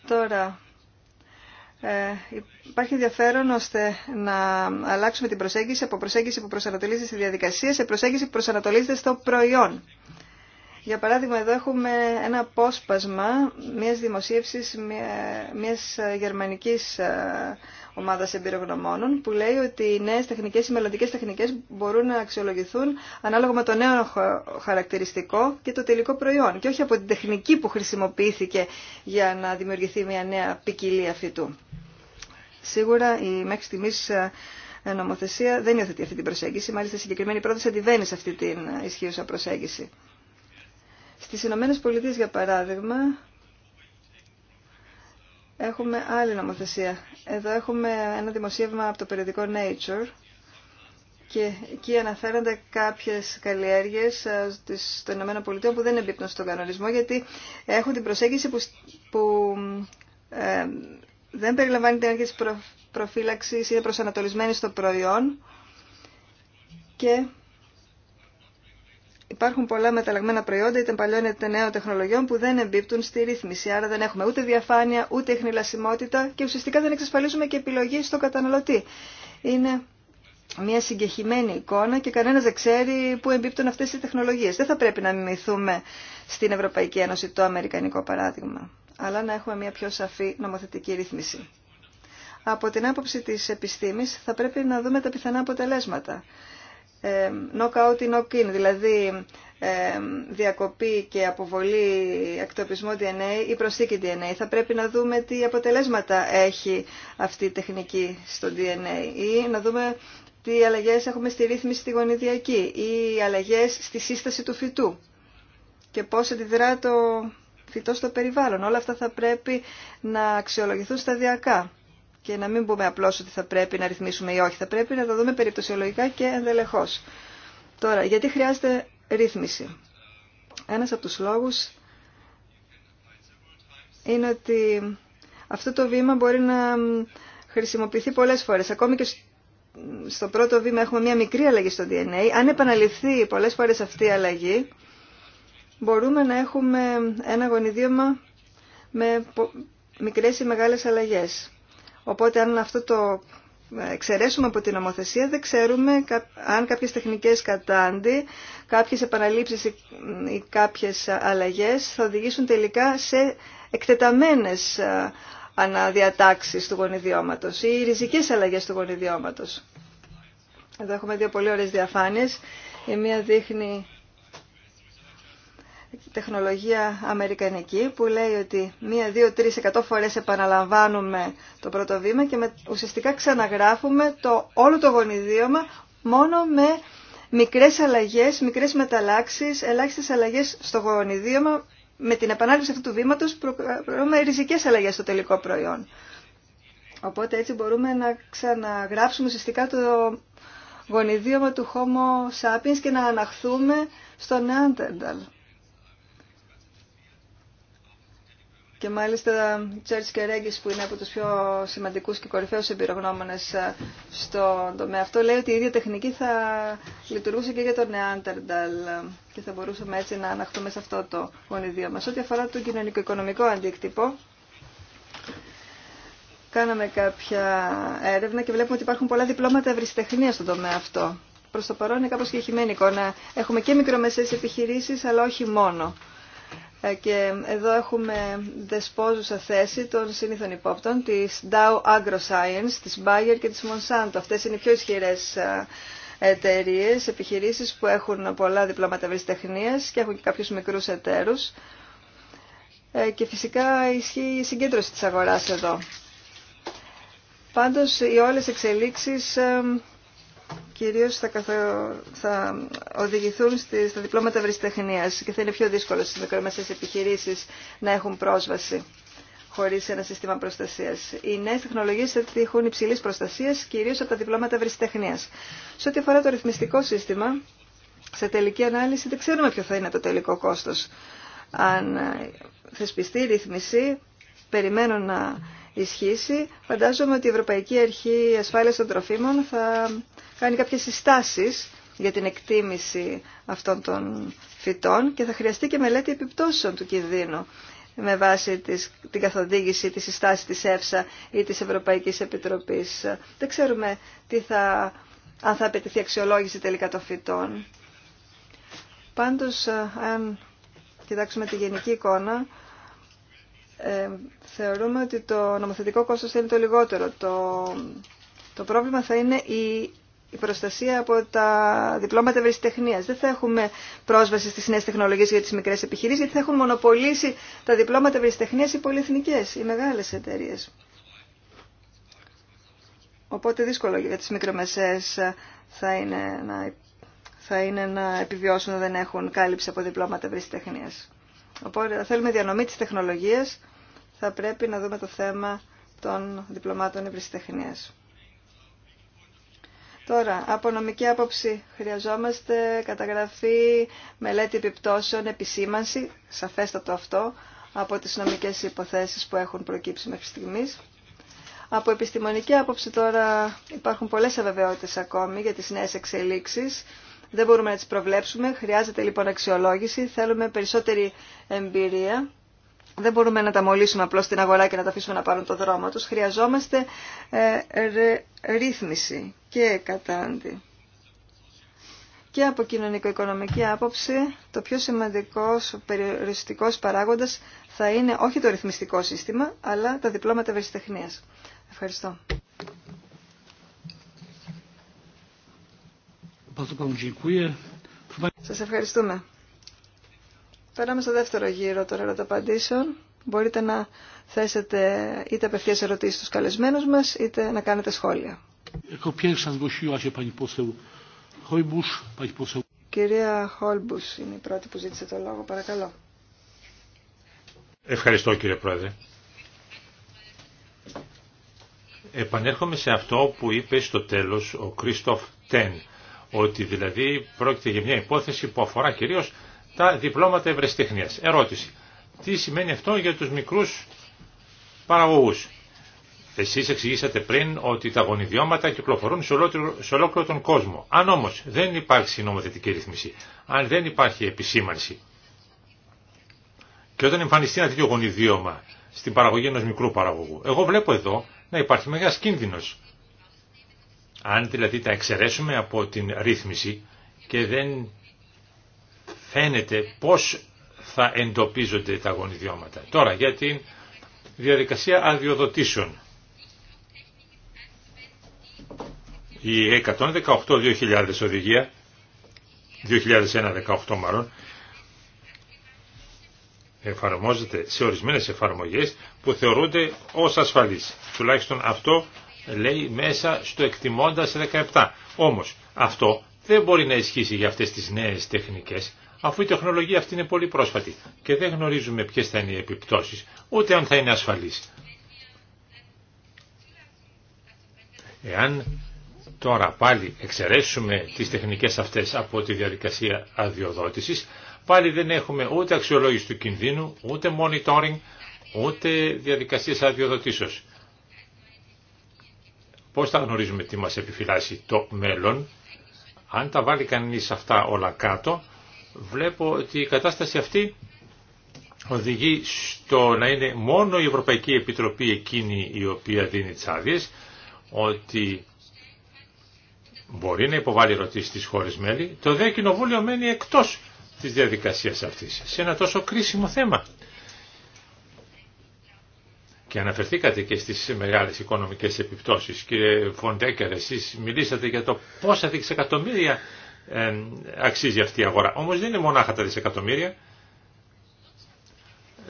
B: Τώρα, ε, υπάρχει ενδιαφέρον ώστε να αλλάξουμε την προσέγγιση από προσέγγιση που προσανατολίζεται στη διαδικασία σε προσέγγιση που προσανατολίζεται στο προϊόν. Για παράδειγμα, εδώ έχουμε ένα απόσπασμα μιας δημοσίευσης μιας γερμανικής ε, Ομάδα εμπειρογνωμόνων που λέει ότι οι νέες τεχνικές, οι μελλοντικέ τεχνικές μπορούν να αξιολογηθούν ανάλογα με το νέο χαρακτηριστικό και το τελικό προϊόν και όχι από την τεχνική που χρησιμοποιήθηκε για να δημιουργηθεί μια νέα ποικιλία φυτού. Σίγουρα η μέχρι στιγμής ε, ε, νομοθεσία δεν υιοθετεί αυτή την προσέγγιση. Μάλιστα, η συγκεκριμένη πρόταση αντιβαίνει σε αυτή την ε, ισχύουσα προσέγγιση. Στι Ηνωμένε Πολιτείε, για παράδειγμα, έχουμε άλλη νομοθεσία. Εδώ έχουμε ένα δημοσίευμα από το περιοδικό Nature και εκεί αναφέρονται κάποιες καλλιέργειες ε, των ΗΠΑ που δεν εμπίπτουν στον κανονισμό γιατί έχουν την προσέγγιση που, ε, δεν περιλαμβάνει την αρχή της προφύλαξης, είναι προσανατολισμένη στο προϊόν και υπάρχουν πολλά μεταλλαγμένα προϊόντα είτε παλιών είτε νέων τεχνολογιών που δεν εμπίπτουν στη ρύθμιση. Άρα δεν έχουμε ούτε διαφάνεια, ούτε εχνηλασιμότητα και ουσιαστικά δεν εξασφαλίζουμε και επιλογή στον καταναλωτή. Είναι μια συγκεχημένη εικόνα και κανένα δεν ξέρει πού εμπίπτουν αυτέ οι τεχνολογίε. Δεν θα πρέπει να μιμηθούμε στην Ευρωπαϊκή Ένωση το αμερικανικό παράδειγμα, αλλά να έχουμε μια πιο σαφή νομοθετική ρύθμιση. Από την άποψη τη επιστήμης θα πρέπει να δούμε τα πιθανά αποτελέσματα. Ε, knockout ή knock-in, δηλαδή ε, διακοπή και αποβολή εκτοπισμό DNA ή προσθήκη DNA. Θα πρέπει να δούμε τι αποτελέσματα έχει αυτή η τεχνική στο DNA ή να δούμε τι αλλαγές έχουμε στη ρύθμιση στη γονιδιακή ή αλλαγές στη σύσταση του φυτού και πώς αντιδρά το φυτό στο περιβάλλον. Όλα αυτά θα πρέπει να αξιολογηθούν σταδιακά και να μην πούμε απλώς ότι θα πρέπει να ρυθμίσουμε ή όχι. Θα πρέπει να τα δούμε περιπτωσιολογικά και ενδελεχώς. Τώρα, γιατί χρειάζεται ρύθμιση. Ένας από τους λόγους είναι ότι αυτό το βήμα μπορεί να χρησιμοποιηθεί πολλές φορές. Ακόμη και στο πρώτο βήμα έχουμε μια μικρή αλλαγή στο DNA. Αν επαναληφθεί πολλές φορές αυτή η αλλαγή, μπορούμε να έχουμε ένα γονιδίωμα με μικρές ή μεγάλες αλλαγές. Οπότε αν αυτό το εξαιρέσουμε από την νομοθεσία δεν ξέρουμε αν κάποιες τεχνικές κατάντι, κάποιες επαναλήψεις ή κάποιες αλλαγές θα οδηγήσουν τελικά σε εκτεταμένες αναδιατάξεις του γονιδιώματος ή ριζικές αλλαγές του γονιδιώματος. Εδώ έχουμε δύο πολύ ωραίες διαφάνειες. Η μία δείχνει τεχνολογία αμερικανική που λέει ότι μία, δύο, τρει εκατό φορές επαναλαμβάνουμε το πρώτο βήμα και με, ουσιαστικά ξαναγράφουμε το, όλο το γονιδίωμα μόνο με μικρές αλλαγές, μικρές μεταλλάξεις, ελάχιστες αλλαγές στο γονιδίωμα με την επανάληψη αυτού του βήματος προκαλούμε ριζικές αλλαγές στο τελικό προϊόν. Οπότε έτσι μπορούμε να ξαναγράψουμε ουσιαστικά το γονιδίωμα του Homo sapiens και να αναχθούμε στον Neanderthal. Και μάλιστα Τσέρτς και Ρέγκης που είναι από τους πιο σημαντικούς και κορυφαίους εμπειρογνώμονες ε, στον τομέα αυτό λέει ότι η ίδια τεχνική θα λειτουργούσε και για τον Νεάντερνταλ ε, και θα μπορούσαμε έτσι να αναχτούμε σε αυτό το γονιδίο μας. Ό,τι αφορά το κοινωνικο-οικονομικό αντίκτυπο, κάναμε κάποια έρευνα και βλέπουμε ότι υπάρχουν πολλά διπλώματα ευρυστεχνία στον τομέα αυτό. Προς το παρόν είναι κάπως και εικόνα. Έχουμε και μικρομεσαίες επιχειρήσεις, αλλά όχι μόνο. Ε, και εδώ έχουμε δεσπόζουσα θέση των συνήθων υπόπτων της Dow AgroScience, της Bayer και της Monsanto. Αυτές είναι οι πιο ισχυρές ε, εταιρείε, επιχειρήσεις που έχουν πολλά διπλώματα ευρυστεχνίας και έχουν και κάποιους μικρούς εταίρους. Ε, και φυσικά ισχύει η συγκέντρωση της αγοράς εδώ. Πάντως οι όλες εξελίξεις κυρίως θα, θα οδηγηθούν στις... στα διπλώματα ευρυστεχνίας και θα είναι πιο δύσκολο στις μικρομεσαίες επιχειρήσεις να έχουν πρόσβαση χωρίς ένα σύστημα προστασίας. Οι νέες τεχνολογίες θα έχουν υψηλής προστασίας, κυρίως από τα διπλώματα ευρυστεχνίας. Σε ό,τι αφορά το ρυθμιστικό σύστημα, σε τελική ανάλυση δεν ξέρουμε ποιο θα είναι το τελικό κόστος. Αν θεσπιστεί η ρύθμιση, περιμένω να ισχύσει, φαντάζομαι ότι η Ευρωπαϊκή Αρχή Ασφάλειας των Τροφίμων θα κάνει κάποιες συστάσεις για την εκτίμηση αυτών των φυτών και θα χρειαστεί και μελέτη επιπτώσεων του κινδύνου με βάση της, την καθοδήγηση της συστάση της ΕΦΣΑ ή της Ευρωπαϊκής Επιτροπής. Δεν ξέρουμε τι θα, αν θα απαιτηθεί αξιολόγηση τελικά των φυτών. Πάντως, ε, αν κοιτάξουμε τη γενική εικόνα, ε, θεωρούμε ότι το νομοθετικό κόστος θα είναι το λιγότερο. Το, το πρόβλημα θα είναι η, προστασία από τα διπλώματα ευρεσιτεχνία. Δεν θα έχουμε πρόσβαση στι νέε τεχνολογίε για τι μικρέ επιχειρήσει, γιατί θα έχουν μονοπολίσει τα διπλώματα ευρεσιτεχνία οι πολυεθνικέ, οι μεγάλε εταιρείε. Οπότε δύσκολο για τις μικρομεσαίες θα είναι να, θα είναι να επιβιώσουν, δεν έχουν κάλυψη από διπλώματα τεχνίας. Οπότε θέλουμε διανομή της τεχνολογίας θα πρέπει να δούμε το θέμα των διπλωμάτων ευρυστεχνίας. Τώρα, από νομική άποψη χρειαζόμαστε καταγραφή, μελέτη επιπτώσεων, επισήμανση, σαφέστατο αυτό, από τις νομικές υποθέσεις που έχουν προκύψει μέχρι στιγμής. Από επιστημονική άποψη τώρα υπάρχουν πολλές αβεβαιότητες ακόμη για τις νέες εξελίξεις. Δεν μπορούμε να τις προβλέψουμε. Χρειάζεται λοιπόν αξιολόγηση. Θέλουμε περισσότερη εμπειρία δεν μπορούμε να τα μολύσουμε απλώς στην αγορά και να τα αφήσουμε να πάρουν το δρόμο τους. Χρειαζόμαστε ε, ρύθμιση και κατάντη. Και από κοινωνικο-οικονομική άποψη, το πιο σημαντικό περιοριστικό παράγοντας θα είναι όχι το ρυθμιστικό σύστημα, αλλά τα διπλώματα ευρεσιτεχνία. Ευχαριστώ. Σας ευχαριστούμε. Περάμε στο δεύτερο γύρο των ερωταπαντήσεων. Μπορείτε να θέσετε είτε απευθείας ερωτήσεις στους καλεσμένους μας, είτε να κάνετε σχόλια. Κυρία Χόλμπους είναι η πρώτη που ζήτησε το λόγο. Παρακαλώ.
A: Ευχαριστώ κύριε Πρόεδρε. Επανέρχομαι σε αυτό που είπε στο τέλος ο Κρίστοφ Τέν, ότι δηλαδή πρόκειται για μια υπόθεση που αφορά κυρίως τα διπλώματα ευρεστέχνειας. Ερώτηση. Τι σημαίνει αυτό για τους μικρούς παραγωγούς. Εσείς εξηγήσατε πριν ότι τα γονιδιώματα κυκλοφορούν σε ολόκληρο, τον κόσμο. Αν όμως δεν υπάρχει νομοθετική ρυθμίση, αν δεν υπάρχει επισήμανση και όταν εμφανιστεί ένα τέτοιο γονιδίωμα στην παραγωγή ενός μικρού παραγωγού, εγώ βλέπω εδώ να υπάρχει μεγάλος κίνδυνος. Αν δηλαδή τα εξαιρέσουμε από την ρύθμιση και δεν φαίνεται πώς θα εντοπίζονται τα γονιδιώματα. Τώρα για την διαδικασία αδειοδοτήσεων. Η 118-2000 οδηγία, 2001-18 μάλλον, εφαρμόζεται σε ορισμένες εφαρμογές που θεωρούνται ως ασφαλείς. Τουλάχιστον αυτό λέει μέσα στο εκτιμώντας 17. Όμως αυτό δεν μπορεί να ισχύσει για αυτές τις νέες τεχνικές αφού η τεχνολογία αυτή είναι πολύ πρόσφατη και δεν γνωρίζουμε ποιες θα είναι οι επιπτώσεις, ούτε αν θα είναι ασφαλής. Εάν τώρα πάλι εξαιρέσουμε τις τεχνικές αυτές από τη διαδικασία αδειοδότησης, πάλι δεν έχουμε ούτε αξιολόγηση του κινδύνου, ούτε monitoring, ούτε διαδικασίες αδειοδοτήσεως. Πώς θα γνωρίζουμε τι μας επιφυλάσσει το μέλλον, αν τα βάλει κανείς αυτά όλα κάτω, βλέπω ότι η κατάσταση αυτή οδηγεί στο να είναι μόνο η Ευρωπαϊκή Επιτροπή εκείνη η οποία δίνει τις άδειες, ότι μπορεί να υποβάλει ρωτήσει στις χώρες μέλη, το δε κοινοβούλιο μένει εκτός της διαδικασίας αυτής, σε ένα τόσο κρίσιμο θέμα. Και αναφερθήκατε και στις μεγάλες οικονομικές επιπτώσεις. Κύριε Φοντέκερ, εσείς μιλήσατε για το πόσα δισεκατομμύρια αξίζει αυτή η αγορά. Όμως δεν είναι μονάχα τα δισεκατομμύρια.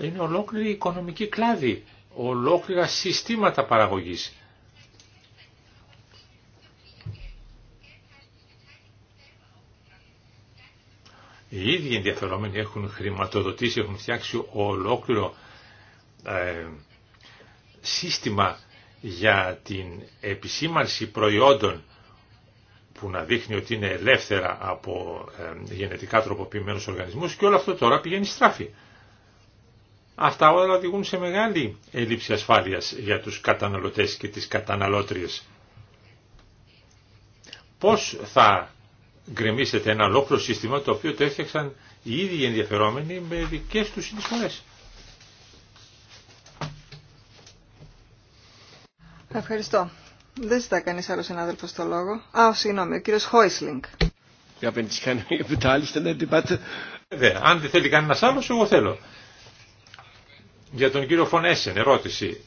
A: Είναι ολόκληρη οικονομική κλάδη, ολόκληρα συστήματα παραγωγής. Οι ίδιοι ενδιαφερόμενοι έχουν χρηματοδοτήσει, έχουν φτιάξει ολόκληρο ε, σύστημα για την επισήμανση προϊόντων που να δείχνει ότι είναι ελεύθερα από γενετικά τροποποιημένους οργανισμούς και όλο αυτό τώρα πηγαίνει στράφη. Αυτά όλα οδηγούν σε μεγάλη έλλειψη ασφάλειας για τους καταναλωτές και τις καταναλώτριες. Πώς θα γκρεμίσετε ένα ολόκληρο σύστημα το οποίο το έφτιαξαν οι ίδιοι ενδιαφερόμενοι με δικές τους συνεισφορές.
B: Ευχαριστώ. Δεν ζητά κανείς άλλος συνάδελφος το λόγο. Α, συγγνώμη, ο κύριος Χόισλινγκ.
A: Βέβαια, αν δεν θέλει κανένα άλλο, εγώ θέλω. Για τον κύριο Φωνέσεν, ερώτηση.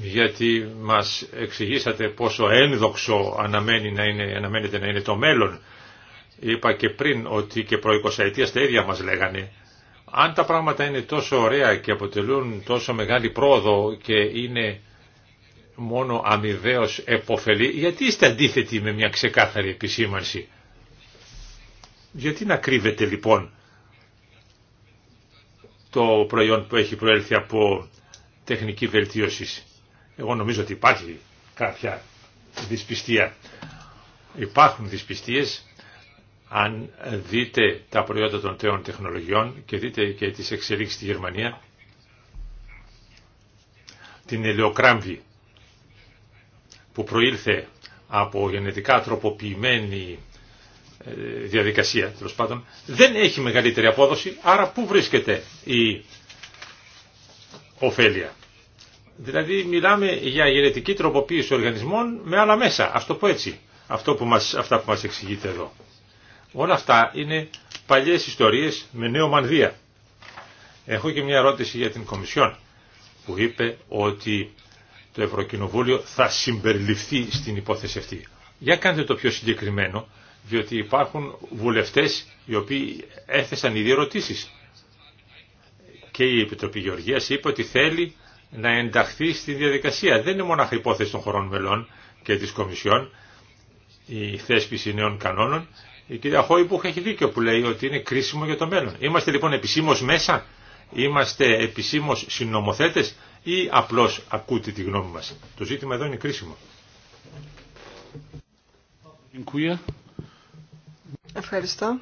A: Γιατί μας εξηγήσατε πόσο ένδοξο αναμένει να είναι, αναμένεται να είναι το μέλλον. Είπα και πριν ότι και προ τα ίδια μας λέγανε. Αν τα πράγματα είναι τόσο ωραία και αποτελούν τόσο μεγάλη πρόοδο και είναι μόνο αμοιβαίως εποφελεί. γιατί είστε αντίθετοι με μια ξεκάθαρη επισήμανση. Γιατί να κρύβετε λοιπόν το προϊόν που έχει προέλθει από τεχνική βελτίωση. Εγώ νομίζω ότι υπάρχει κάποια δυσπιστία. Υπάρχουν δυσπιστίες αν δείτε τα προϊόντα των τέων τεχνολογιών και δείτε και τις εξελίξεις στη Γερμανία, την ελαιοκράμβη που προήλθε από γενετικά τροποποιημένη ε, διαδικασία τέλο πάντων δεν έχει μεγαλύτερη απόδοση άρα πού βρίσκεται η ωφέλεια. Δηλαδή μιλάμε για γενετική τροποποίηση οργανισμών με άλλα μέσα, ας το πω έτσι, αυτό που μας, αυτά που μας εξηγείται εδώ. Όλα αυτά είναι παλιές ιστορίες με νέο μανδύα. Έχω και μια ερώτηση για την Κομισιόν που είπε ότι το Ευρωκοινοβούλιο θα συμπεριληφθεί στην υπόθεση αυτή. Για κάντε το πιο συγκεκριμένο, διότι υπάρχουν βουλευτές οι οποίοι έθεσαν ήδη ερωτήσει. Και η Επιτροπή Γεωργίας είπε ότι θέλει να ενταχθεί στη διαδικασία. Δεν είναι μόνο υπόθεση των χωρών μελών και της Κομισιόν, η θέσπιση νέων κανόνων. Η κυρία Χόιμπουχ έχει δίκιο που λέει ότι είναι κρίσιμο για το μέλλον. Είμαστε λοιπόν επισήμως μέσα, είμαστε επισήμως συνομοθέτες ή απλώς ακούτε τη γνώμη μας. Το ζήτημα εδώ είναι κρίσιμο.
B: Ευχαριστώ.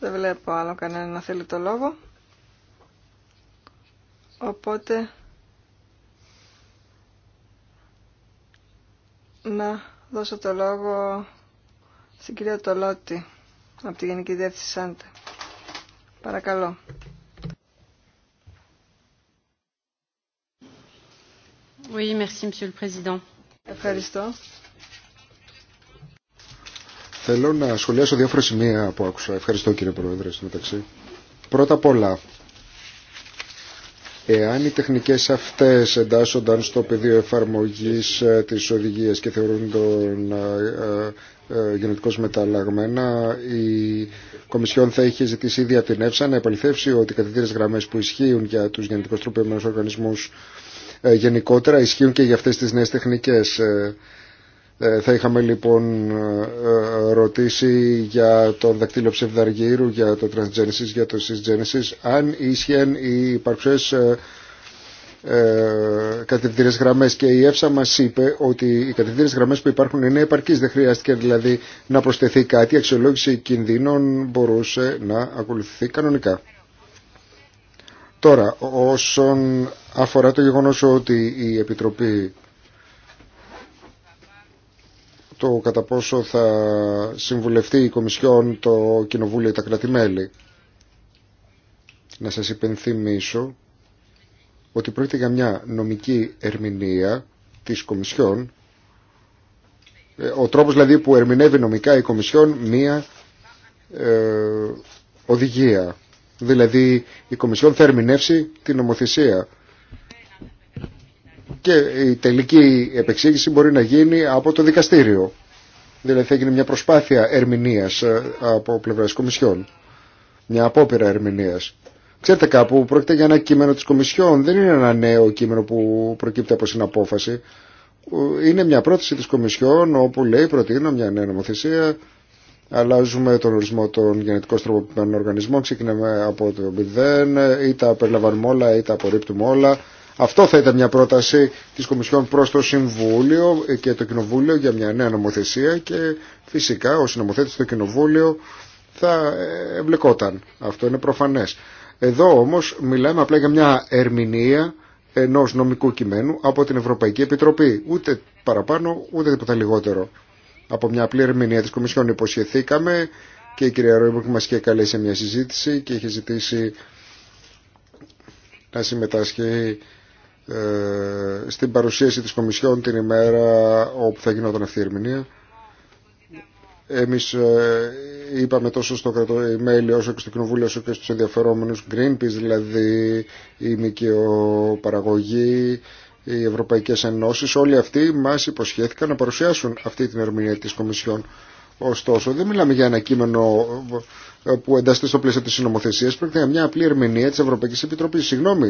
B: Δεν βλέπω άλλο κανένα να θέλει το λόγο. Οπότε να δώσω το λόγο στην κυρία Τολότη από τη Γενική Διεύθυνση Σάντε. Παρακαλώ. Oui, merci, Monsieur le Président. Ευχαριστώ.
C: Θέλω να σχολιάσω διάφορα σημεία που άκουσα. Ευχαριστώ κύριε Πρόεδρε, μεταξύ. Πρώτα απ' όλα, εάν οι τεχνικές αυτές εντάσσονταν στο πεδίο εφαρμογής ε, της οδηγίας και θεωρούν τον ε, ε, γενετικώς μεταλλαγμένα, η Κομισιόν θα είχε ζητήσει ήδη από την ΕΦΣΑ να επαληθεύσει ότι οι κατητήρες γραμμές που ισχύουν για τους γενετικώς τροποποιημένους οργανισμούς ε, γενικότερα ισχύουν και για αυτές τις νέες τεχνικές. Ε, ε, θα είχαμε λοιπόν ρωτήσει για το δακτύλο ψευδαργύρου, για το transgenesis, για το cisgenesis, αν ίσχυαν οι υπαρξές ε, κατευθυντήρες γραμμές και η ΕΦΣΑ μας είπε ότι οι κατευθυντήρες γραμμές που υπάρχουν είναι επαρκείς, δεν χρειάστηκε δηλαδή να προσθεθεί κάτι, η αξιολόγηση κινδύνων μπορούσε να ακολουθηθεί κανονικά. Τώρα, όσον αφορά το γεγονός ότι η Επιτροπή το κατά πόσο θα συμβουλευτεί η Κομισιόν, το Κοινοβούλιο τα κρατημέλη. Να σας υπενθυμίσω ότι πρόκειται για μια νομική ερμηνεία της Κομισιόν, ε, ο τρόπος δηλαδή που ερμηνεύει νομικά η Κομισιόν μια ε, οδηγία Δηλαδή η Κομισιόν θα ερμηνεύσει την νομοθεσία. Και η τελική επεξήγηση μπορεί να γίνει από το δικαστήριο. Δηλαδή θα γίνει μια προσπάθεια ερμηνείας ε, από πλευράς Κομισιόν. Μια απόπειρα ερμηνείας. Ξέρετε κάπου πρόκειται για ένα κείμενο της Κομισιόν. Δεν είναι ένα νέο κείμενο που προκύπτει από συναπόφαση. Ε, είναι μια πρόταση της Κομισιόν όπου λέει προτείνω μια νέα νομοθεσία Αλλάζουμε τον ορισμό των γενετικώς τροποποιημένων οργανισμών, ξεκινάμε από το μηδέν, ή τα περιλαμβάνουμε όλα ή τα απορρίπτουμε όλα. Αυτό θα ήταν μια πρόταση της Κομισιόν προς το Συμβούλιο και το Κοινοβούλιο για μια νέα νομοθεσία και φυσικά ο συνομοθέτης στο Κοινοβούλιο θα εμπλεκόταν. Αυτό είναι προφανές. Εδώ όμως μιλάμε απλά για μια ερμηνεία ενός νομικού κειμένου από την Ευρωπαϊκή Επιτροπή. Ούτε παραπάνω ούτε τίποτα λιγότερο από μια απλή ερμηνεία της Κομισιόν υποσχεθήκαμε και η κυρία Ρόιμπουργκ μας είχε καλέσει σε μια συζήτηση και είχε ζητήσει να συμμετάσχει ε, στην παρουσίαση της Κομισιόν την ημέρα όπου θα γινόταν αυτή η ερμηνεία. Εμείς ε, είπαμε τόσο στο email όσο και στο κοινοβούλιο όσο και στους ενδιαφερόμενους Greenpeace, δηλαδή η μικροπαραγωγή οι Ευρωπαϊκέ ενώσει όλοι αυτοί μα υποσχέθηκαν να παρουσιάσουν αυτή την ερμηνεία τη Κομισιόν. Ωστόσο, δεν μιλάμε για ένα κείμενο που εντάσσεται στο πλαίσιο τη συνωμοθεσία, πρέπει να μια απλή ερμηνεία τη Ευρωπαϊκή Επιτροπή. Συγγνώμη,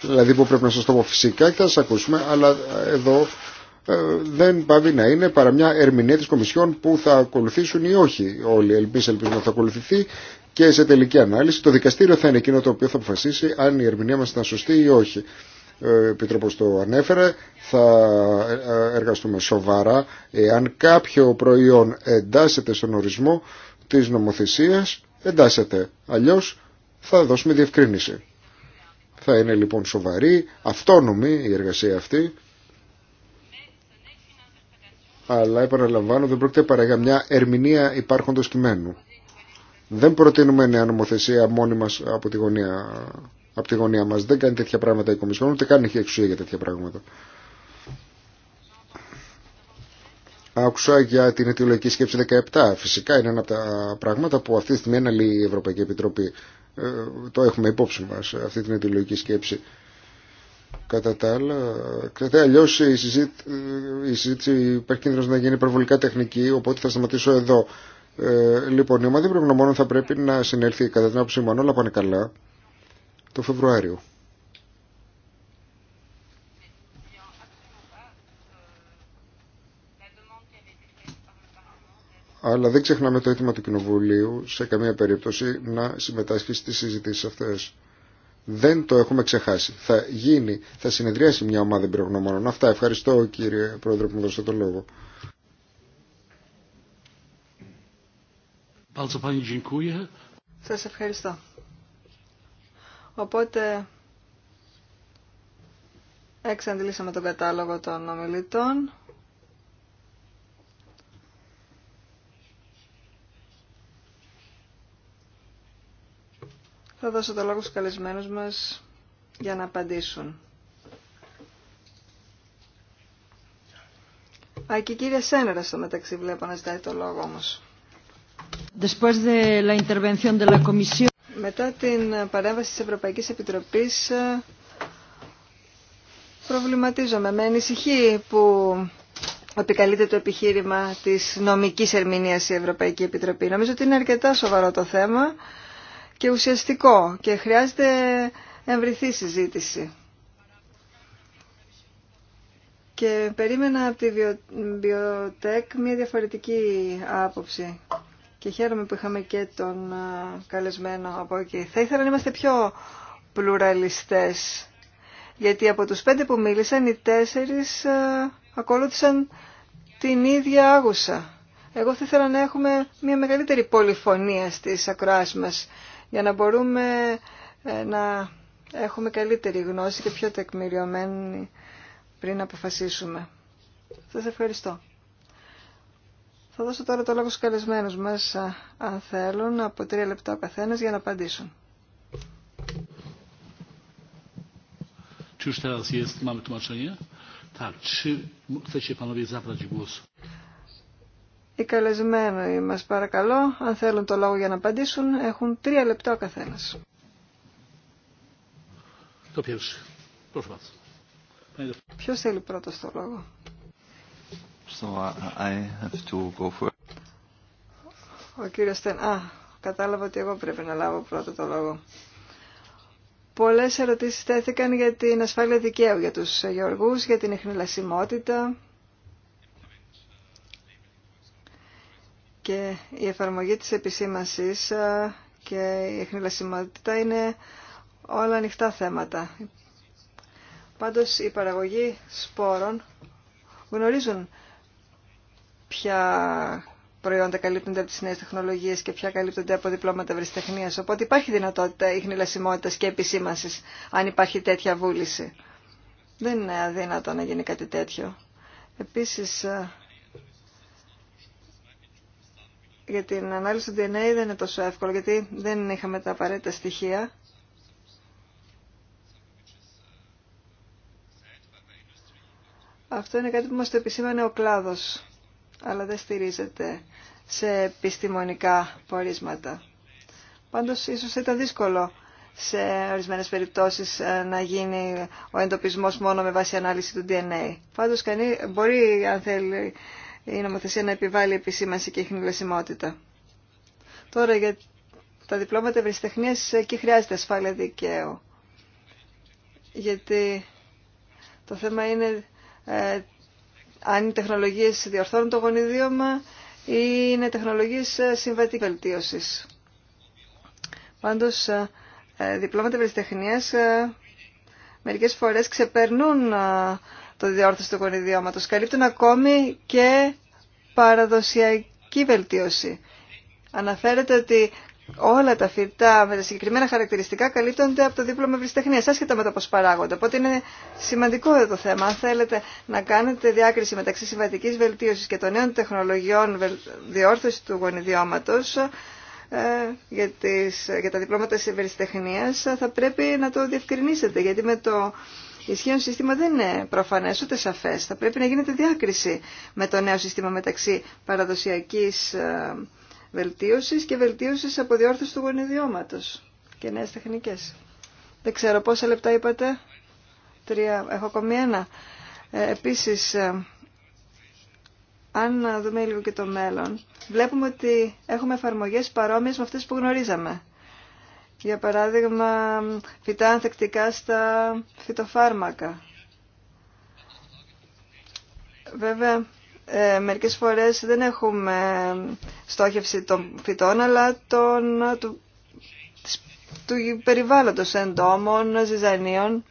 C: δηλαδή που πρέπει να σα το πω φυσικά και θα σα ακούσουμε, αλλά εδώ ε, δεν πάβει να είναι παρά μια ερμηνεία τη Κομισιόν που θα ακολουθήσουν ή όχι όλοι. Ελπίζω, ελπίζουμε να θα ακολουθηθεί και σε τελική ανάλυση το δικαστήριο θα είναι εκείνο το οποίο θα αποφασίσει αν η ερμηνεία μα ήταν σωστή ή όχι. Ε, Επίτροπος το ανέφερε, θα ε, ε, εργαστούμε σοβαρά εάν κάποιο προϊόν εντάσσεται στον ορισμό της νομοθεσίας, εντάσσεται. Αλλιώς θα δώσουμε διευκρίνηση. Θα είναι λοιπόν σοβαρή, αυτόνομη η εργασία αυτή, αλλά επαναλαμβάνω δεν πρόκειται παρά για μια ερμηνεία υπάρχοντος κειμένου. Δεν προτείνουμε νέα νομοθεσία μόνοι μας από τη γωνία από τη γωνία μας. Δεν κάνει τέτοια πράγματα η Κομισιόν, ούτε καν έχει εξουσία για τέτοια πράγματα. Άκουσα για την αιτιολογική σκέψη 17. Φυσικά είναι ένα από τα πράγματα που αυτή τη στιγμή αναλύει η Ευρωπαϊκή Επιτροπή. Ε, το έχουμε υπόψη μας, αυτή την αιτιολογική σκέψη. Κατά τα άλλα, Ξέρετε, αλλιώ η, η συζήτηση υπάρχει κίνδυνο να γίνει υπερβολικά τεχνική, οπότε θα σταματήσω εδώ. Ε, λοιπόν, η ομάδα προγνωμόνων θα πρέπει να συνέλθει κατά την άποψή μου, αν όλα πάνε καλά, το Φεβρουάριο. Αλλά δεν ξεχνάμε το αίτημα του Κοινοβουλίου σε καμία περίπτωση να συμμετάσχει στις συζητήσεις αυτές. Δεν το έχουμε ξεχάσει. Θα γίνει, θα συνεδριάσει μια ομάδα εμπειρογνωμόνων. Αυτά. Ευχαριστώ κύριε Πρόεδρε που μου δώσετε το λόγο.
B: Σας ευχαριστώ. Οπότε εξαντλήσαμε τον κατάλογο των ομιλητών. Θα δώσω το λόγο στους καλεσμένους μας για να απαντήσουν. Α, και η κυρία Σένερα στο μεταξύ βλέπω να ζητάει το λόγο όμως. Después de la intervención de la Comisión... Μετά την παρέμβαση της Ευρωπαϊκής Επιτροπής ε, προβληματίζομαι με ανησυχή που επικαλείται το επιχείρημα της νομικής ερμηνείας η Ευρωπαϊκή Επιτροπή. Νομίζω ότι είναι αρκετά σοβαρό το θέμα και ουσιαστικό και χρειάζεται εμβριθή συζήτηση. Και περίμενα από τη Βιοτέκ μια διαφορετική άποψη και χαίρομαι που είχαμε και τον καλεσμένο από εκεί. Θα ήθελα να είμαστε πιο πλουραλιστές, γιατί από τους πέντε που μίλησαν οι τέσσερις ακολούθησαν την ίδια άγουσα. Εγώ θα ήθελα να έχουμε μια μεγαλύτερη πολυφωνία στις ακροάσεις μας, για να μπορούμε ε, να έχουμε καλύτερη γνώση και πιο τεκμηριωμένη πριν αποφασίσουμε. Σας ευχαριστώ. Θα δώσω τώρα το λόγο στους καλεσμένους μας, αν θέλουν, από τρία λεπτά ο καθένας για να απαντήσουν. Οι καλεσμένοι μας παρακαλώ, αν θέλουν το λόγο για να απαντήσουν, έχουν τρία λεπτά ο καθένας. Ποιος θέλει πρώτος το λόγο. Uh, Ο κύριος Στεν... Α, κατάλαβα ότι εγώ πρέπει να λάβω πρώτα το λόγο. Πολλές ερωτήσεις τέθηκαν για την ασφάλεια δικαίου για τους γεωργούς, για την εχνηλασιμότητα και η εφαρμογή της επισήμασης και η εχνηλασιμότητα είναι όλα ανοιχτά θέματα. Πάντως η παραγωγή σπόρων γνωρίζουν ποια προϊόντα καλύπτονται από τι νέε τεχνολογίε και ποια καλύπτονται από διπλώματα ευρεσιτεχνία. Οπότε υπάρχει δυνατότητα λασιμότητα και επισήμανση, αν υπάρχει τέτοια βούληση. Δεν είναι αδύνατο να γίνει κάτι τέτοιο. Επίση, ε, για την ανάλυση του DNA δεν είναι τόσο εύκολο, γιατί δεν είχαμε τα απαραίτητα στοιχεία. Αυτό είναι κάτι που μας το επισήμανε ο κλάδος αλλά δεν στηρίζεται σε επιστημονικά πορίσματα. Πάντως ίσως ήταν δύσκολο σε ορισμένες περιπτώσεις ε, να γίνει ο εντοπισμός μόνο με βάση ανάλυση του DNA. Πάντως κανεί, μπορεί αν θέλει η νομοθεσία να επιβάλλει επισήμανση και χνηλασιμότητα. Τώρα για τα διπλώματα ευρεσιτεχνίας εκεί χρειάζεται ασφάλεια δικαίου. Γιατί το θέμα είναι ε, αν οι τεχνολογίες διορθώνουν το γονιδίωμα ή είναι τεχνολογίες ε, συμβατή βελτίωσης. Πάντως, ε, ε, διπλώματα ευρεσιτεχνίας μερικές φορές ξεπερνούν το διόρθωση του γονιδιώματος. Καλύπτουν ακόμη και παραδοσιακή βελτίωση. Αναφέρεται ότι όλα τα φυτά με τα συγκεκριμένα χαρακτηριστικά καλύπτονται από το δίπλωμα ευρυστεχνία, άσχετα με το πώ παράγονται. Οπότε είναι σημαντικό εδώ το θέμα. Αν θέλετε να κάνετε διάκριση μεταξύ συμβατική βελτίωση και των νέων τεχνολογιών διόρθωση του γονιδιώματο ε, για, τα διπλώματα ευρυστεχνία, θα πρέπει να το διευκρινίσετε. Γιατί με το ισχύον σύστημα δεν είναι προφανέ ούτε σαφέ. Θα πρέπει να γίνεται διάκριση με το νέο σύστημα μεταξύ παραδοσιακή ε, βελτίωσης και βελτίωσης από διόρθωση του γονιδιώματος και νέες τεχνικές. Δεν ξέρω πόσα λεπτά είπατε. Τρία. Έχω ακόμη ένα. Ε, επίσης, ε, αν δούμε λίγο και το μέλλον, βλέπουμε ότι έχουμε εφαρμογές παρόμοιες με αυτές που γνωρίζαμε. Για παράδειγμα, φυτά ανθεκτικά στα φυτοφάρμακα. Βέβαια, ε, μερικές φορές δεν έχουμε στόχευση των φυτών, αλλά του, του περιβάλλοντος εντόμων, ζυζανίων.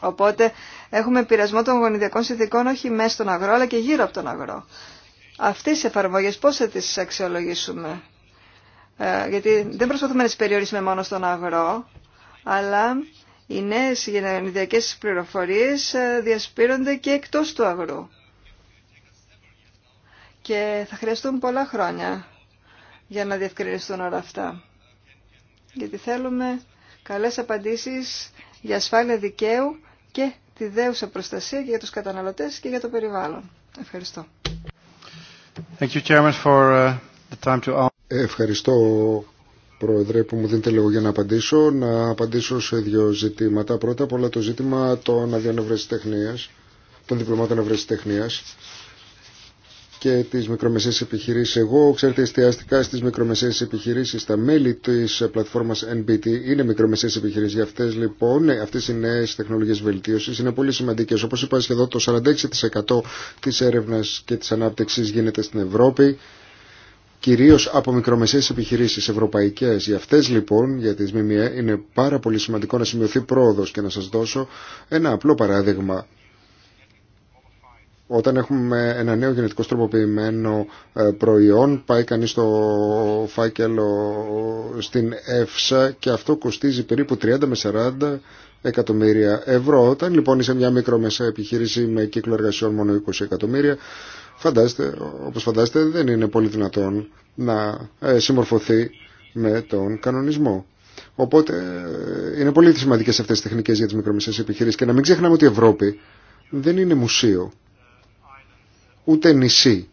B: Οπότε έχουμε πειρασμό των γονιδιακών συνθηκών όχι μέσα στον αγρό, αλλά και γύρω από τον αγρό. Αυτές οι εφαρμογές πώς θα τις αξιολογήσουμε. Ε, γιατί δεν προσπαθούμε να τις περιορίσουμε μόνο στον αγρό, αλλά οι νέες γενεδιακές πληροφορίες ε, διασπείρονται και εκτός του αγρού και θα χρειαστούν πολλά χρόνια για να διευκρινιστούν όλα αυτά. Γιατί θέλουμε καλές απαντήσεις για ασφάλεια δικαίου και τη δέουσα προστασία και για τους καταναλωτές και για το περιβάλλον. Ευχαριστώ.
C: Thank you, Chairman, for uh, the time to... Ευχαριστώ, Πρόεδρε, που μου δίνετε λίγο για να απαντήσω. Να απαντήσω σε δύο ζητήματα. Πρώτα απ' όλα το ζήτημα των αδειών ευρεσιτεχνίας, των διπλωμάτων και τις μικρομεσαίες επιχειρήσει. Εγώ, ξέρετε, εστιαστικά στις μικρομεσαίες επιχειρήσει. τα μέλη της πλατφόρμας NBT είναι μικρομεσαίες επιχειρήσει, Για αυτές λοιπόν, αυτές οι νέε τεχνολογίες βελτίωσης είναι πολύ σημαντικές. Όπως είπα, σχεδόν το 46% τη έρευνα και της ανάπτυξης γίνεται στην Ευρώπη κυρίως από μικρομεσαίες επιχειρήσει ευρωπαϊκές. Για αυτές λοιπόν, για τις ΜΜΕ, είναι πάρα πολύ σημαντικό να σημειωθεί πρόοδο και να σα δώσω ένα απλό παράδειγμα όταν έχουμε ένα νέο γενετικό τροποποιημένο ε, προϊόν πάει κανείς στο φάκελο στην ΕΦΣΑ και αυτό κοστίζει περίπου 30 με 40 εκατομμύρια ευρώ. Όταν λοιπόν είσαι μια μικρομεσαία επιχείρηση με κύκλο εργασιών μόνο 20 εκατομμύρια φαντάστε, όπως φαντάστε δεν είναι πολύ δυνατόν να ε, συμμορφωθεί με τον κανονισμό. Οπότε ε, είναι πολύ σημαντικές αυτές τις τεχνικές για τις μικρομεσαίες επιχειρήσεις και να μην ξεχνάμε ότι η Ευρώπη δεν είναι μουσείο ούτε νησί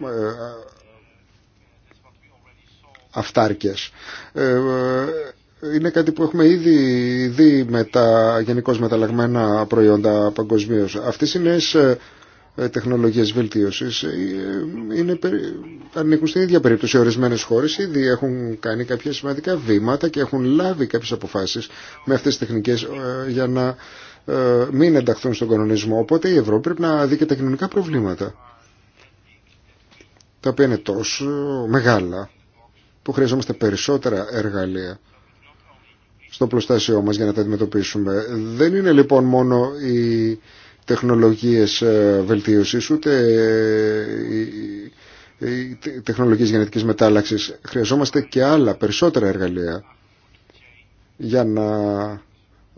C: ε, αυτάρκειας. Ε, ε, είναι κάτι που έχουμε ήδη δει με τα γενικώς μεταλλαγμένα προϊόντα παγκοσμίω. Αυτές οι νέες τεχνολογίες βελτίωσης είναι, ανήκουν στην ίδια περίπτωση. Ορισμένες χώρες ήδη έχουν κάνει κάποια σημαντικά βήματα και έχουν λάβει κάποιες αποφάσεις με αυτές τις τεχνικές για να ε, μην ενταχθούν στον κανονισμό. Οπότε η Ευρώπη πρέπει να δει και τα κοινωνικά προβλήματα, τα οποία είναι τόσο μεγάλα που χρειαζόμαστε περισσότερα εργαλεία στο προστάσιό μας για να τα αντιμετωπίσουμε. Δεν είναι λοιπόν μόνο οι τεχνολογίες ε, βελτίωσης ούτε οι τεχνολογίες γενετικής μετάλλαξης. Χρειαζόμαστε και άλλα περισσότερα εργαλεία για να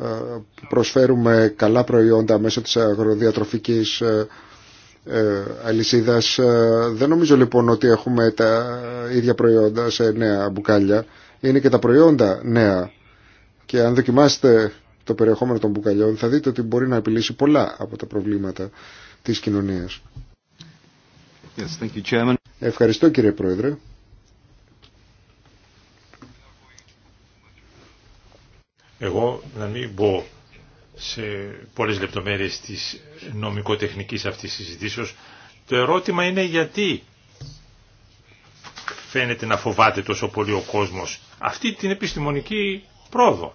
C: ε, προσφέρουμε καλά προϊόντα μέσω της αγροδιατροφικής ε, ε, αλυσίδα. Δεν νομίζω λοιπόν ότι έχουμε τα ίδια προϊόντα σε νέα μπουκάλια. Είναι και τα προϊόντα νέα. Και αν δοκιμάσετε το περιεχόμενο των μπουκαλιών θα δείτε ότι μπορεί να επιλύσει πολλά από τα προβλήματα της κοινωνίας. Yes, thank you, Ευχαριστώ κύριε Πρόεδρε.
A: εγώ να μην μπω σε πολλές λεπτομέρειες της νομικοτεχνικής αυτής της συζητήσεως. Το ερώτημα είναι γιατί φαίνεται να φοβάται τόσο πολύ ο κόσμος αυτή την επιστημονική πρόοδο.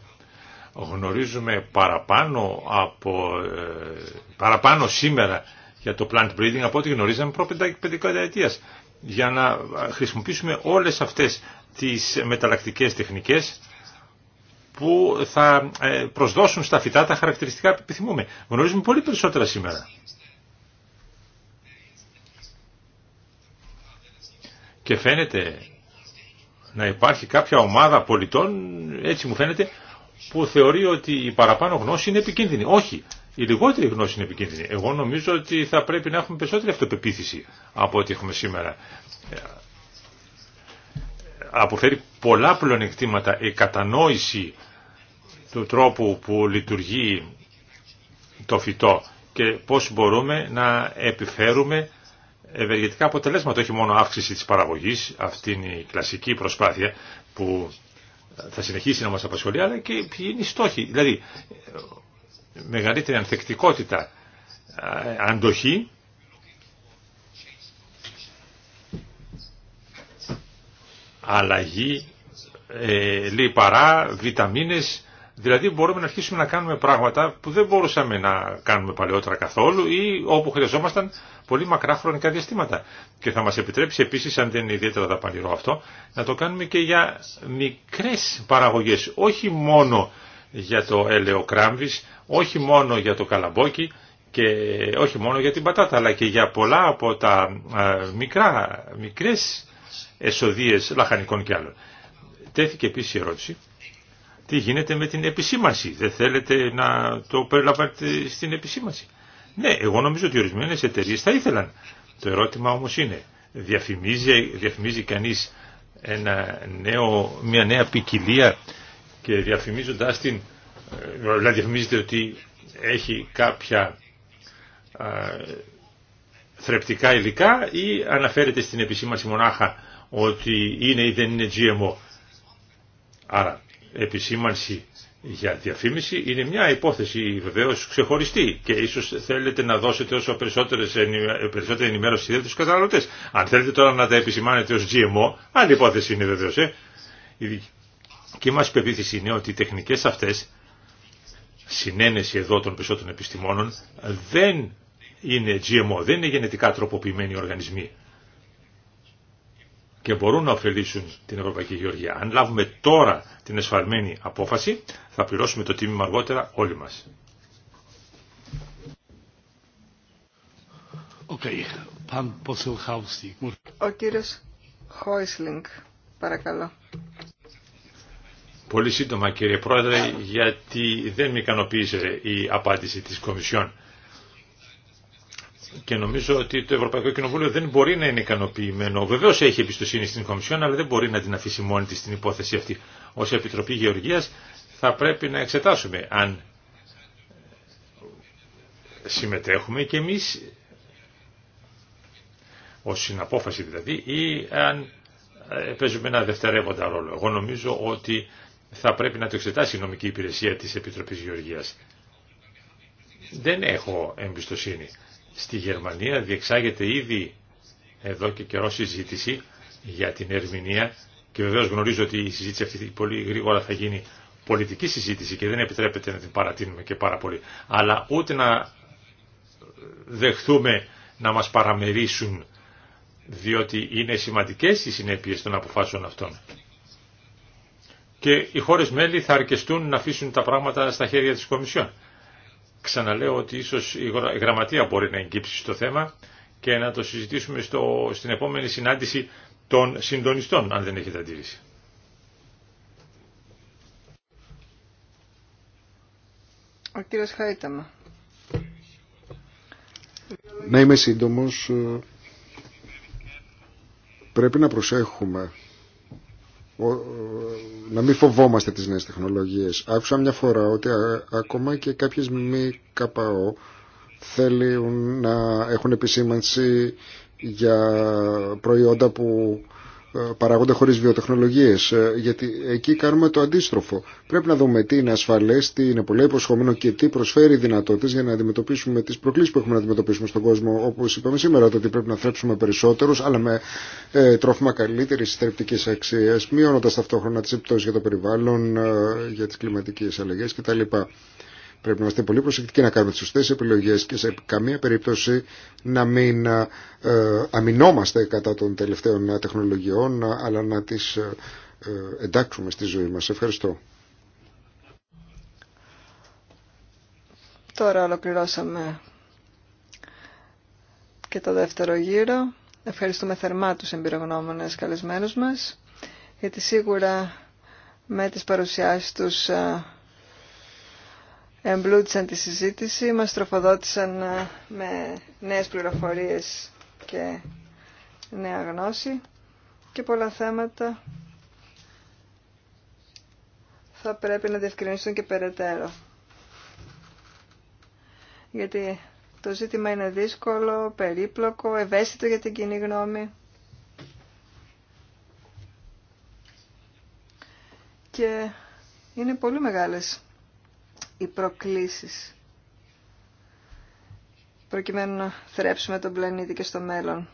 A: Γνωρίζουμε παραπάνω, από, ε, παραπάνω σήμερα για το plant breeding από ό,τι γνωρίζαμε προ πεντακαετίας. Για να χρησιμοποιήσουμε όλες αυτές τις μεταλλακτικές τεχνικές που θα ε, προσδώσουν στα φυτά τα χαρακτηριστικά που επιθυμούμε. Γνωρίζουμε πολύ περισσότερα σήμερα. Και φαίνεται να υπάρχει κάποια ομάδα πολιτών, έτσι μου φαίνεται, που θεωρεί ότι η παραπάνω γνώση είναι επικίνδυνη. Όχι, η λιγότερη γνώση είναι επικίνδυνη. Εγώ νομίζω ότι θα πρέπει να έχουμε περισσότερη αυτοπεποίθηση από ό,τι έχουμε σήμερα. Ε, αποφέρει πολλά πλονεκτήματα η κατανόηση του τρόπου που λειτουργεί το φυτό και πώς μπορούμε να επιφέρουμε ευεργετικά αποτελέσματα, όχι μόνο αύξηση της παραγωγής, αυτή είναι η κλασική προσπάθεια που θα συνεχίσει να μας απασχολεί, αλλά και ποιοι είναι οι στόχοι. Δηλαδή, μεγαλύτερη ανθεκτικότητα, αντοχή, αλλαγή, ε, λιπαρά, βιταμίνες, Δηλαδή μπορούμε να αρχίσουμε να κάνουμε πράγματα που δεν μπορούσαμε να κάνουμε παλαιότερα καθόλου ή όπου χρειαζόμασταν πολύ μακρά χρονικά διαστήματα. Και θα μας επιτρέψει επίσης, αν δεν είναι ιδιαίτερα δαπανηρό αυτό, να το κάνουμε και για μικρές παραγωγές, όχι μόνο για το ελαιοκράμβης, όχι μόνο για το καλαμπόκι και όχι μόνο για την πατάτα, αλλά και για πολλά από τα ε, μικρά, μικρές εσοδίες λαχανικών και άλλων. Τέθηκε επίσης η ερώτηση τι γίνεται με την επισήμανση. Δεν θέλετε να το περιλαμβάνετε στην επισήμανση. Ναι, εγώ νομίζω ότι ορισμένε εταιρείε θα ήθελαν. Το ερώτημα όμω είναι, διαφημίζει, διαφημίζει κανεί μια νέα ποικιλία και διαφημίζοντα την. Δηλαδή διαφημίζεται ότι έχει κάποια θρεπτικά υλικά ή αναφέρεται στην επισήμανση μονάχα ότι είναι ή δεν είναι GMO. Άρα επισήμανση για διαφήμιση είναι μια υπόθεση βεβαίως ξεχωριστή και ίσως θέλετε να δώσετε όσο περισσότερες, περισσότερη ενημέρωση θέλετε στους καταναλωτές. Αν θέλετε τώρα να τα επισημάνετε ως GMO, άλλη υπόθεση είναι βεβαίως. Ε. Η μας πεποίθηση είναι ότι οι τεχνικές αυτές, συνένεση εδώ των περισσότερων επιστημόνων, δεν είναι GMO, δεν είναι γενετικά τροποποιημένοι οργανισμοί και μπορούν να ωφελήσουν την Ευρωπαϊκή Γεωργία. Αν λάβουμε τώρα την εσφαλμένη απόφαση, θα πληρώσουμε το τίμημα αργότερα όλοι μας. Okay.
B: Ο κύριος Χόισλινγκ, παρακαλώ.
A: Πολύ σύντομα κύριε Πρόεδρε, γιατί δεν με ικανοποίησε η απάντηση της Κομισιόν. Και νομίζω ότι το Ευρωπαϊκό Κοινοβούλιο δεν μπορεί να είναι ικανοποιημένο. Βεβαίω έχει εμπιστοσύνη στην Κομισιόν, αλλά δεν μπορεί να την αφήσει μόνη τη στην υπόθεση αυτή. Ω Επιτροπή Γεωργία θα πρέπει να εξετάσουμε αν συμμετέχουμε και εμεί ω συναπόφαση δηλαδή ή αν ε, παίζουμε ένα δευτερεύοντα ρόλο. Εγώ νομίζω ότι θα πρέπει να το εξετάσει η νομική υπηρεσία της Επιτροπής Γεωργίας. Δεν έχω εμπιστοσύνη. Στη Γερμανία διεξάγεται ήδη εδώ και καιρό συζήτηση για την ερμηνεία και βεβαίω γνωρίζω ότι η συζήτηση αυτή πολύ γρήγορα θα γίνει πολιτική συζήτηση και δεν επιτρέπεται να την παρατείνουμε και πάρα πολύ. Αλλά ούτε να δεχθούμε να μας παραμερίσουν διότι είναι σημαντικές οι συνέπειες των αποφάσεων αυτών. Και οι χώρες μέλη θα αρκεστούν να αφήσουν τα πράγματα στα χέρια της Κομισιόν ξαναλέω ότι ίσως η γραμματεία μπορεί να εγκύψει στο θέμα και να το συζητήσουμε στην επόμενη συνάντηση των συντονιστών, αν δεν έχετε αντίρρηση.
B: Ο κύριος Χαϊταμα.
C: Να είμαι σύντομος. Πρέπει να προσέχουμε να μην φοβόμαστε τις νέες τεχνολογίες. Άκουσα μια φορά ότι ακόμα και κάποιες μη καπαό θέλουν να έχουν επισήμανση για προϊόντα που παράγονται χωρί βιοτεχνολογίε, ε, γιατί εκεί κάνουμε το αντίστροφο πρέπει να δούμε τι είναι ασφαλέ, τι είναι πολύ υποσχόμενο και τι προσφέρει δυνατότητε για να αντιμετωπίσουμε τι προκλήσει που έχουμε να αντιμετωπίσουμε στον κόσμο Όπω είπαμε σήμερα το ότι πρέπει να θρέψουμε περισσότερους αλλά με ε, τρόφιμα καλύτερη θρεπτική αξία, μειώνοντα ταυτόχρονα τι επιπτώσει για το περιβάλλον ε, για τι κλιματικέ αλλαγές κτλ. Πρέπει να είμαστε πολύ προσεκτικοί να κάνουμε τις σωστές επιλογές και σε καμία περίπτωση να μην ε, αμυνόμαστε κατά των τελευταίων τεχνολογιών αλλά να τις ε, ε, εντάξουμε στη ζωή μας. Ευχαριστώ.
B: Τώρα ολοκληρώσαμε και το δεύτερο γύρο. Ευχαριστούμε θερμά τους εμπειρογνώμονες καλεσμένους μας, γιατί σίγουρα με τις παρουσιάσεις τους εμπλούτησαν τη συζήτηση, μας τροφοδότησαν ε, με νέες πληροφορίες και νέα γνώση και πολλά θέματα θα πρέπει να διευκρινιστούν και περαιτέρω. Γιατί το ζήτημα είναι δύσκολο, περίπλοκο, ευαίσθητο για την κοινή γνώμη. Και είναι πολύ μεγάλες οι προκλήσεις προκειμένου να θρέψουμε τον πλανήτη και στο μέλλον.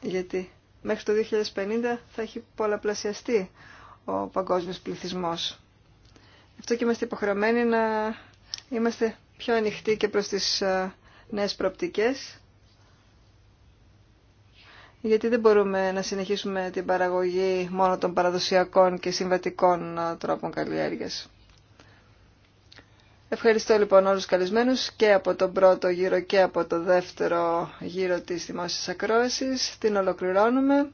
B: Γιατί μέχρι το 2050 θα έχει πολλαπλασιαστεί ο παγκόσμιος πληθυσμός. Αυτό και είμαστε υποχρεωμένοι να είμαστε πιο ανοιχτοί και προς τις ε, νέες προπτικές Γιατί δεν μπορούμε να συνεχίσουμε την παραγωγή μόνο των παραδοσιακών και συμβατικών ε, τρόπων καλλιέργειας. Ευχαριστώ λοιπόν όλους τους καλεσμένους και από τον πρώτο γύρο και από το δεύτερο γύρο της δημόσιας ακρόασης. Την ολοκληρώνουμε.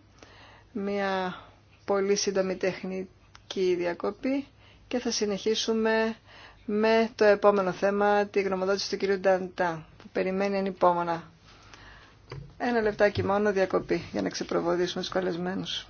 B: Μια πολύ σύντομη τεχνική διακοπή και θα συνεχίσουμε με το επόμενο θέμα, τη γνωμοδότηση του κυρίου Νταντά, που περιμένει ανυπόμονα. Ένα λεπτάκι μόνο διακοπή για να ξεπροβοδίσουμε τους καλεσμένους.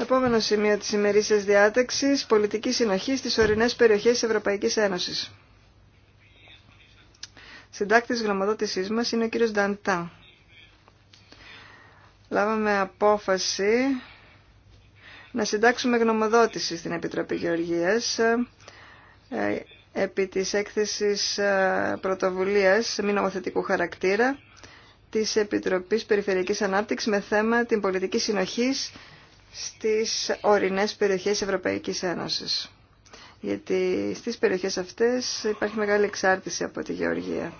B: Επόμενο σημείο της ημερήσιας διάταξης, πολιτική συνοχή στις ορεινές περιοχές της Ευρωπαϊκής Ένωσης. Συντάκτης γνωμοδότησής μας είναι ο κύριος Νταντά. Λάβαμε απόφαση να συντάξουμε γνωμοδότηση στην Επιτροπή Γεωργίας ε, επί της έκθεσης ε, πρωτοβουλίας μη νομοθετικού χαρακτήρα της Επιτροπής Περιφερειακής Ανάπτυξης με θέμα την πολιτική συνοχής στις ορεινές περιοχές Ευρωπαϊκής Ένωσης. Γιατί στις περιοχές αυτές υπάρχει μεγάλη εξάρτηση από τη Γεωργία.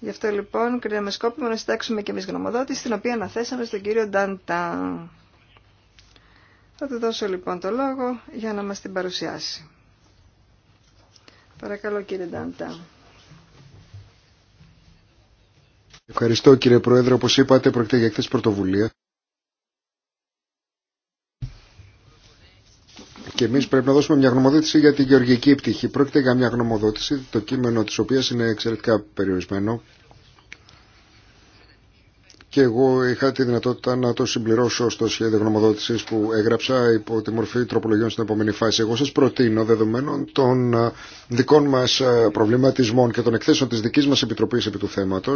B: Γι' αυτό λοιπόν κρίναμε σκόπιμο να συντάξουμε και εμείς γνωμοδότηση, την οποία αναθέσαμε στον κύριο Νταντάν. Θα του δώσω λοιπόν το λόγο για να μας την παρουσιάσει. Παρακαλώ κύριε Νταντάν.
C: Ευχαριστώ κύριε Πρόεδρε. Όπως είπατε πρόκειται για χθες πρωτοβουλία. Και εμείς πρέπει να δώσουμε μια γνωμοδότηση για την γεωργική πτυχή. Πρόκειται για μια γνωμοδότηση, το κείμενο της οποίας είναι εξαιρετικά περιορισμένο. Και εγώ είχα τη δυνατότητα να το συμπληρώσω στο σχέδιο γνωμοδότηση που έγραψα υπό τη μορφή τροπολογιών στην επόμενη φάση. Εγώ σα προτείνω, δεδομένων των ε, δικών μα ε, προβληματισμών και των εκθέσεων τη δική μα Επιτροπή επί του θέματο,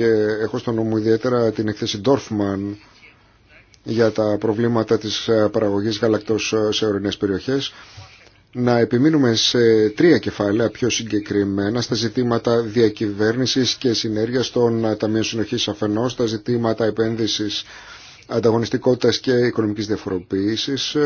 C: και έχω στο νόμο ιδιαίτερα την εκθέση Dorfman για τα προβλήματα της ε, παραγωγής γαλακτός ε, σε ορεινές περιοχές να επιμείνουμε σε τρία κεφάλαια πιο συγκεκριμένα στα ζητήματα διακυβέρνησης και συνέργειας των ε, Ταμείων Συνοχής αφενός, στα ζητήματα επένδυσης ανταγωνιστικότητας και οικονομικής διαφοροποίησης,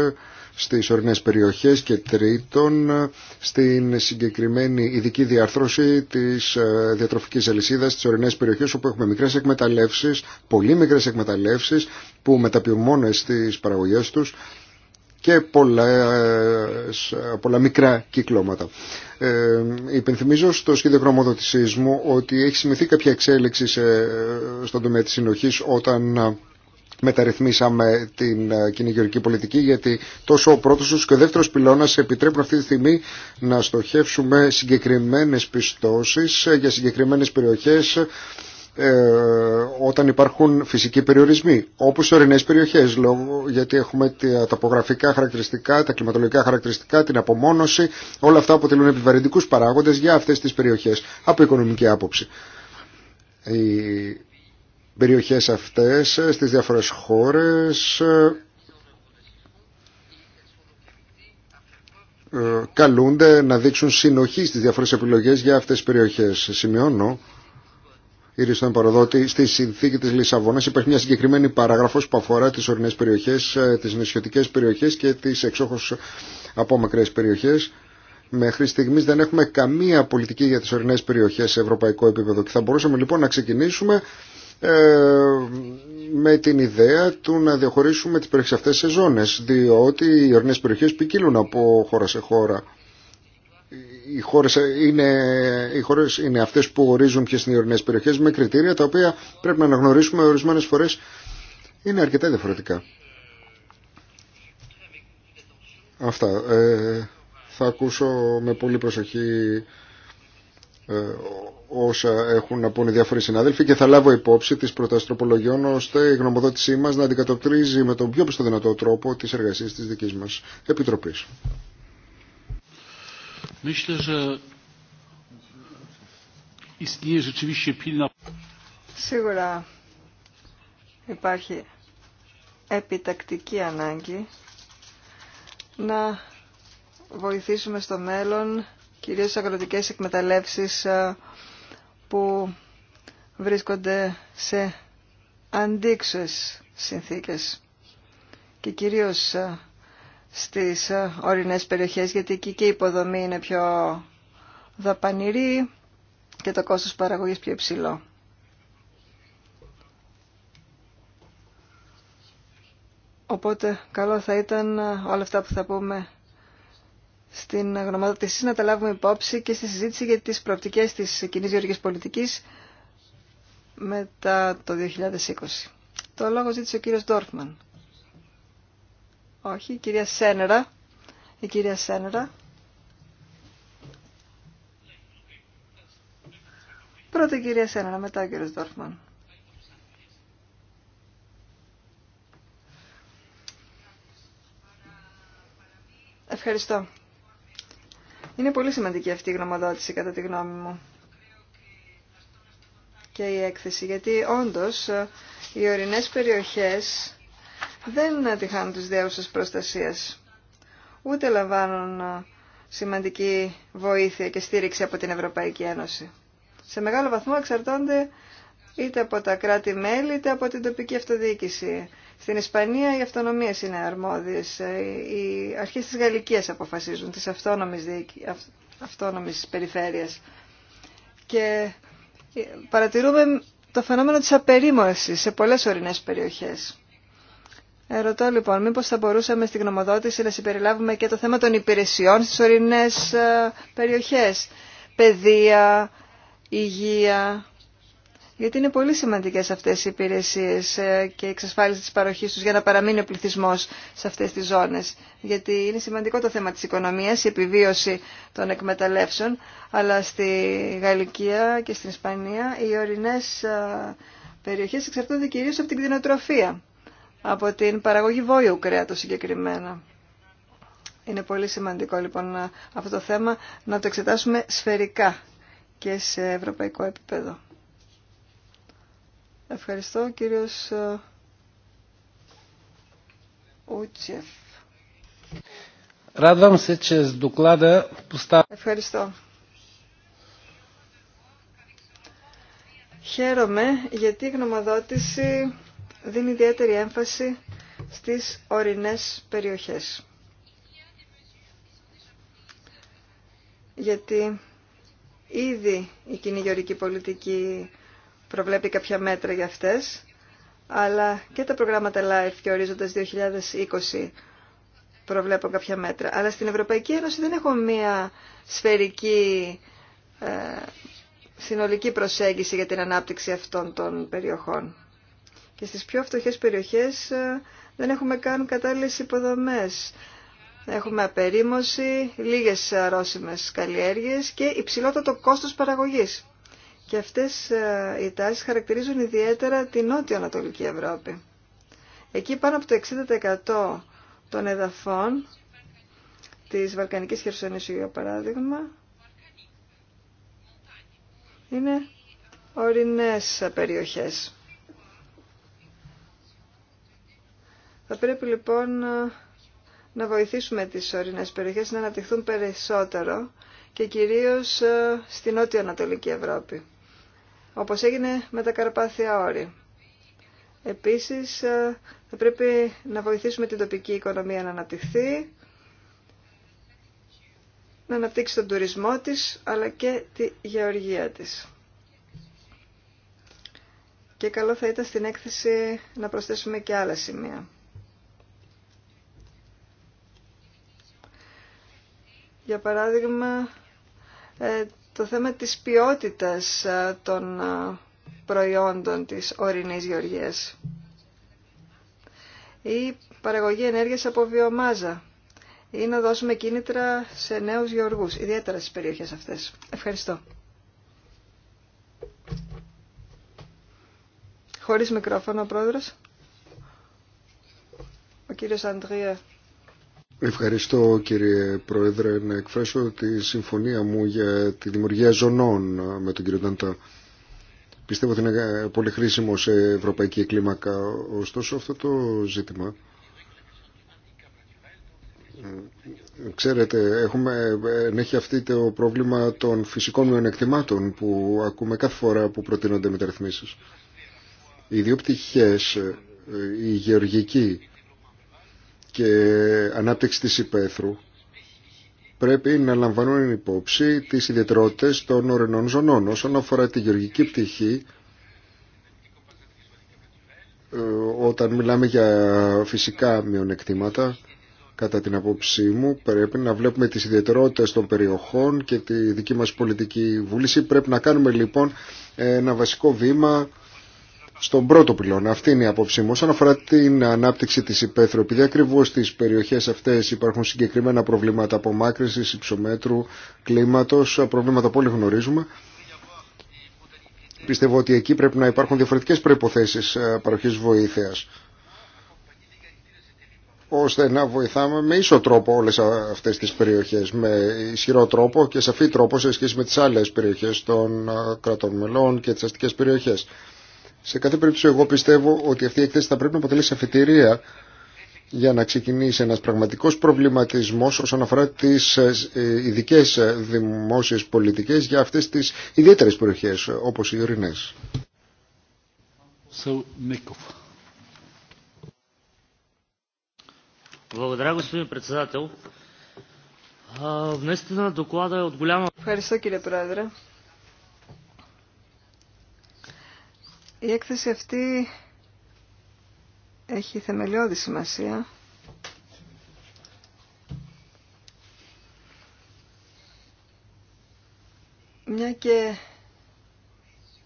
C: στις ορεινές περιοχές και τρίτον στην συγκεκριμένη ειδική διάρθρωση της ε, διατροφικής αλυσίδας στις ορεινές περιοχές όπου έχουμε μικρές εκμεταλλεύσεις, πολύ μικρές εκμεταλλεύσεις που μεταποιούν στις παραγωγές τους και πολλά, ε, πολλά μικρά κυκλώματα. Ε, υπενθυμίζω στο σχέδιο γνωμοδοτησής μου ότι έχει σημειωθεί κάποια εξέλιξη ε, στον τομέα της συνοχής όταν μεταρρυθμίσαμε την ε, κοινή πολιτική γιατί τόσο ο πρώτος όσο και ο δεύτερος πυλώνας επιτρέπουν αυτή τη στιγμή να στοχεύσουμε συγκεκριμένες πιστώσεις ε, για συγκεκριμένες περιοχές ε, όταν υπάρχουν φυσικοί περιορισμοί όπως οι ορεινές περιοχές λόγω, γιατί έχουμε τα τοπογραφικά χαρακτηριστικά, τα κλιματολογικά χαρακτηριστικά, την απομόνωση όλα αυτά αποτελούν επιβαρυντικούς παράγοντες για αυτές τις περιοχές από οικονομική άποψη περιοχές αυτές, ε, στις διάφορες χώρες, ε, ε, καλούνται να δείξουν συνοχή στις διάφορες επιλογές για αυτές τις περιοχές. Σημειώνω, στον παροδότη, στη συνθήκη της Λισαβόνας υπάρχει μια συγκεκριμένη παράγραφος που αφορά τις ορεινές περιοχές, τις νησιωτικές περιοχές και τις εξόχως απόμακρέ περιοχές. Μέχρι στιγμή δεν έχουμε καμία πολιτική για τις ορεινές περιοχές σε ευρωπαϊκό επίπεδο και θα μπορούσαμε λοιπόν να ξεκινήσουμε ε, με την ιδέα του να διαχωρίσουμε τις περιοχές αυτές σε ζώνες διότι οι ορεινές περιοχές ποικίλουν από χώρα σε χώρα οι χώρες είναι, οι είναι αυτές που ορίζουν ποιες είναι οι ορεινές περιοχές με κριτήρια τα οποία πρέπει να αναγνωρίσουμε ορισμένες φορές είναι αρκετά διαφορετικά Αυτά ε, θα ακούσω με πολύ προσοχή ε, όσα έχουν να πούνε διάφοροι συνάδελφοι και θα λάβω υπόψη τις προτάσεις τροπολογιών ώστε η γνωμοδότησή μας να αντικατοπτρίζει με τον πιο πιστο δυνατό τρόπο τις εργασίες της δικής μας Επιτροπής.
B: Σίγουρα υπάρχει επιτακτική ανάγκη να βοηθήσουμε στο μέλλον κυρίως αγροτικές εκμεταλλεύσεις ε, που βρίσκονται σε αντίξωες συνθήκες και κυρίως ε, στις ε, ορεινές περιοχές γιατί εκεί και η υποδομή είναι πιο δαπανηρή και το κόστος παραγωγής πιο υψηλό. Οπότε καλό θα ήταν ε, όλα αυτά που θα πούμε στην γνωμοδότησή να τα λάβουμε υπόψη και στη συζήτηση για τις προοπτικές της κοινή γεωργικής πολιτικής μετά το 2020. Το λόγο ζήτησε ο κύριος Ντόρφμαν. Όχι, η κυρία Σένερα. Η κυρία Σένερα. Πρώτα η κυρία Σένερα, μετά ο κύριος Ντόρφμαν. Ευχαριστώ. Είναι πολύ σημαντική αυτή η γνωμοδότηση κατά τη γνώμη μου και η έκθεση, γιατί όντως ε, οι ορεινές περιοχές δεν αντιχάνουν τους δέουσες προστασίας, ούτε λαμβάνουν ε, σημαντική βοήθεια και στήριξη από την Ευρωπαϊκή Ένωση. Σε μεγάλο βαθμό εξαρτώνται είτε από τα κράτη-μέλη είτε από την τοπική αυτοδιοίκηση στην Ισπανία οι αυτονομίε είναι αρμόδιε. Ε, οι αρχές τη Γαλλική αποφασίζουν, τη αυτόνομη περιφέρεια. περιφέρειας. Και ε, παρατηρούμε το φαινόμενο της απερίμωση σε πολλές ορεινέ περιοχές. Ερωτώ λοιπόν, μήπως θα μπορούσαμε στην γνωμοδότηση να συμπεριλάβουμε και το θέμα των υπηρεσιών στι ορεινέ ε, περιοχέ. Παιδεία, υγεία, γιατί είναι πολύ σημαντικές αυτές οι υπηρεσίες ε, και η εξασφάλιση της παροχής τους για να παραμείνει ο πληθυσμός σε αυτές τις ζώνες. Γιατί είναι σημαντικό το θέμα της οικονομίας, η επιβίωση των εκμεταλλεύσεων, αλλά στη Γαλλικία και στην Ισπανία οι ορεινές ε, περιοχές εξαρτώνται κυρίως από την κτηνοτροφία, από την παραγωγή βόλιου κρέατος συγκεκριμένα. Είναι πολύ σημαντικό λοιπόν ε, αυτό το θέμα να το εξετάσουμε σφαιρικά και σε ευρωπαϊκό επίπεδο. Ευχαριστώ κύριος ε, Ούτσεφ.
C: Ευχαριστώ.
B: Χαίρομαι γιατί η γνωμοδότηση δίνει ιδιαίτερη έμφαση στις ορεινές περιοχές. Γιατί ήδη η κυνηγιορική πολιτική προβλέπει κάποια μέτρα για αυτές, αλλά και τα προγράμματα LIFE και ορίζοντας 2020 προβλέπω κάποια μέτρα. Αλλά στην Ευρωπαϊκή Ένωση δεν έχουμε μία σφαιρική ε, συνολική προσέγγιση για την ανάπτυξη αυτών των περιοχών. Και στις πιο φτωχές περιοχές ε, δεν έχουμε καν κατάλληλες υποδομές. Έχουμε απερίμωση, λίγες αρρώσιμες καλλιέργειες και υψηλότατο κόστος παραγωγής. Και αυτές ε, οι τάσεις χαρακτηρίζουν ιδιαίτερα την νότιο-ανατολική Ευρώπη. Εκεί πάνω από το 60% των εδαφών της Βαλκανικής Χερσονήσου, για παράδειγμα, είναι ορεινές περιοχές. Θα πρέπει λοιπόν να βοηθήσουμε τις ορεινές περιοχές να αναπτυχθούν περισσότερο και κυρίως ε, στη νότιο-ανατολική Ευρώπη όπως έγινε με τα Καρπάθια Όρη. Επίσης, ε, θα πρέπει να βοηθήσουμε την τοπική οικονομία να αναπτυχθεί, να αναπτύξει τον τουρισμό της, αλλά και τη γεωργία της. Και καλό θα ήταν στην έκθεση να προσθέσουμε και άλλα σημεία. Για παράδειγμα, ε, το θέμα της ποιότητας ε, των ε, προϊόντων της ορεινής γεωργίας ή παραγωγή ενέργειας από βιομάζα ή να δώσουμε κίνητρα σε νέους γεωργούς, ιδιαίτερα στις περιοχές αυτές. Ευχαριστώ. Χωρίς μικρόφωνο, ο πρόεδρος. Ο κύριος Αντρία.
C: Ευχαριστώ κύριε Πρόεδρε να εκφράσω τη συμφωνία μου για τη δημιουργία ζωνών με τον κύριο Νταντά. Πιστεύω ότι είναι πολύ χρήσιμο σε ευρωπαϊκή κλίμακα. Ωστόσο αυτό το ζήτημα ε, Ξέρετε, έχουμε, έχει αυτή το πρόβλημα των φυσικών μειονεκτημάτων που ακούμε κάθε φορά που προτείνονται μεταρρυθμίσεις. Οι δύο πτυχές, ε, η γεωργική και ανάπτυξη της υπαίθρου πρέπει να λαμβάνουν υπόψη τις ιδιαιτερότητες των ορεινών ζωνών. Όσον αφορά τη γεωργική πτυχή, ε, όταν μιλάμε για φυσικά μειονεκτήματα, κατά την απόψή μου, πρέπει να βλέπουμε τις ιδιαιτερότητες των περιοχών και τη δική μας πολιτική βούληση. Πρέπει να κάνουμε λοιπόν ένα βασικό βήμα στον πρώτο πυλώνα. Αυτή είναι η απόψη μου. Όσον αφορά την ανάπτυξη τη υπαίθρου, επειδή ακριβώ στι περιοχέ αυτέ υπάρχουν συγκεκριμένα προβλήματα απομάκρυση υψομέτρου, κλίματο, προβλήματα που όλοι γνωρίζουμε, πιστεύω ότι εκεί πρέπει να υπάρχουν διαφορετικέ προποθέσει ε, παροχή βοήθεια ώστε να βοηθάμε με ίσο τρόπο όλες αυτές τις περιοχές, με ισχυρό τρόπο και σαφή τρόπο σε σχέση με τις άλλες περιοχές των ε, κρατών μελών και τις αστικές περιοχές. Σε κάθε περίπτωση εγώ πιστεύω ότι αυτή η εκθέση θα πρέπει να αποτελεί αφετηρία για να ξεκινήσει ένας πραγματικός προβληματισμός όσον αφορά τις ε, ε, ειδικέ ε, δημόσιες πολιτικές για αυτές τις ιδιαίτερες περιοχές όπως οι ορεινές.
B: Ευχαριστώ κύριε Πρόεδρε. Η έκθεση αυτή έχει θεμελιώδη σημασία. Μια και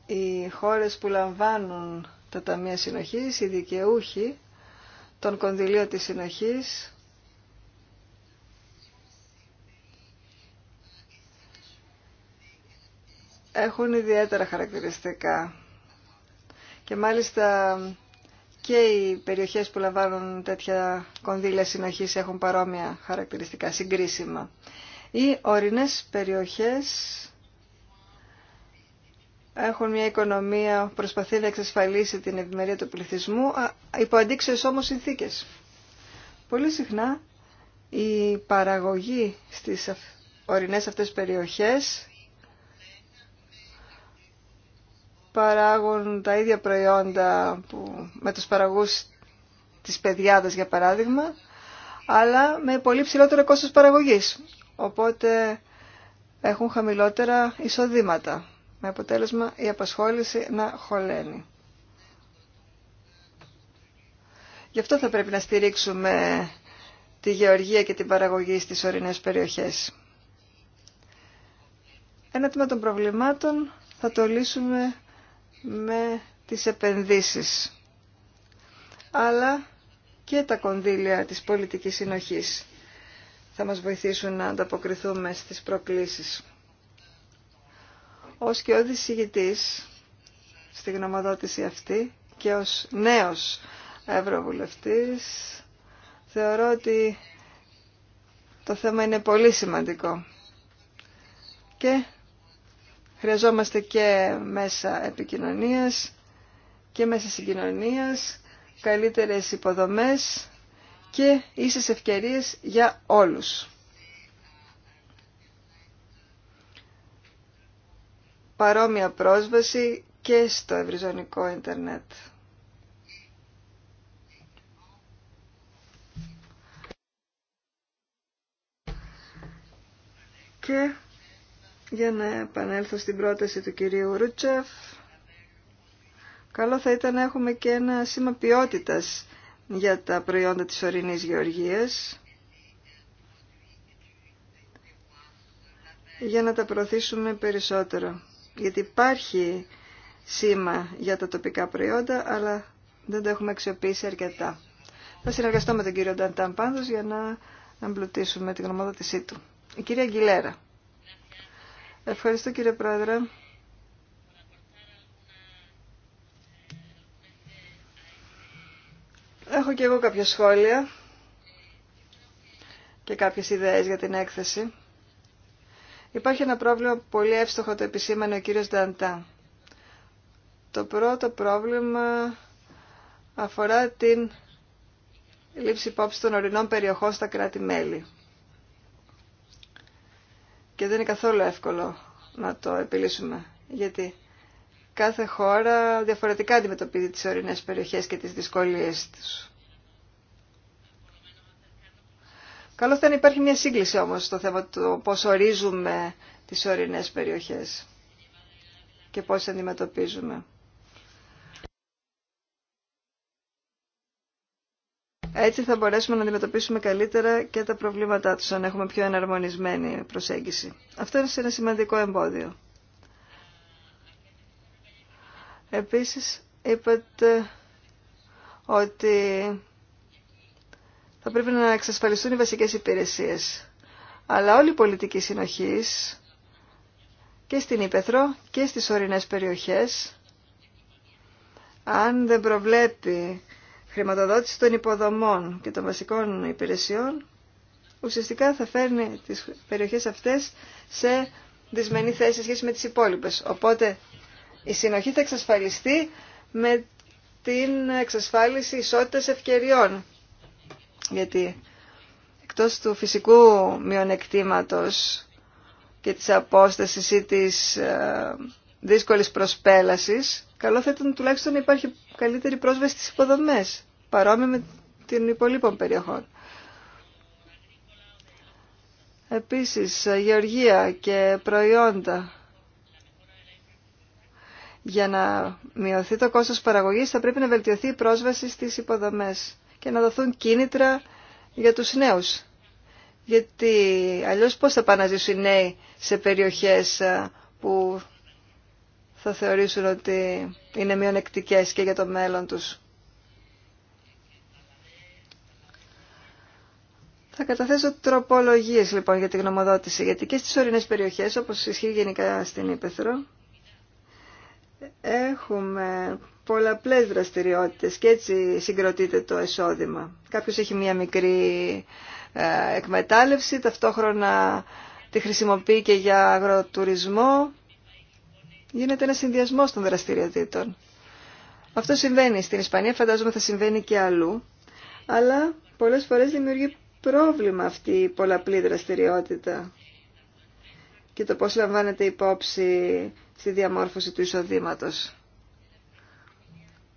B: οι χώρες που λαμβάνουν τα Ταμεία Συνοχής, οι δικαιούχοι των κονδυλίων της Συνοχής, έχουν ιδιαίτερα χαρακτηριστικά και μάλιστα και οι περιοχές που λαμβάνουν τέτοια κονδύλια συνοχής έχουν παρόμοια χαρακτηριστικά, συγκρίσιμα. Οι ορεινές περιοχές έχουν μια οικονομία που προσπαθεί να εξασφαλίσει την ευημερία του πληθυσμού, υπό αντίξεως όμως συνθήκες. Πολύ συχνά η παραγωγή στις ορεινές αυτές περιοχές παράγουν τα ίδια προϊόντα που, με τους παραγούς της παιδιάδας για παράδειγμα, αλλά με πολύ ψηλότερο κόστος παραγωγής. Οπότε έχουν χαμηλότερα εισοδήματα, με αποτέλεσμα η απασχόληση να χωλαίνει. Γι' αυτό θα πρέπει να στηρίξουμε τη γεωργία και την παραγωγή στις ορεινές περιοχές. Ένα τμήμα των προβλημάτων θα το λύσουμε με τις επενδύσεις αλλά και τα κονδύλια της πολιτικής συνοχής θα μας βοηθήσουν να ανταποκριθούμε στις προκλήσεις. Ως και ηγητής στη γνωμοδότηση αυτή και ως νέος ευρωβουλευτής θεωρώ ότι το θέμα είναι πολύ σημαντικό και Χρειαζόμαστε και μέσα επικοινωνίας και μέσα συγκοινωνίας, καλύτερες υποδομές και ίσες ευκαιρίες για όλους. Παρόμοια πρόσβαση και στο ευρυζωνικό ίντερνετ. Και για να επανέλθω στην πρόταση του κυρίου Ρούτσεφ, καλό θα ήταν να έχουμε και ένα σήμα ποιότητας για τα προϊόντα της ορεινής γεωργίας, για να τα προωθήσουμε περισσότερο. Γιατί υπάρχει σήμα για τα τοπικά προϊόντα, αλλά δεν τα έχουμε αξιοποιήσει αρκετά. Θα συνεργαστώ με τον κύριο Νταντάν πάντως για να εμπλουτίσουμε την γνωμοδότησή του. Η κυρία Γκιλέρα. Ευχαριστώ κύριε Πρόεδρε. Έχω και εγώ κάποια σχόλια και κάποιες ιδέες για την έκθεση. Υπάρχει ένα πρόβλημα πολύ εύστοχο το επισήμανε ο κύριος Νταντά. Το πρώτο πρόβλημα αφορά την λήψη υπόψη των ορεινών περιοχών στα κράτη-μέλη και δεν είναι καθόλου εύκολο να το επιλύσουμε. Γιατί κάθε χώρα διαφορετικά αντιμετωπίζει τις ορεινές περιοχές και τις δυσκολίες τους. Καλό θα είναι υπάρχει μια σύγκληση όμως στο θέμα του πώς ορίζουμε τις ορεινές περιοχές και πώς αντιμετωπίζουμε. Έτσι θα μπορέσουμε να αντιμετωπίσουμε καλύτερα και τα προβλήματά τους αν έχουμε πιο εναρμονισμένη προσέγγιση. Αυτό είναι ένα σημαντικό εμπόδιο. Επίσης είπατε ότι θα πρέπει να εξασφαλιστούν οι βασικές υπηρεσίες. Αλλά όλη η πολιτική συνοχής και στην Ήπεθρο και στις ορεινές περιοχές αν δεν προβλέπει χρηματοδότηση των υποδομών και των βασικών υπηρεσιών ουσιαστικά θα φέρνει τις περιοχές αυτές σε δυσμενή θέση σχέση με τις υπόλοιπες. Οπότε η συνοχή θα εξασφαλιστεί με την εξασφάλιση ισότητας ευκαιριών. Γιατί εκτός του φυσικού μειονεκτήματος και της απόστασης ή της ε, δύσκολη προσπέλασης, καλό θα ήταν τουλάχιστον να υπάρχει καλύτερη πρόσβαση στι υποδομέ παρόμοια με την υπολείπων περιοχών. Επίσης, γεωργία και προϊόντα. Για να μειωθεί το κόστος παραγωγής θα πρέπει να βελτιωθεί η πρόσβαση στις υποδομές και να δοθούν κίνητρα για τους νέους. Γιατί αλλιώς πώς θα πάνε να ζήσουν οι νέοι σε περιοχές ε, που θα θεωρήσουν ότι είναι μειονεκτικές και για το μέλλον τους. Θα καταθέσω τροπολογίες λοιπόν για την γνωμοδότηση, γιατί και στις ορεινές περιοχές, όπως ισχύει γενικά στην Ήπεθρο, έχουμε πολλαπλές δραστηριότητες και έτσι συγκροτείται το εισόδημα. Κάποιος έχει μία μικρή ε, εκμετάλλευση, ταυτόχρονα τη χρησιμοποιεί και για αγροτουρισμό γίνεται ένα συνδυασμό των δραστηριοτήτων. Αυτό συμβαίνει στην Ισπανία, φαντάζομαι θα συμβαίνει και αλλού, αλλά πολλές φορές δημιουργεί πρόβλημα αυτή η πολλαπλή δραστηριότητα και το πώς λαμβάνεται υπόψη στη διαμόρφωση του εισοδήματος.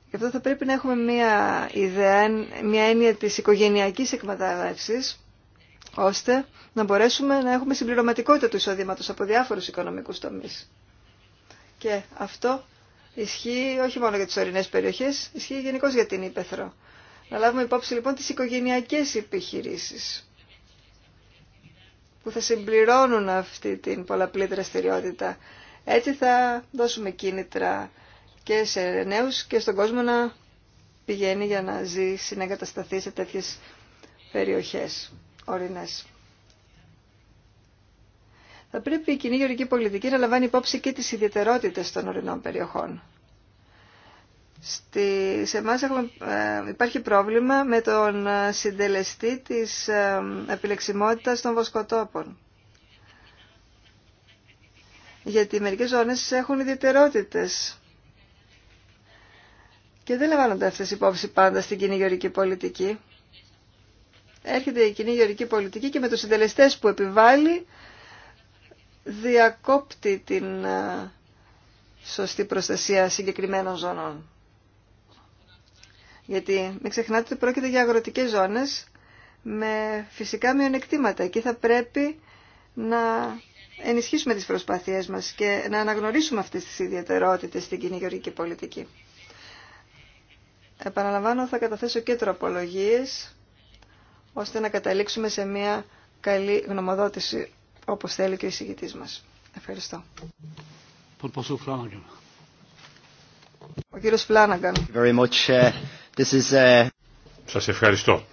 B: Γι' αυτό θα πρέπει να έχουμε μια ιδέα, μια έννοια της οικογενειακής εκμετάλλευσης, ώστε να μπορέσουμε να έχουμε συμπληρωματικότητα του εισοδήματος από διάφορους οικονομικούς τομείς. Και αυτό ισχύει όχι μόνο για τις ορεινές περιοχές, ισχύει γενικώ για την Ήπεθρο. Να λάβουμε υπόψη λοιπόν τις οικογενειακές επιχειρήσεις που θα συμπληρώνουν αυτή την πολλαπλή δραστηριότητα. Έτσι θα δώσουμε κίνητρα και σε νέους και στον κόσμο να πηγαίνει για να ζήσει, να σε τέτοιες περιοχές ορεινές. Θα πρέπει η κοινή γεωργική πολιτική να λαμβάνει υπόψη και τις ιδιαιτερότητες των ορεινών περιοχών. Στη, σε εμάς ε, υπάρχει πρόβλημα με τον ε, συντελεστή της ε, επιλεξιμότητας των βοσκοτόπων. Γιατί μερικές ζώνες έχουν ιδιαιτερότητες και δεν λαμβάνονται αυτές υπόψη πάντα στην κοινή γεωρική πολιτική. Έρχεται η κοινή γεωρική πολιτική και με τους συντελεστές που επιβάλλει διακόπτει την ε, σωστή προστασία συγκεκριμένων ζωνών. Γιατί μην ξεχνάτε ότι πρόκειται για αγροτικές ζώνες με φυσικά μειονεκτήματα. Εκεί θα πρέπει να ενισχύσουμε τις προσπάθειές μας και να αναγνωρίσουμε αυτές τις ιδιαιτερότητες στην κοινή γεωργική πολιτική. Επαναλαμβάνω, θα καταθέσω και τροπολογίες ώστε να καταλήξουμε σε μια καλή γνωμοδότηση όπως θέλει και ο εισηγητής μας. Ευχαριστώ. Ο κύριος Φλάναγκαν.
A: Uh, uh, Σας ευχαριστώ.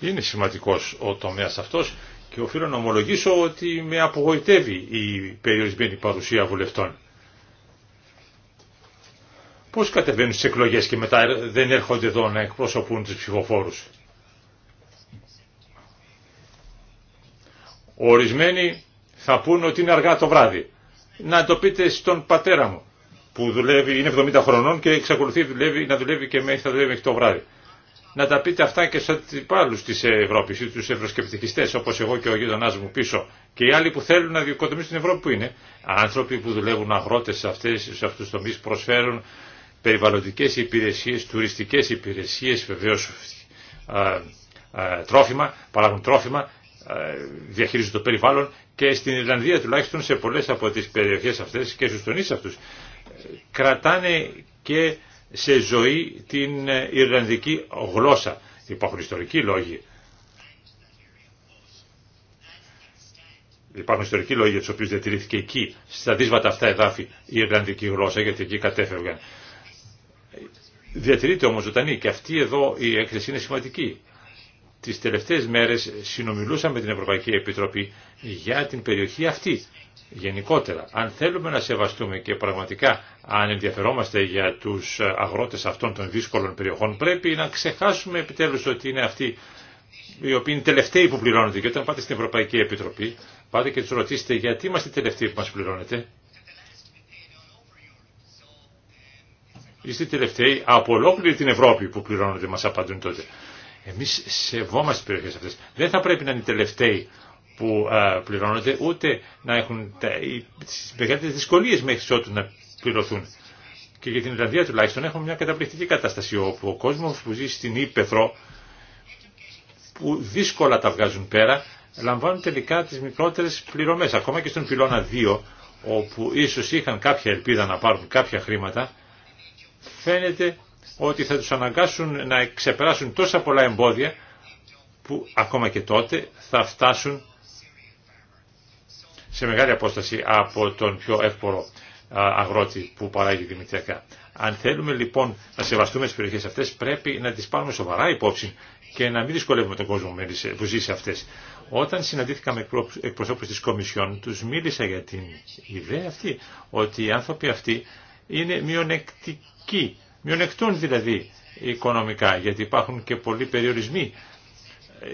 A: Είναι σημαντικός ο τομέας αυτός και οφείλω να ομολογήσω ότι με απογοητεύει η περιορισμένη παρουσία βουλευτών. Πώς κατεβαίνουν στις εκλογές και μετά ε, δεν έρχονται εδώ να εκπροσωπούν τους ψηφοφόρους. Ορισμένοι θα πούνε ότι είναι αργά το βράδυ. Να το πείτε στον πατέρα μου που δουλεύει, είναι 70 χρονών και εξακολουθεί δουλεύει, να δουλεύει και μέχρι, θα δουλεύει μέχρι το βράδυ. Να τα πείτε αυτά και στου αντιπάλου τη Ευρώπη ή του ευρωσκεπτικιστέ, όπω εγώ και ο γείτονά μου πίσω, και οι άλλοι που θέλουν να διοικοτομήσουν την Ευρώπη που είναι. Άνθρωποι που δουλεύουν αγρότε σε, αυτές, σε αυτού του τομεί, προσφέρουν περιβαλλοντικέ υπηρεσίε, τουριστικέ υπηρεσίε, βεβαίω τρόφιμα, παράγουν τρόφιμα, ε, διαχείριζουν το περιβάλλον και στην Ιρλανδία τουλάχιστον σε πολλές από τις περιοχές αυτές και στους τονείς αυτούς κρατάνε και σε ζωή την ε, Ιρλανδική γλώσσα. Υπάρχουν ιστορικοί λόγοι. Υπάρχουν ιστορικοί λόγοι για τους οποίου διατηρήθηκε εκεί, στα δύσβατα αυτά εδάφη, η Ιρλανδική γλώσσα, γιατί εκεί κατέφευγαν. Διατηρείται όμω ζωντανή και αυτή εδώ η έκθεση είναι σημαντική τις τελευταίες μέρες συνομιλούσαμε με την Ευρωπαϊκή Επιτροπή για την περιοχή αυτή γενικότερα. Αν θέλουμε να σεβαστούμε και πραγματικά αν ενδιαφερόμαστε για τους αγρότες αυτών των δύσκολων περιοχών πρέπει να ξεχάσουμε επιτέλους ότι είναι αυτοί οι οποίοι είναι τελευταίοι που πληρώνονται και όταν πάτε στην Ευρωπαϊκή Επιτροπή πάτε και τους ρωτήσετε γιατί είμαστε τελευταίοι που μας πληρώνετε. Είστε τελευταίοι από ολόκληρη την Ευρώπη που πληρώνονται, μας απαντούν τότε. Εμείς σεβόμαστε τις περιοχές αυτές. Δεν θα πρέπει να είναι οι τελευταίοι που πληρώνονται, ούτε να έχουν τις μεγαλύτερες δυσκολίες μέχρι ότου να πληρωθούν. Και για την Ιρλανδία τουλάχιστον έχουμε μια καταπληκτική κατάσταση όπου ο κόσμος που ζει στην Ήπεθρο που δύσκολα τα βγάζουν πέρα λαμβάνουν τελικά τις μικρότερες πληρωμές. Ακόμα και στον πυλώνα 2 όπου ίσως είχαν κάποια ελπίδα να πάρουν κάποια χρήματα φαίνεται ότι θα τους αναγκάσουν να ξεπεράσουν τόσα πολλά εμπόδια που ακόμα και τότε θα φτάσουν σε μεγάλη απόσταση από τον πιο εύπορο αγρότη που παράγει δημητριακά. Αν θέλουμε λοιπόν να σεβαστούμε τις περιοχές αυτές πρέπει να τις πάρουμε σοβαρά υπόψη και να μην δυσκολεύουμε τον κόσμο που ζει σε αυτές. Όταν συναντήθηκα με εκπροσώπους της Κομισιόν τους μίλησα για την ιδέα αυτή ότι οι άνθρωποι αυτοί είναι μειονεκτικοί μειονεκτούν δηλαδή οικονομικά, γιατί υπάρχουν και πολλοί περιορισμοί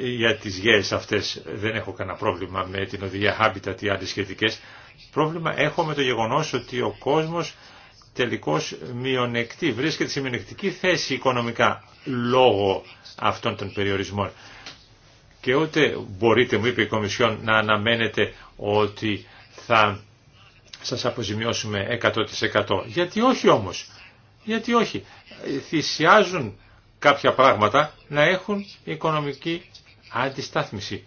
A: για τις γέες αυτές. Δεν έχω κανένα πρόβλημα με την οδηγία Habitat ή άλλες σχετικές. Πρόβλημα έχω με το γεγονός ότι ο κόσμος τελικώς μειονεκτεί, βρίσκεται σε μειονεκτική θέση οικονομικά λόγω αυτών των περιορισμών. Και ούτε μπορείτε, μου είπε η Κομισιόν, να αναμένετε ότι θα σας αποζημιώσουμε 100%. Γιατί όχι όμως γιατί όχι, θυσιάζουν κάποια πράγματα να έχουν οικονομική αντιστάθμιση.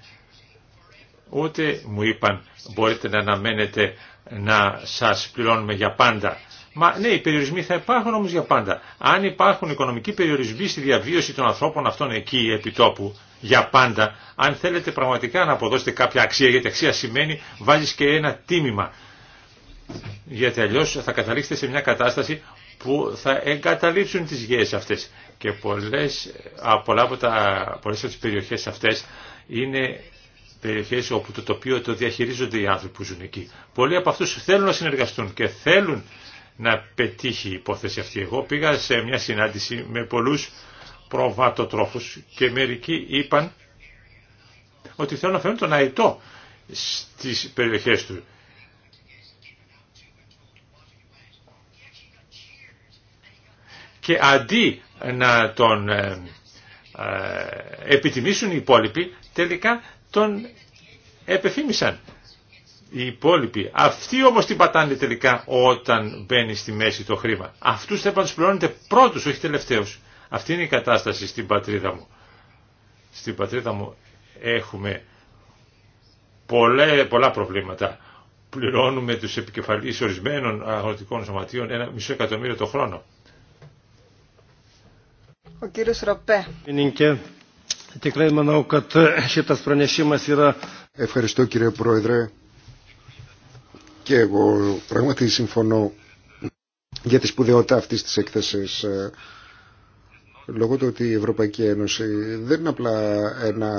A: Ούτε μου είπαν μπορείτε να αναμένετε να σας πληρώνουμε για πάντα. Μα ναι, οι περιορισμοί θα υπάρχουν όμως για πάντα. Αν υπάρχουν οικονομικοί περιορισμοί στη διαβίωση των ανθρώπων αυτών εκεί επί τόπου, για πάντα, αν θέλετε πραγματικά να αποδώσετε κάποια αξία, γιατί αξία σημαίνει βάζεις και ένα τίμημα. Γιατί αλλιώ θα καταλήξετε σε μια κατάσταση που θα εγκαταλείψουν τις γέες αυτές. Και πολλές, πολλά από, τα, πολλές από τις περιοχές αυτές είναι περιοχές όπου το τοπίο το διαχειρίζονται οι άνθρωποι που ζουν εκεί. Πολλοί από αυτούς θέλουν να συνεργαστούν και θέλουν να πετύχει η υπόθεση αυτή. Εγώ πήγα σε μια συνάντηση με πολλούς προβατοτρόφους και μερικοί είπαν ότι θέλουν να φέρουν τον αητό στις περιοχές του και αντί να τον ε, ε, επιτιμήσουν οι υπόλοιποι, τελικά τον επεφήμισαν οι υπόλοιποι. Αυτοί όμως την πατάνε τελικά όταν μπαίνει στη μέση το χρήμα. Αυτούς θα τους πληρώνετε πρώτους, όχι τελευταίους. Αυτή είναι η κατάσταση στην πατρίδα μου. Στην πατρίδα μου έχουμε πολλά προβλήματα. Πληρώνουμε τους επικεφαλείς ορισμένων αγροτικών σωματείων ένα μισό εκατομμύριο το χρόνο.
B: E,
C: Ευχαριστώ κύριε Πρόεδρε. Και εγώ πράγματι συμφωνώ για τη σπουδαιότητα αυτής της έκθεσης ε, λόγω του ότι η Ευρωπαϊκή Ένωση δεν είναι απλά ένα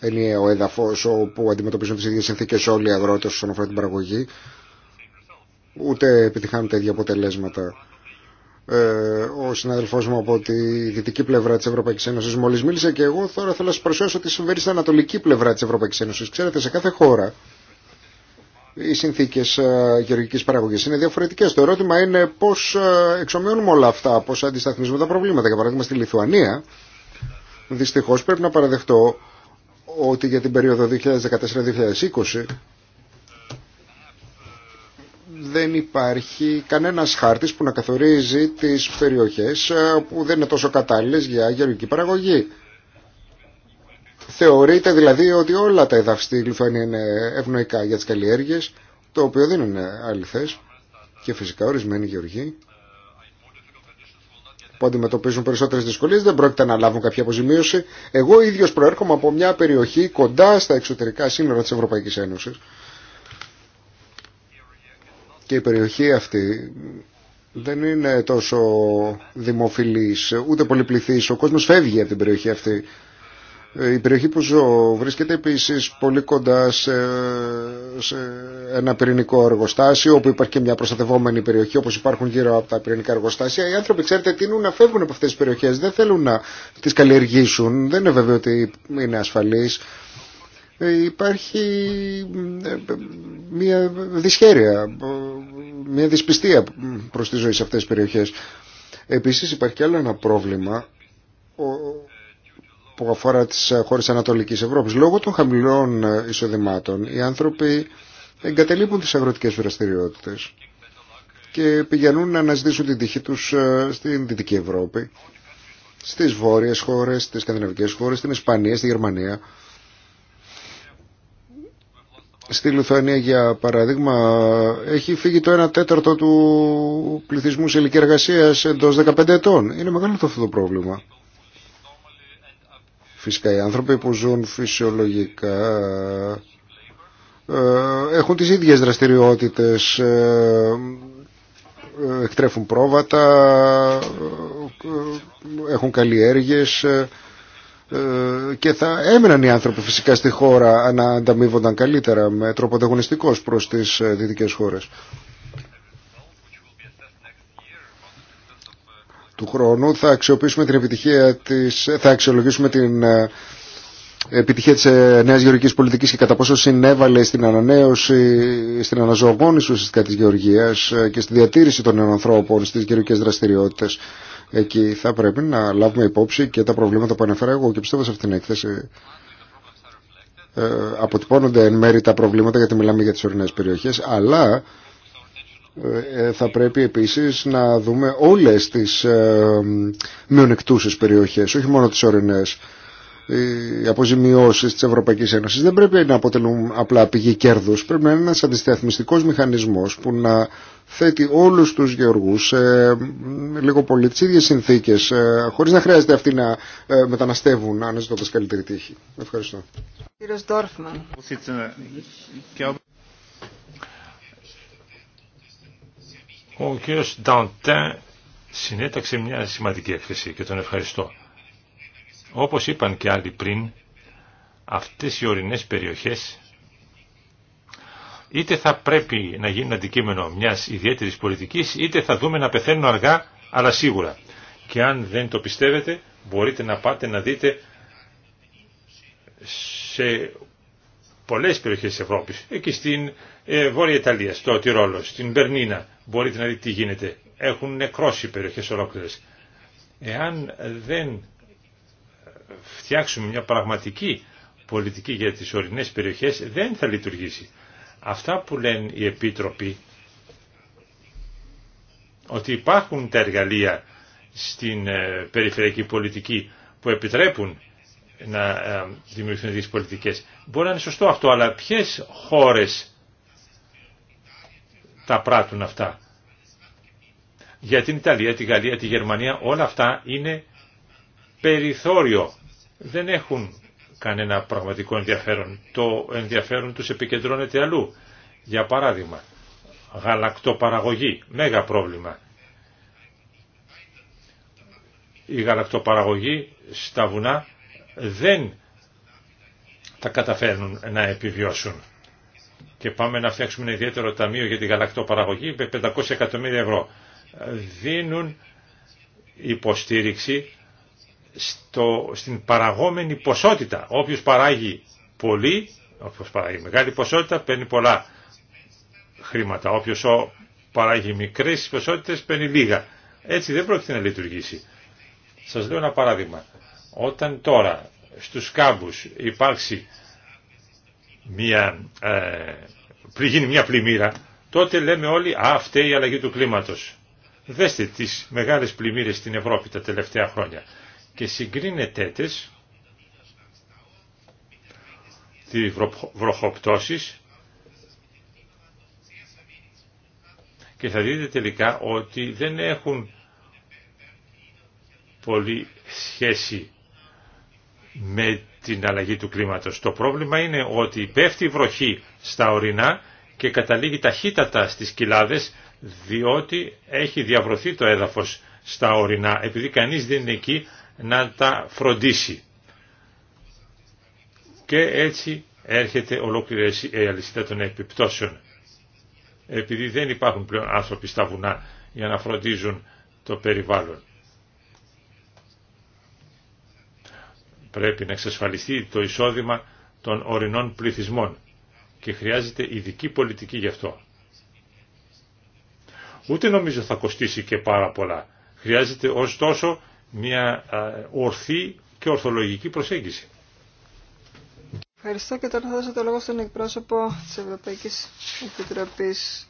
C: ενιαίο έδαφος όπου αντιμετωπίζουν τις ίδιες συνθήκες όλοι οι αγρότες όσον αφορά την παραγωγή ούτε επιτυχάνουν τα ίδια αποτελέσματα. Ε, ο συναδελφός μου από τη δυτική πλευρά της Ευρωπαϊκής Ένωσης μόλις μίλησε και εγώ τώρα θέλω να σας παρουσιάσω ότι συμβαίνει στην ανατολική πλευρά της Ευρωπαϊκής Ένωσης. Ξέρετε, σε κάθε χώρα οι συνθήκες ε, γεωργικής παραγωγής είναι διαφορετικές. Το ερώτημα είναι πώς ε, εξομοιώνουμε όλα αυτά, πώς αντισταθμίζουμε τα προβλήματα. Για παράδειγμα στη Λιθουανία, δυστυχώς πρέπει να παραδεχτώ ότι για την περίοδο 2014-2020 δεν υπάρχει κανένας χάρτης που να καθορίζει τις περιοχές ε, που δεν είναι τόσο κατάλληλες για γεωργική παραγωγή. Θεωρείται δηλαδή ότι όλα τα εδάφη στη Λιθουανία είναι ευνοϊκά για τις καλλιέργειες, το οποίο δεν είναι αληθές και φυσικά ορισμένοι γεωργοί που αντιμετωπίζουν περισσότερες δυσκολίες δεν πρόκειται να λάβουν κάποια αποζημίωση. Εγώ ίδιος προέρχομαι από μια περιοχή κοντά στα εξωτερικά σύνορα της Ευρωπαϊκής Ένωσης και η περιοχή αυτή δεν είναι τόσο δημοφιλής, ούτε πολυπληθής. Ο κόσμος φεύγει από την περιοχή αυτή. Ε, η περιοχή που ζω βρίσκεται επίσης πολύ κοντά σε, ένα πυρηνικό εργοστάσιο όπου υπάρχει και μια προστατευόμενη περιοχή όπως υπάρχουν γύρω από τα πυρηνικά εργοστάσια. Οι άνθρωποι ξέρετε τείνουν να φεύγουν από αυτές τις περιοχές, δεν θέλουν να τις καλλιεργήσουν, δεν είναι βέβαιο ότι είναι ασφαλείς υπάρχει ε, μια δυσχέρεια, μια δυσπιστία προς τη ζωή σε αυτές τις περιοχές. Επίσης υπάρχει και άλλο ένα πρόβλημα που αφορά τις χώρες Ανατολικής Ευρώπης. Λόγω των χαμηλών ε, εισοδημάτων οι άνθρωποι εγκαταλείπουν τις αγροτικές δραστηριότητε και πηγαίνουν να αναζητήσουν την τύχη τους ε, στην Δυτική Ευρώπη, στις βόρειες χώρες, στις σκανδιναβικές χώρες, στην Ισπανία, στη Γερμανία. Στη Λουθανία, για παράδειγμα, έχει φύγει το 1 τέταρτο του πληθυσμού σε ηλικία εργασία εντό 15 ετών. Είναι μεγάλο το αυτό το πρόβλημα. Φυσικά οι άνθρωποι που ζουν φυσιολογικά ε, έχουν τις ίδιες δραστηριότητες, ε, ε, εκτρέφουν πρόβατα, έχουν καλλιέργειες, ε, και θα έμεναν οι άνθρωποι φυσικά στη χώρα να ανταμείβονταν καλύτερα με τρόπο ανταγωνιστικό προς τις ε, δυτικές χώρες. Του χρόνου θα αξιοποιήσουμε την επιτυχία της, θα αξιολογήσουμε την ε, επιτυχία της νέας γεωργικής πολιτικής και κατά πόσο συνέβαλε στην ανανέωση, στην αναζωογόνηση ουσιαστικά της γεωργίας και στη διατήρηση των ανθρώπων στις γεωργικές δραστηριότητες εκεί θα πρέπει να λάβουμε υπόψη και τα προβλήματα που ανέφερα εγώ και πιστεύω σε αυτήν την έκθεση ε, αποτυπώνονται εν μέρη τα προβλήματα γιατί μιλάμε για τις ορεινές περιοχές αλλά ε, θα πρέπει επίσης να δούμε όλες τις ε, μειονεκτούσες περιοχές όχι μόνο τις ορεινές οι αποζημιώσεις της Ευρωπαϊκής Ένωσης δεν πρέπει να αποτελούν απλά πηγή κέρδους. Πρέπει να είναι ένας αντισταθμιστικός μηχανισμός που να θέτει όλους τους γεωργούς ε, λίγο πολύ τις ίδιες συνθήκες ε, χωρίς να χρειάζεται αυτοί να ε, μεταναστεύουν αναζητώντας καλύτερη τύχη. Ευχαριστώ.
B: Ντόρφμαν.
A: Ο κύριο Νταντέν συνέταξε μια σημαντική έκθεση και τον ευχαριστώ. Όπως είπαν και άλλοι πριν, αυτές οι ορεινές περιοχές είτε θα πρέπει να γίνουν αντικείμενο μιας ιδιαίτερης πολιτικής, είτε θα δούμε να πεθαίνουν αργά, αλλά σίγουρα. Και αν δεν το πιστεύετε, μπορείτε να πάτε να δείτε σε πολλές περιοχές της Ευρώπης, εκεί στην ε, Βόρεια Ιταλία, στο Τυρόλο, στην Μπερνίνα, μπορείτε να δείτε τι γίνεται. Έχουν νεκρώσει περιοχές ολόκληρες. Εάν δεν φτιάξουμε μια πραγματική πολιτική για τις ορεινές περιοχές δεν θα λειτουργήσει. Αυτά που λένε οι επίτροποι ότι υπάρχουν τα εργαλεία στην ε, περιφερειακή πολιτική που επιτρέπουν να ε, δημιουργηθούν τις πολιτικές. Μπορεί να είναι σωστό αυτό, αλλά ποιες χώρες τα πράττουν αυτά. Για την Ιταλία, τη Γαλλία, τη Γερμανία, όλα αυτά είναι περιθώριο δεν έχουν κανένα πραγματικό ενδιαφέρον. Το ενδιαφέρον τους επικεντρώνεται αλλού. Για παράδειγμα, γαλακτοπαραγωγή, μέγα πρόβλημα. Η γαλακτοπαραγωγή στα βουνά δεν τα καταφέρνουν να επιβιώσουν. Και πάμε να φτιάξουμε ένα ιδιαίτερο ταμείο για τη γαλακτοπαραγωγή με 500 εκατομμύρια ευρώ. Δίνουν υποστήριξη στο, στην παραγόμενη ποσότητα. Όποιος παράγει πολύ, όποιος παράγει μεγάλη ποσότητα, παίρνει πολλά χρήματα. Όποιος παράγει μικρές ποσότητες, παίρνει λίγα. Έτσι δεν πρόκειται να λειτουργήσει. Σας λέω ένα παράδειγμα. Όταν τώρα στους κάμπους υπάρχει μια, ε, γίνει μια πλημμύρα, τότε λέμε όλοι «Α, αυτή η αλλαγή του κλίματος». Δέστε τις μεγάλες πλημμύρες στην Ευρώπη τα τελευταία χρόνια και συγκρίνεται τις τη βροχοπτώσεις και θα δείτε τελικά ότι δεν έχουν πολύ σχέση με την αλλαγή του κλίματος. Το πρόβλημα είναι ότι πέφτει η βροχή στα ορεινά και καταλήγει ταχύτατα στις κοιλάδες διότι έχει διαβρωθεί το έδαφος στα ορεινά επειδή κανείς δεν είναι εκεί να τα φροντίσει. Και έτσι έρχεται ολόκληρη η αλυσίδα των επιπτώσεων. Επειδή δεν υπάρχουν πλέον άνθρωποι στα βουνά για να φροντίζουν το περιβάλλον. Πρέπει να εξασφαλιστεί το εισόδημα των ορεινών πληθυσμών και χρειάζεται ειδική πολιτική γι' αυτό. Ούτε νομίζω θα κοστίσει και πάρα πολλά. Χρειάζεται ωστόσο μια ορθή και ορθολογική προσέγγιση.
B: Ευχαριστώ και τώρα θα δώσω το λόγο στον εκπρόσωπο της Ευρωπαϊκής Επιτροπής,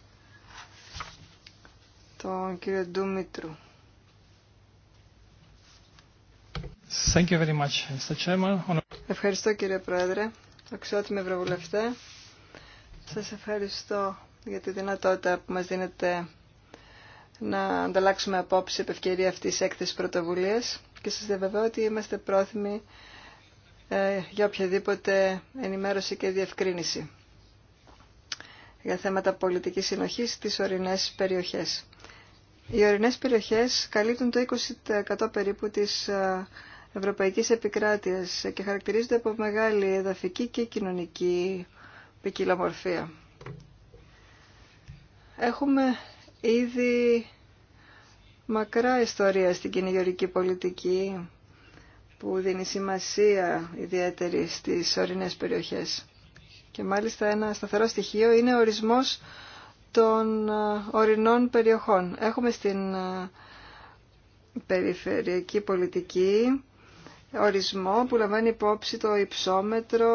B: τον κύριο Ντούμητρου.
A: Thank you very much,
B: Ευχαριστώ κύριε Πρόεδρε, αξιότιμη Ευρωβουλευτέ. Σας ευχαριστώ για τη δυνατότητα που μας δίνετε να ανταλλάξουμε απόψη επ' ευκαιρία αυτής της έκθεσης πρωτοβουλίας και σας διαβεβαιώ ότι είμαστε πρόθυμοι ε, για οποιαδήποτε ενημέρωση και διευκρίνηση για θέματα πολιτικής συνοχής στις ορεινές περιοχές. Οι ορεινές περιοχές καλύπτουν το 20% περίπου της ε, ευρωπαϊκής επικράτειας και χαρακτηρίζονται από μεγάλη εδαφική και κοινωνική ποικιλομορφία. Έχουμε ήδη μακρά ιστορία στην κυνηγιορική πολιτική που δίνει σημασία ιδιαίτερη στις ορεινές περιοχές. Και μάλιστα ένα σταθερό στοιχείο είναι ο ορισμός των ε, ορεινών περιοχών. Έχουμε στην ε, περιφερειακή πολιτική ορισμό που λαμβάνει υπόψη το υψόμετρο,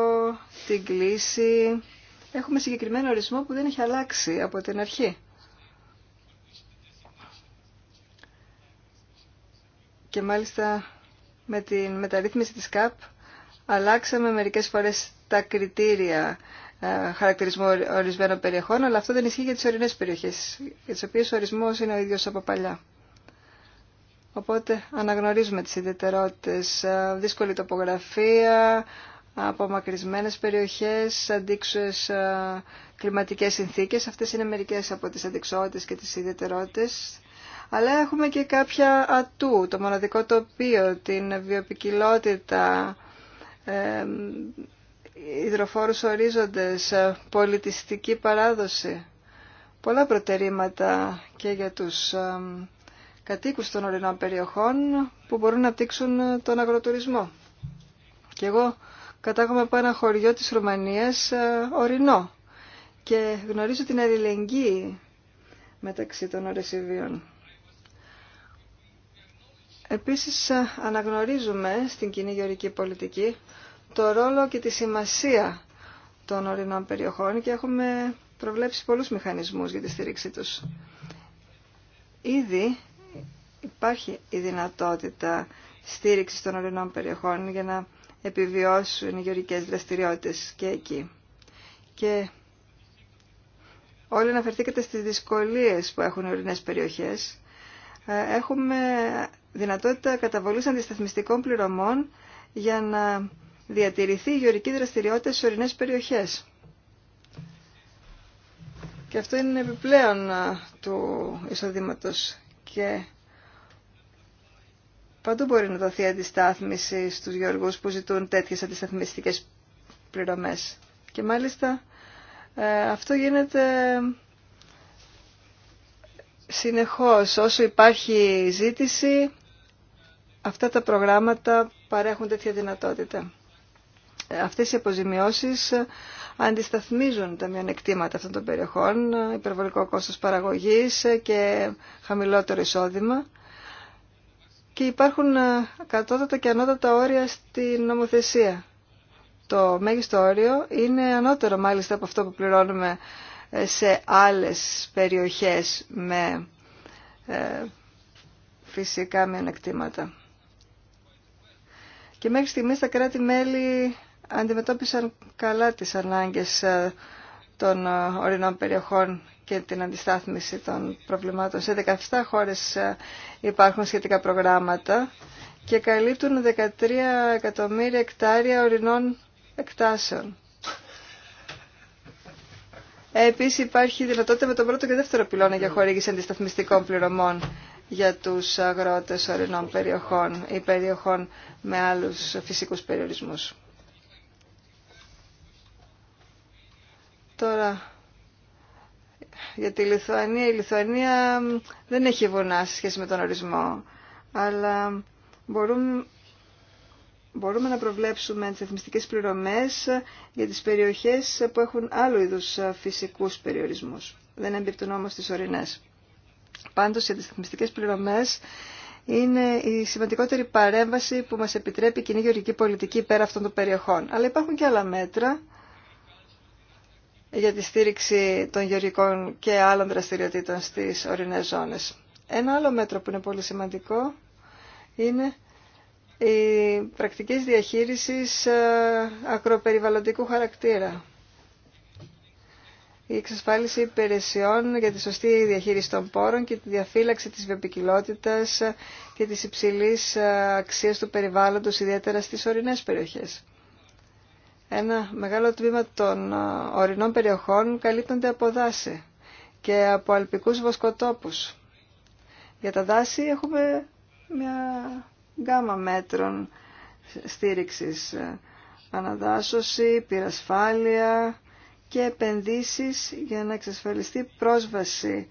B: την κλίση. Έχουμε συγκεκριμένο ορισμό που δεν έχει αλλάξει από την αρχή. Και μάλιστα με την μεταρρύθμιση της ΚΑΠ αλλάξαμε μερικές φορές τα κριτήρια ε, χαρακτηρισμού ορισμένων περιοχών, αλλά αυτό δεν ισχύει για τις ορεινές περιοχές, για τις οποίες ο ορισμός είναι ο ίδιος από παλιά. Οπότε αναγνωρίζουμε τις ιδιαιτερότητες, ε, δύσκολη τοπογραφία, απομακρυσμένες περιοχές, αντίξουες ε, κλιματικές συνθήκες. Αυτές είναι μερικές από τις αντικσότητες και τις ιδιαιτερότητες αλλά έχουμε και κάποια ατού, το μοναδικό τοπίο, την βιοπικιλότητα, ε, υδροφόρους ορίζοντες, πολιτιστική παράδοση. Πολλά προτερήματα και για τους κατοίκους των ορεινών περιοχών που μπορούν να απτύξουν τον αγροτουρισμό. Και εγώ κατάγομαι από ένα χωριό της Ρουμανίας ε, ορεινό και γνωρίζω την αλληλεγγύη μεταξύ των ορεσιβίων. Επίσης ε, αναγνωρίζουμε στην κοινή γεωρική πολιτική το ρόλο και τη σημασία των ορεινών περιοχών και έχουμε προβλέψει πολλούς μηχανισμούς για τη στήριξή τους. Ήδη υπάρχει η δυνατότητα στήριξης των ορεινών περιοχών για να επιβιώσουν οι γεωρικές δραστηριότητες και εκεί. Και όλοι αναφερθήκατε στις δυσκολίες που έχουν οι ορεινές περιοχές. Ε, έχουμε δυνατότητα καταβολής αντισταθμιστικών πληρωμών για να διατηρηθεί η γεωρική δραστηριότητα στις ορεινές περιοχές. Και αυτό είναι επιπλέον του εισοδήματος και παντού μπορεί να δοθεί αντιστάθμιση στους γεωργούς που ζητούν τέτοιες αντισταθμιστικές πληρωμές. Και μάλιστα ε, αυτό γίνεται συνεχώς. Όσο υπάρχει ζήτηση αυτά τα προγράμματα παρέχουν τέτοια δυνατότητα. Αυτές οι αποζημιώσεις αντισταθμίζουν τα μειονεκτήματα αυτών των περιοχών, υπερβολικό κόστος παραγωγής και χαμηλότερο εισόδημα. Και υπάρχουν κατώτατα και ανώτατα όρια στην νομοθεσία. Το μέγιστο όριο είναι ανώτερο μάλιστα από αυτό που πληρώνουμε ε, σε άλλες περιοχές με ε, φυσικά μειονεκτήματα. Και μέχρι στιγμής τα κράτη-μέλη αντιμετώπισαν καλά τις ανάγκες ε, των ε, ορεινών περιοχών και την αντιστάθμιση των προβλημάτων. Σε 17 χώρες ε, υπάρχουν σχετικά προγράμματα και καλύπτουν 13 εκατομμύρια εκτάρια ορεινών εκτάσεων. Επίσης υπάρχει δυνατότητα με τον πρώτο και δεύτερο πυλώνα για χορήγηση αντισταθμιστικών πληρωμών για τους αγρότες ορεινών περιοχών ή περιοχών με άλλους φυσικούς περιορισμούς. Τώρα, για τη Λιθουανία. Η Λιθουανία δεν έχει βουνά σε σχέση με τον ορισμό, αλλά μπορούμε, μπορούμε να προβλέψουμε τις εθνιστικές πληρωμές για τις περιοχές που έχουν άλλου είδους φυσικούς περιορισμούς. Δεν εμπίπτουν όμως τις ορεινές. Πάντως οι αντισταθμιστικές πληρωμές είναι η σημαντικότερη παρέμβαση που μας επιτρέπει η κοινή γεωργική πολιτική πέρα αυτών των περιοχών. Αλλά υπάρχουν και άλλα μέτρα για τη στήριξη των γεωργικών και άλλων δραστηριοτήτων στις ορεινές ζώνες. Ένα άλλο μέτρο που είναι πολύ σημαντικό είναι η πρακτική διαχείρισης ε, ακροπεριβαλλοντικού χαρακτήρα η εξασφάλιση υπηρεσιών για τη σωστή διαχείριση των πόρων και τη διαφύλαξη της βιοπικιλότητας και της υψηλής ε, αξίας του περιβάλλοντος, ιδιαίτερα στις ορεινές περιοχές. Ένα μεγάλο τμήμα των ε, ορεινών περιοχών καλύπτονται από δάση και από αλπικούς βοσκοτόπους. Για τα δάση έχουμε μια γκάμα μέτρων στήριξης. Αναδάσωση, πυρασφάλεια, και επενδύσεις για να εξασφαλιστεί πρόσβαση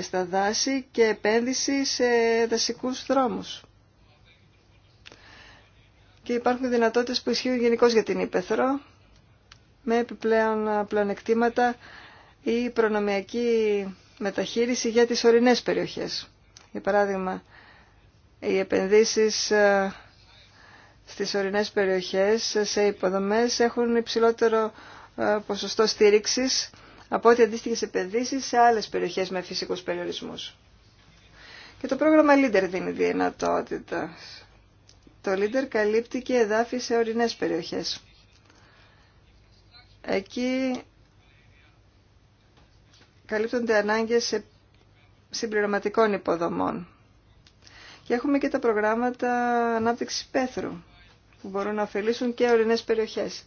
B: στα δάση και επένδυση σε δασικούς δρόμους. Και υπάρχουν δυνατότητες που ισχύουν γενικώ για την Ήπεθρο, με επιπλέον πλεονεκτήματα ή προνομιακή μεταχείριση για τις ορεινές περιοχές. Για παράδειγμα, οι επενδύσεις ε, στις ορεινές περιοχές σε υποδομές έχουν υψηλότερο ε, ποσοστό στήριξης από ό,τι αντίστοιχε επενδύσει σε άλλες περιοχές με φυσικούς περιορισμούς. Και το πρόγραμμα Leader δίνει δυνατότητα. Το Leader καλύπτει και εδάφη σε ορεινέ περιοχές. Εκεί καλύπτονται ανάγκες συμπληρωματικών υποδομών. Και έχουμε και τα προγράμματα ανάπτυξης πέθρου που μπορούν να ωφελήσουν και ορεινές περιοχές.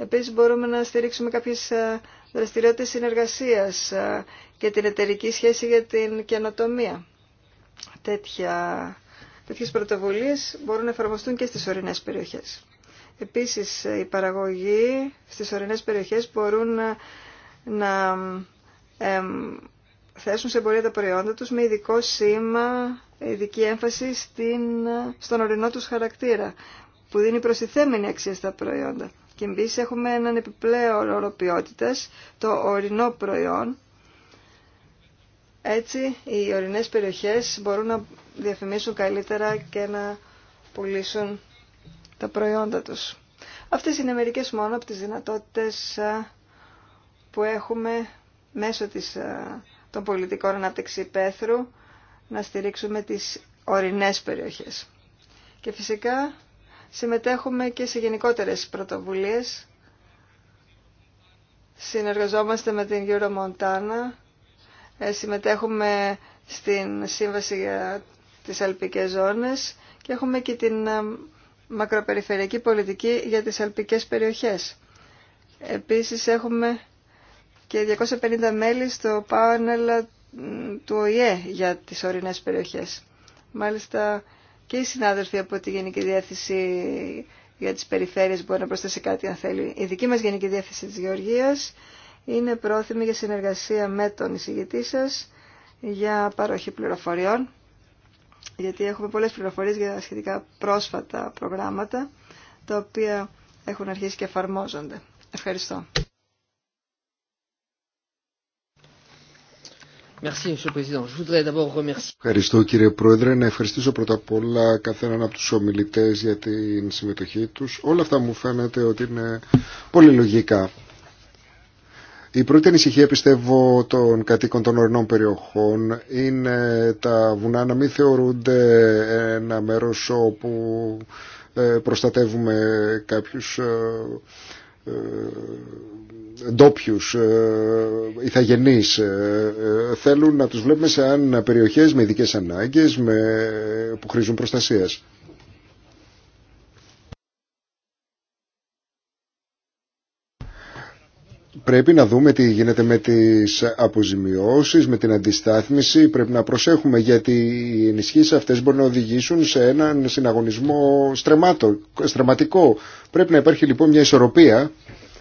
B: Επίσης μπορούμε να στηρίξουμε κάποιες ε, δραστηριότητες συνεργασίας ε, και την εταιρική σχέση για την καινοτομία. Τέτοια, τέτοιες πρωτοβουλίες μπορούν να εφαρμοστούν και στις ορεινές περιοχές. Επίσης, οι ε, παραγωγοί στις ορεινές περιοχές μπορούν να, θέσουν σε εμπορία τα προϊόντα τους με ειδικό σήμα, ειδική έμφαση στον ορεινό τους χαρακτήρα, που δίνει προστιθέμενη αξία στα προϊόντα και εμείς έχουμε έναν επιπλέον όρο ποιότητας, το ορεινό προϊόν. Έτσι οι ορινές περιοχές μπορούν να διαφημίσουν καλύτερα και να πουλήσουν τα προϊόντα τους. Αυτές είναι μερικές μόνο από τις δυνατότητες που έχουμε μέσω της, των πολιτικών ανάπτυξη υπαίθρου να στηρίξουμε τις ορεινές περιοχές. Και φυσικά συμμετέχουμε και σε γενικότερες πρωτοβουλίες. Συνεργαζόμαστε με την Μοντάνα. Ε, συμμετέχουμε στην Σύμβαση για τις Αλπικές Ζώνες και έχουμε και την ε, μακροπεριφερειακή πολιτική για τις αλπικές περιοχές. Επίσης έχουμε και 250 μέλη στο πάνελ του ΟΗΕ για τις ορεινές περιοχές. Μάλιστα και οι συνάδελφοι από τη Γενική Διεύθυνση για τις Περιφέρειες μπορεί να προσθέσει κάτι αν θέλει. Η δική μας Γενική Διεύθυνση της Γεωργίας είναι πρόθυμη για συνεργασία με τον εισηγητή σας για παροχή πληροφοριών, γιατί έχουμε πολλές πληροφορίες για σχετικά πρόσφατα προγράμματα, τα οποία έχουν αρχίσει και εφαρμόζονται. Ευχαριστώ.
C: Ευχαριστώ κύριε Πρόεδρε. Να ευχαριστήσω πρώτα απ' όλα καθέναν από τους ομιλητές για την συμμετοχή τους. Όλα αυτά μου φαίνεται ότι είναι πολύ λογικά. Η πρώτη ανησυχία πιστεύω των κατοίκων των ορεινών περιοχών είναι τα βουνά να μην θεωρούνται ένα μέρος όπου ε, προστατεύουμε κάποιους ε, ε, ντόπιου, ε, ηθαγενεί. Ε, θέλουν να του βλέπουμε σε αν περιοχέ με ειδικέ ανάγκε που χρήζουν προστασία. Πρέπει να δούμε τι γίνεται με τις αποζημιώσεις, με την αντιστάθμιση. Πρέπει να προσέχουμε γιατί οι ενισχύσεις αυτές μπορούν να οδηγήσουν σε έναν συναγωνισμό στρεμάτο, στρεματικό. Πρέπει να υπάρχει λοιπόν μια ισορροπία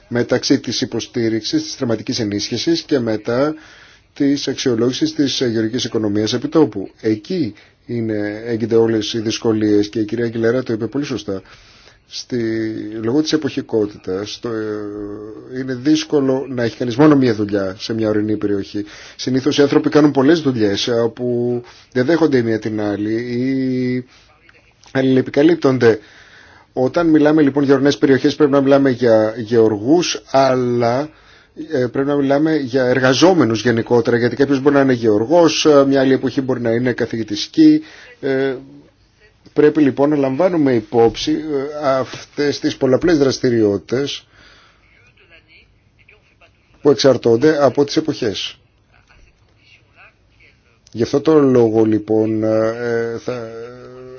C: μεταξύ της υποστήριξης, της στρεματικής ενίσχυσης και μετά της αξιολόγησης της γεωργικής οικονομίας επιτόπου. Εκεί είναι, έγκυται όλες οι δυσκολίες και η κυρία Αγγιλέρα το είπε πολύ σωστά στη, λόγω της εποχικότητας το, ε, είναι δύσκολο να έχει κανείς μόνο μία δουλειά σε μια ορεινή περιοχή. Συνήθως οι άνθρωποι κάνουν πολλές δουλειές ε, όπου δεν δέχονται η μία την άλλη ή αλληλεπικαλύπτονται. Όταν μιλάμε λοιπόν για ορεινές περιοχές πρέπει να μιλάμε για γεωργούς αλλά ε, πρέπει να μιλάμε για εργαζόμενους γενικότερα, γιατί κάποιος μπορεί να είναι γεωργός, μια άλλη εποχή μπορεί να είναι καθηγητισκή, Πρέπει λοιπόν να λαμβάνουμε υπόψη ε, αυτές τις πολλαπλές δραστηριότητες που εξαρτώνται από τις εποχές. Γι' αυτό το λόγο λοιπόν ε, ε, θα,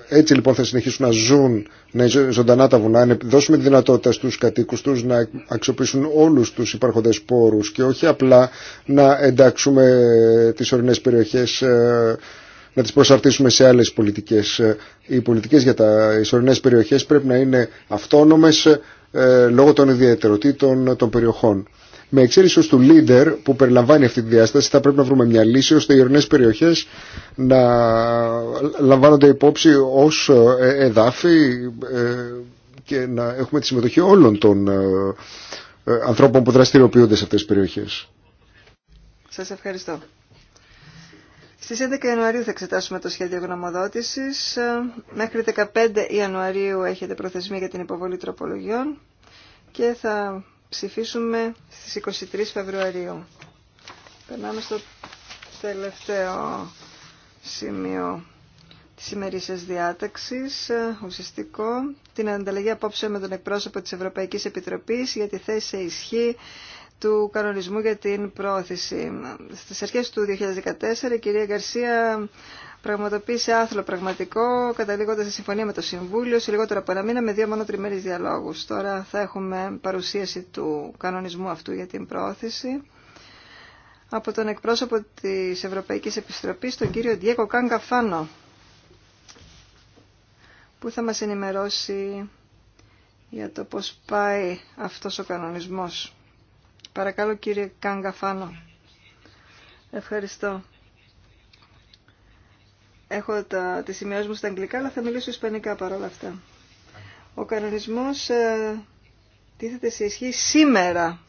C: έτσι λοιπόν θα συνεχίσουν να ζουν να ζωντανά τα βουνά, να δώσουμε τη δυνατότητα στους κατοίκους τους να αξιοποιήσουν όλους τους υπάρχοντες πόρους και όχι απλά να εντάξουμε τις ορεινές περιοχές να τις προσαρτήσουμε σε άλλες πολιτικές. Ε, οι πολιτικές για τα ισορρινές περιοχές πρέπει να είναι αυτόνομες ε, λόγω των ιδιαιτεροτήτων των περιοχών. Με εξαίρεση ως του leader που περιλαμβάνει αυτή τη διάσταση θα πρέπει να βρούμε μια λύση ώστε οι ορεινές περιοχές να λαμβάνονται υπόψη ως ε, εδάφη και να έχουμε τη συμμετοχή όλων των ανθρώπων που δραστηριοποιούνται σε αυτές τις περιοχές.
B: Σας ευχαριστώ. Στις 11 Ιανουαρίου θα εξετάσουμε το σχέδιο γνωμοδότησης. Ε, μέχρι 15 Ιανουαρίου έχετε προθεσμία για την υποβολή τροπολογιών και θα ψηφίσουμε στις 23 Φεβρουαρίου. Περνάμε στο τελευταίο σημείο τη ημερήσια διάταξη, ε, ουσιαστικό, την ανταλλαγή απόψε με τον εκπρόσωπο της Ευρωπαϊκής Επιτροπή για τη θέση σε ισχύ του κανονισμού για την πρόθεση. Στις αρχές του 2014 η κυρία Γκαρσία πραγματοποίησε άθλο πραγματικό, καταλήγοντας σε συμφωνία με το Συμβούλιο σε λιγότερο από ένα μήνα με δύο μόνο τριμέρες διαλόγους. Τώρα θα έχουμε παρουσίαση του κανονισμού αυτού για την πρόθεση από τον εκπρόσωπο της Ευρωπαϊκής Επιστροπής, τον κύριο Διέκο Κάνκαφάνο που θα μας ενημερώσει για το πώς πάει αυτός ο κανονισμός. Παρακαλώ κύριε Καγκαφάνο. Ευχαριστώ. Έχω τα, τις σημειώσεις μου στα αγγλικά, αλλά θα μιλήσω ισπανικά παρόλα αυτά. Ο κανονισμός ε, τίθεται σε ισχύ σήμερα.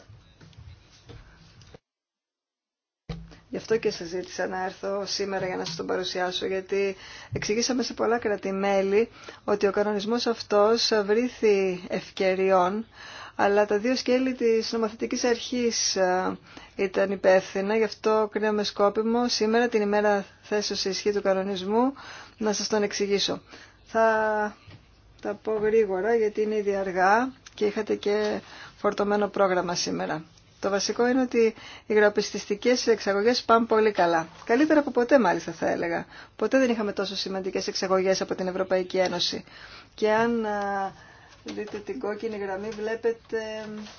B: Γι' αυτό και σας ζήτησα να έρθω σήμερα για να σας τον παρουσιάσω, γιατί εξηγήσαμε σε πολλά κρατημέλη ότι ο κανονισμός αυτός βρήθη ευκαιριών αλλά τα δύο σκέλη της νομοθετικής αρχής ε, ήταν υπεύθυνα, γι' αυτό κρίνομαι σκόπιμο σήμερα την ημέρα σε ισχύ του κανονισμού να σας τον εξηγήσω. Θα τα πω γρήγορα γιατί είναι ήδη αργά και είχατε και φορτωμένο πρόγραμμα σήμερα. Το βασικό είναι ότι οι γραπιστιστικέ εξαγωγέ πάνε πολύ καλά. Καλύτερα από ποτέ, μάλιστα, θα έλεγα. Ποτέ δεν είχαμε τόσο σημαντικέ εξαγωγέ από την Ευρωπαϊκή Ένωση. Και αν ε, δείτε την κόκκινη γραμμή βλέπετε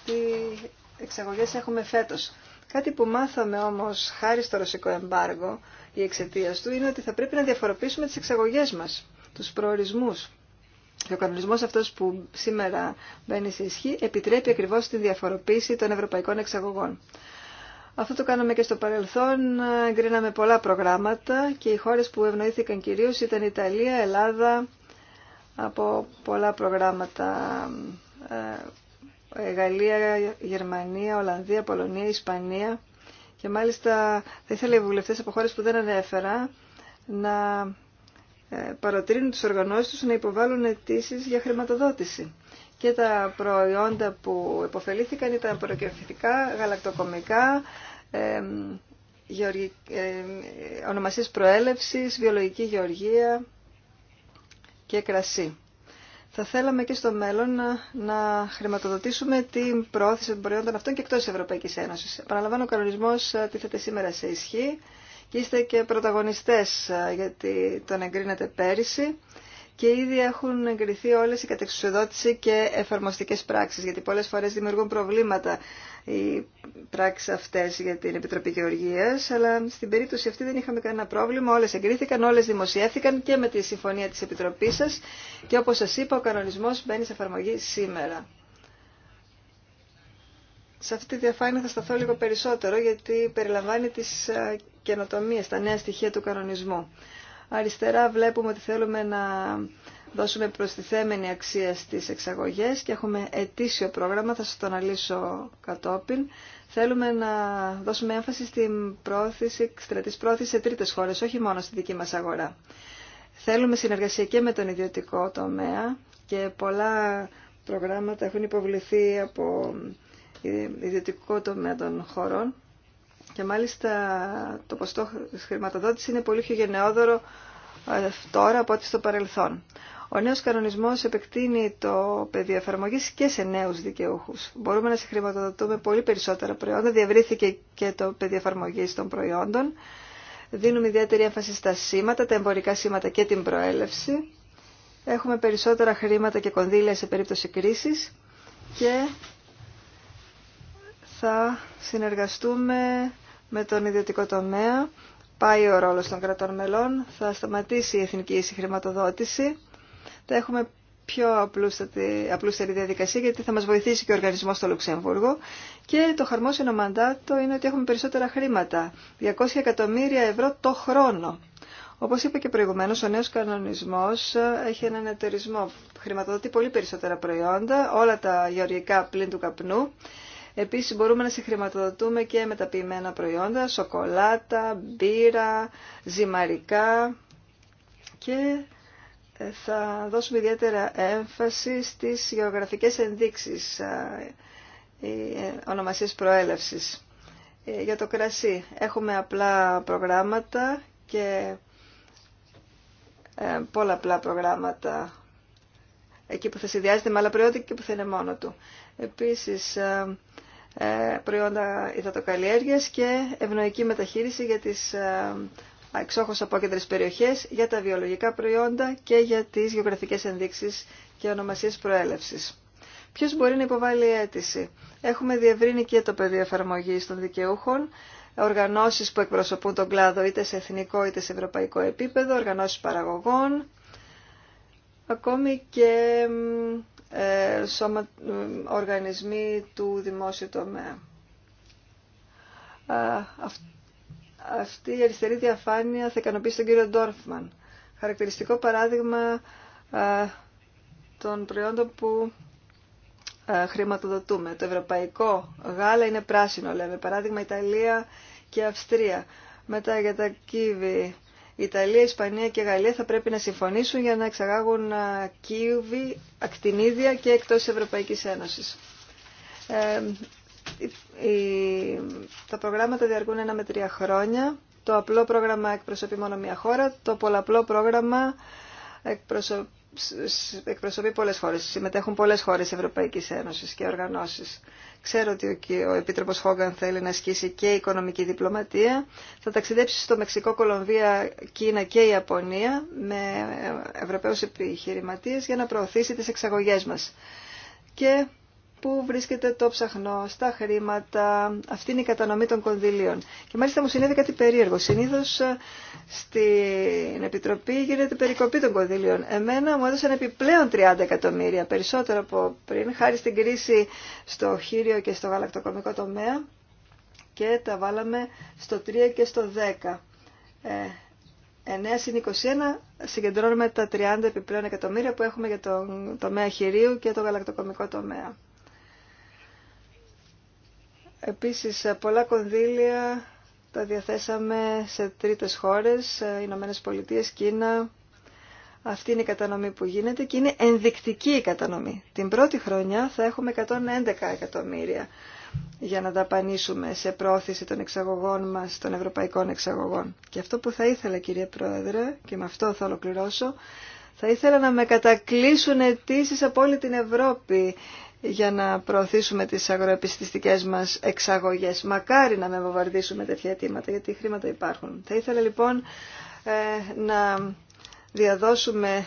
B: τι εξαγωγές έχουμε φέτος. Κάτι που μάθαμε όμως χάρη στο ρωσικό εμπάργο ή εξαιτία του είναι ότι θα πρέπει να διαφοροποιήσουμε τις εξαγωγές μας, τους προορισμούς. Και ο κανονισμό αυτό που σήμερα μπαίνει σε ισχύ επιτρέπει ακριβώ τη διαφοροποίηση των ευρωπαϊκών εξαγωγών. Αυτό το κάναμε και στο παρελθόν. Εγκρίναμε πολλά προγράμματα και οι χώρε που ευνοήθηκαν κυρίω ήταν Ιταλία, Ελλάδα, από πολλά προγράμματα ε, ε, Γαλλία, Γερμανία, Ολλανδία, Πολωνία, Ισπανία και μάλιστα θα ήθελα οι βουλευτές από χώρες που δεν ανέφερα να ε, παροτρύνουν τους οργανώσεις τους να υποβάλουν αιτήσει για χρηματοδότηση. Και τα προϊόντα που υποφελήθηκαν ήταν προκεφητικά, γαλακτοκομικά, ε, προέλευση, ονομασίες προέλευσης, βιολογική γεωργία και κρασί. Θα θέλαμε και στο μέλλον να, να χρηματοδοτήσουμε την προώθηση των προϊόντων αυτών και εκτό Ευρωπαϊκής Ένωσης. Παραλαμβάνω ο κανονισμό ε, τίθεται σήμερα σε ισχύ και είστε και πρωταγωνιστές ε, γιατί τον εγκρίνατε πέρυσι και ήδη έχουν εγκριθεί όλε οι κατεξουσιοδότηση και εφαρμοστικέ πράξει, γιατί πολλέ φορέ δημιουργούν προβλήματα οι πράξει αυτέ για την Επιτροπή Γεωργία. αλλά στην περίπτωση αυτή δεν είχαμε κανένα πρόβλημα, Όλε εγκρίθηκαν, όλε δημοσιεύθηκαν και με τη συμφωνία τη Επιτροπή σα και όπω σα είπα ο κανονισμό μπαίνει σε εφαρμογή σήμερα. Σε αυτή τη διαφάνεια θα σταθώ λίγο περισσότερο γιατί περιλαμβάνει τις ε, καινοτομίες, τα νέα στοιχεία του κανονισμού αριστερά βλέπουμε ότι θέλουμε να δώσουμε προστιθέμενη αξία στις εξαγωγές και έχουμε ετήσιο πρόγραμμα, θα σας το αναλύσω κατόπιν. Θέλουμε να δώσουμε έμφαση στην πρόθεση, στρατής πρόθεση σε τρίτες χώρες, όχι μόνο στη δική μας αγορά. Θέλουμε συνεργασία και με τον ιδιωτικό τομέα και πολλά προγράμματα έχουν υποβληθεί από ιδιωτικό τομέα των χωρών και μάλιστα το ποστό χρηματοδότηση είναι πολύ πιο γενναιόδωρο ε, τώρα από ό,τι στο παρελθόν. Ο νέος κανονισμός επεκτείνει το πεδίο εφαρμογή και σε νέους δικαιούχους. Μπορούμε να συγχρηματοδοτούμε πολύ περισσότερα προϊόντα. Διαβρύθηκε και το πεδίο εφαρμογή των προϊόντων. Δίνουμε ιδιαίτερη έμφαση στα σήματα, τα εμπορικά σήματα και την προέλευση. Έχουμε περισσότερα χρήματα και κονδύλια σε περίπτωση κρίση και θα συνεργαστούμε με τον ιδιωτικό τομέα. Πάει ο ρόλος των κρατών μελών, θα σταματήσει η εθνική συγχρηματοδότηση. Θα έχουμε πιο απλούστατη, απλούστερη διαδικασία γιατί θα μας βοηθήσει και ο οργανισμός στο Λουξεμβούργο και το χαρμόσυνο μαντάτο είναι ότι έχουμε περισσότερα χρήματα, 200 εκατομμύρια ευρώ το χρόνο. Όπως είπα και προηγουμένως, ο νέος κανονισμός έχει έναν εταιρισμό. Χρηματοδοτεί πολύ περισσότερα προϊόντα, όλα τα γεωργικά πλην του καπνού Επίσης μπορούμε να συγχρηματοδοτούμε και με τα ποιημένα προϊόντα, σοκολάτα, μπύρα, ζυμαρικά και ε, θα δώσουμε ιδιαίτερα έμφαση στις γεωγραφικές ενδείξεις, ε, ονομασίες προέλευσης. Ε, για το κρασί έχουμε απλά προγράμματα και πολλαπλά προγράμματα εκεί που θα συνδυάζεται με άλλα προϊόντα και που θα είναι μόνο του. Επίσης ε, προϊόντα υδατοκαλλιέργειας και ευνοϊκή μεταχείριση για τις ε, εξόχως απόκεντρες περιοχές, για τα βιολογικά προϊόντα και για τις γεωγραφικές ενδείξεις και ονομασίες προέλευσης. Ποιο μπορεί να υποβάλει αίτηση. Έχουμε διευρύνει και το πεδίο εφαρμογή των δικαιούχων, οργανώσει που εκπροσωπούν τον κλάδο είτε σε εθνικό είτε σε ευρωπαϊκό επίπεδο, οργανώσει παραγωγών, ακόμη και ε, σώμα, ε, οργανισμοί του δημόσιου τομέα. αυτή η αριστερή διαφάνεια θα ικανοποιήσει τον κύριο Ντόρφμαν. Χαρακτηριστικό παράδειγμα ε, των προϊόντων που χρηματοδοτούμε. Το ευρωπαϊκό γάλα είναι πράσινο, λέμε. Παράδειγμα Ιταλία και Αυστρία. Μετά για τα κύβη Ιταλία, Ισπανία και Γαλλία θα πρέπει να συμφωνήσουν για να εξαγάγουν κύβη, ακτινίδια και εκτός Ευρωπαϊκής Ένωσης. Ε, τα προγράμματα διαρκούν ένα με τρία χρόνια. Το απλό πρόγραμμα εκπροσωπεί μόνο μία χώρα. Το πολλαπλό πρόγραμμα εκπροσωπεί πολλές χώρες. Συμμετέχουν πολλές χώρες Ευρωπαϊκής Ένωσης και οργανώσεις. Ξέρω ότι ο Επίτροπος Χόγκαν θέλει να ασκήσει και οικονομική διπλωματία. Θα ταξιδέψει στο Μεξικό, Κολομβία, Κίνα και Ιαπωνία με Ευρωπαίους επιχειρηματίες για να προωθήσει τις εξαγωγές μας. Και Πού βρίσκεται το ψαχνό, στα χρήματα, αυτή είναι η κατανομή των κονδυλίων. Και μάλιστα μου συνέβη κάτι περίεργο. Συνήθω ε, στην Επιτροπή γίνεται περικοπή των κονδυλίων. Εμένα μου έδωσαν επιπλέον 30 εκατομμύρια, περισσότερο από πριν, χάρη στην κρίση στο χείριο και στο γαλακτοκομικό τομέα και τα βάλαμε στο 3 και στο 10. Ε, 9 συν 21 συγκεντρώνουμε τα 30 επιπλέον εκατομμύρια που έχουμε για τον τομέα χειρίου και το γαλακτοκομικό τομέα. Επίσης, πολλά κονδύλια τα διαθέσαμε σε τρίτες χώρες, ε, Ηνωμένε Πολιτείες, Κίνα. Αυτή είναι η κατανομή που γίνεται και είναι ενδεικτική η κατανομή. Την πρώτη χρονιά θα έχουμε 111 εκατομμύρια για να δαπανίσουμε σε πρόθεση των εξαγωγών μας, των ευρωπαϊκών εξαγωγών. Και αυτό που θα ήθελα κύριε Πρόεδρε, και με αυτό θα ολοκληρώσω, θα ήθελα να με κατακλείσουν αιτήσει από όλη την Ευρώπη για να προωθήσουμε τις αγροεπιστηστικές μας εξαγωγές. Μακάρι να με βομβαρδίσουν με τέτοια αιτήματα, γιατί χρήματα υπάρχουν. Θα ήθελα λοιπόν ε, να διαδώσουμε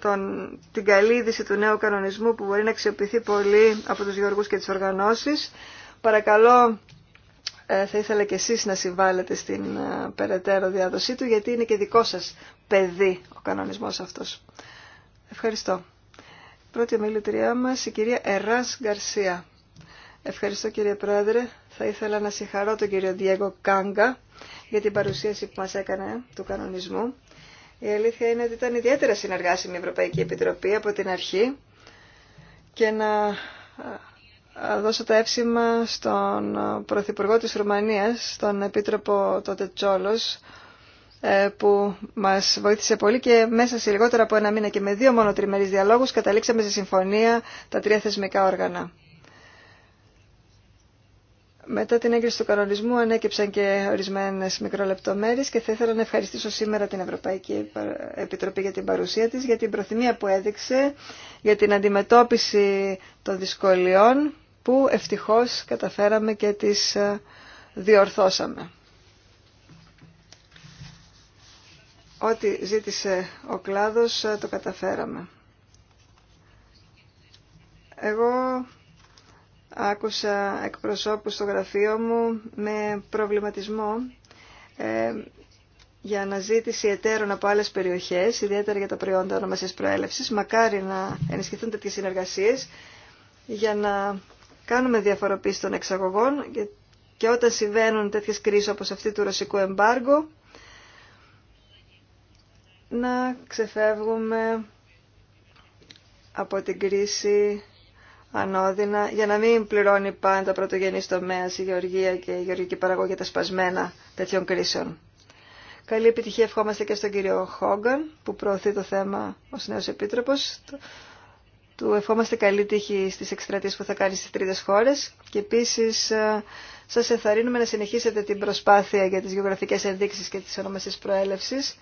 B: τον, την καλή είδηση του νέου κανονισμού που μπορεί να αξιοποιηθεί πολύ από τους γεωργούς και τις οργανώσεις. Παρακαλώ ε, θα ήθελα και εσείς να συμβάλλετε στην ε, περαιτέρω διάδοσή του γιατί είναι και δικό σας παιδί ο κανονισμός αυτός. Ευχαριστώ. Πρώτη ομιλητριά μας η κυρία Εράς Γκαρσία. Ευχαριστώ κύριε Πρόεδρε. Θα ήθελα να συγχαρώ τον κύριο Διέγκο Κάγκα για την παρουσίαση που μας έκανε του κανονισμού. Η αλήθεια είναι ότι ήταν ιδιαίτερα συνεργάσιμη η Ευρωπαϊκή Επιτροπή από την αρχή και να δώσω τα εύσημα στον Πρωθυπουργό της Ρουμανίας, τον Επίτροπο τότε Τσόλος, ε, που μας βοήθησε πολύ και μέσα σε λιγότερο από ένα μήνα και με δύο μόνο τριμερείς διαλόγους καταλήξαμε σε συμφωνία τα τρία θεσμικά όργανα. Μετά την έγκριση του κανονισμού ανέκυψαν και ορισμένες μικρολεπτομέρειες και θα ήθελα να ευχαριστήσω σήμερα την Ευρωπαϊκή Επιτροπή για την παρουσία της, για την προθυμία που έδειξε, για την αντιμετώπιση των δυσκολιών που ευτυχώς καταφέραμε και τις ε, διορθώσαμε. Ό,τι ζήτησε ο κλάδος ε, το καταφέραμε. Εγώ άκουσα εκπροσώπους στο γραφείο μου με προβληματισμό ε, για αναζήτηση εταίρων από άλλες περιοχές, ιδιαίτερα για τα προϊόντα ονομασίας προέλευσης. Μακάρι να ενισχυθούν τέτοιες συνεργασίες για να κάνουμε διαφοροποίηση των εξαγωγών και όταν συμβαίνουν τέτοιες κρίσεις όπως αυτή του ρωσικού εμπάργου να ξεφεύγουμε από την κρίση ανώδυνα για να μην πληρώνει πάντα πρωτογενής τομέας η γεωργία και η γεωργική παραγωγή τα σπασμένα τέτοιων κρίσεων. Καλή επιτυχία ευχόμαστε και στον κύριο Χόγκαν που προωθεί το θέμα ως νέος επίτροπος. Του ευχόμαστε καλή τύχη στις εκστρατείες που θα κάνει στις τρίτες χώρες και επίσης ε, σας ενθαρρύνουμε να συνεχίσετε την προσπάθεια για τις γεωγραφικές ενδείξεις και τις ονομασίες προέλευσης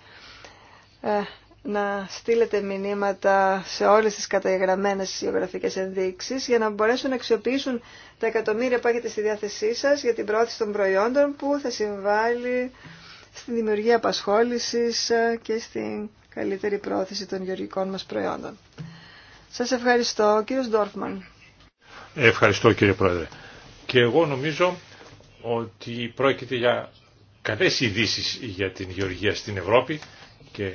B: ε, να στείλετε μηνύματα σε όλες τις καταγεγραμμένες γεωγραφικές ενδείξεις για να μπορέσουν να αξιοποιήσουν τα εκατομμύρια που έχετε στη διάθεσή σας για την πρόθεση των προϊόντων που θα συμβάλλει στη δημιουργία απασχόλησης ε, και στην καλύτερη πρόθεση των γεωργικών μας προϊόντων. Σας ευχαριστώ, κύριος Ντόρφμαν.
A: Ευχαριστώ, κύριε Πρόεδρε. Και εγώ νομίζω ότι πρόκειται για καλές ειδήσει για την γεωργία στην Ευρώπη και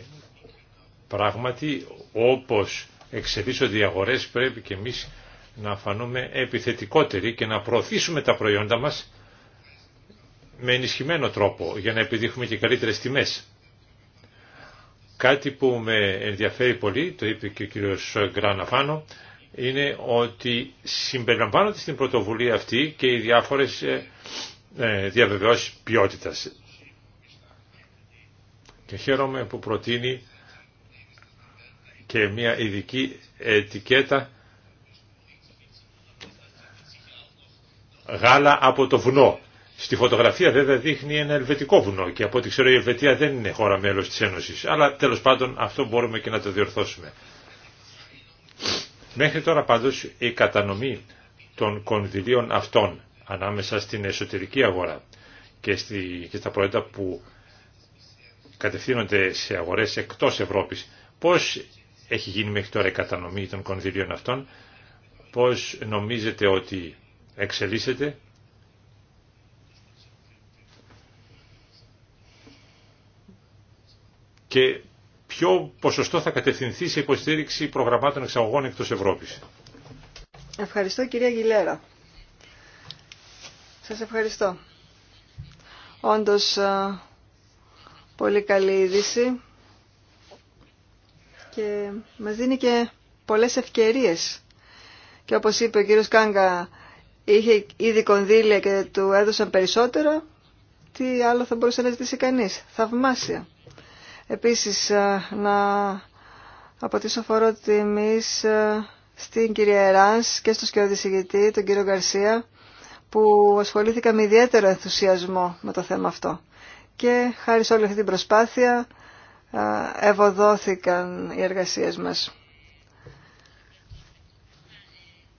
A: πράγματι όπως εξελίσσονται οι αγορές πρέπει και εμείς να φανούμε επιθετικότεροι και να προωθήσουμε τα προϊόντα μας με ενισχυμένο τρόπο για να επιδείχουμε και καλύτερες τιμές. Κάτι που με ενδιαφέρει πολύ, το είπε και ο κύριος Γκραναφάνο, είναι ότι συμπεριλαμβάνονται στην πρωτοβουλία αυτή και οι διάφορες ε, ε, διαβεβαιώσεις ποιότητας. Και χαίρομαι που προτείνει και μια ειδική ετικέτα γάλα από το βουνό. Στη φωτογραφία βέβαια δείχνει ένα ελβετικό βουνό και από ό,τι ξέρω η Ελβετία δεν είναι χώρα μέλος της Ένωσης. Αλλά τέλος πάντων αυτό μπορούμε και να το διορθώσουμε. Μέχρι τώρα πάντως η κατανομή των κονδυλίων αυτών ανάμεσα στην εσωτερική αγορά και, και στα προϊόντα που κατευθύνονται σε αγορές εκτός Ευρώπης. Πώς έχει γίνει μέχρι τώρα η κατανομή των κονδυλίων αυτών, πώς νομίζετε ότι εξελίσσεται. Και ποιο ποσοστό θα κατευθυνθεί σε υποστήριξη προγραμμάτων εξαγωγών εκτός Ευρώπης.
B: Ευχαριστώ κυρία Γιλέρα. Σας ευχαριστώ. Όντως ε, πολύ καλή είδηση και μας δίνει και πολλές ευκαιρίες. Και όπως είπε ο κύριος Κάγκα, είχε ήδη κονδύλια και του έδωσαν περισσότερα, τι άλλο θα μπορούσε να ζητήσει κανείς. Θαυμάσια. Επίσης, να αποτίσω φορό τιμής στην κυρία Εράνς και στο σκιώδη δισηγητή, τον κύριο Γκαρσία, που ασχολήθηκα με ιδιαίτερο ενθουσιασμό με το θέμα αυτό και χάρη σε όλη αυτή την προσπάθεια ευωδόθηκαν οι εργασίες μας.